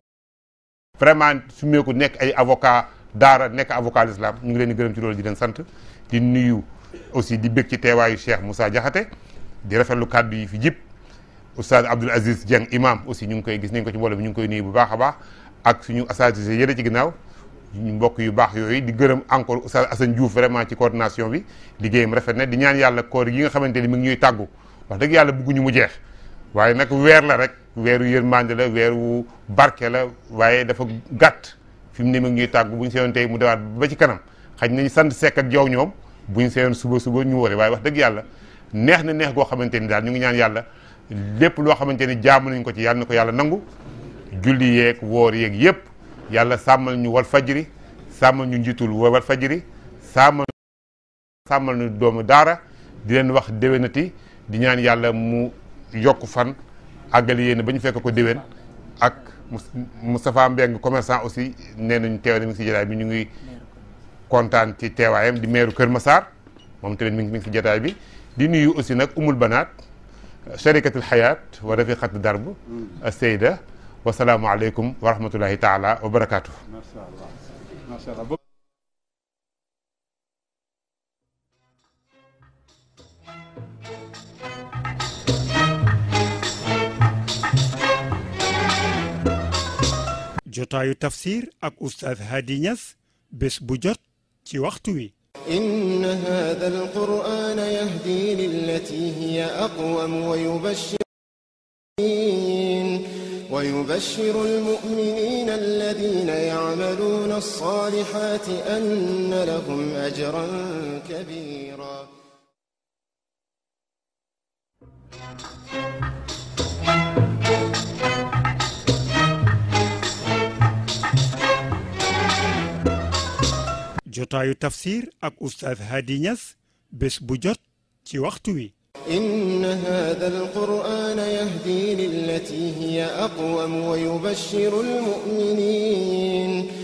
vraiment su meeku nekk ay avocat daara nekk avocat l'islam ñu ngi leen di gërëm ci loolu di leen sant di nuyu aussi di bég ci teewaayu Cheikh Moussa Diakhaté di rafetlu kàddu yi fi jip oustaz Abdoul Aziz Dieng imam aussi ñu ngi koy gis nañ ko ci mbooloo bi ñu ngi koy nuyu bu baax a baax ak suñu assagise yële ci ginnaaw mbokk yu baax yooyu di gërëm encore oustaz Assane Diouf vraiment ci coordination bi liggéeyam rafet na di ñaan yàlla koor yi nga xamante ni mu ngi ñuy tàggu wax dëgg yàlla bëgguñu mu jeex waaye nag weer la rek weeru yërmande la weeru barke la waaye dafa gàtt fi mu ne mu ngi ñuy tàggu bu ñu seyoon tey mu dewaat ba ci kanam xaj nañ sant sekk ak jow ñoom bu ñu seyoon suba suba ñu wóore waaye wax dëgg yàlla neex na neex goo xamante ni daal ñu ngi ñaan yàlla lépp loo xamante ni jaamu nañ ko ci yàlla ko yàlla nangu julli yeeg woor yeeg yépp yàlla sàmmal ñu wal fajri sàmmal ñu njiitul wal fajri sàmmal sàmmal ñu doomu daara di leen wax déwénati di ñaan yàlla mu yokk fan àggali yéen ba ñu fekk ko déwén ak Moustapha Mbeng commerçant aussi nee nañu teew na si jotaay bi ñu ngi kontaan ci teewaayam di meeru Kër Massar moom tamit mi ngi mi ngi si jotaay bi di nuyu aussi nag umul banaat sharikatul xayaat wa rafiqat darb aseyda wasalaamu aleykum wa rahmatullahi taala wa barakaatu. macha allah macha allah. jotaayu tafsir ak oustaz Hady Niass bés bu jot ci waxtu wi. إن هذا القرآن يهدي للتي هي أقوم ويبشر ويبشر المؤمنين الذين يعملون الصالحات أن لهم أجرا كبيرا Thank you. jotaayu tafsir ak oustaz Hadi Niass bés bu jot ci waxtu wi. إن هذا القرآن يهدي للتي هي أقوم ويبشر المؤمنين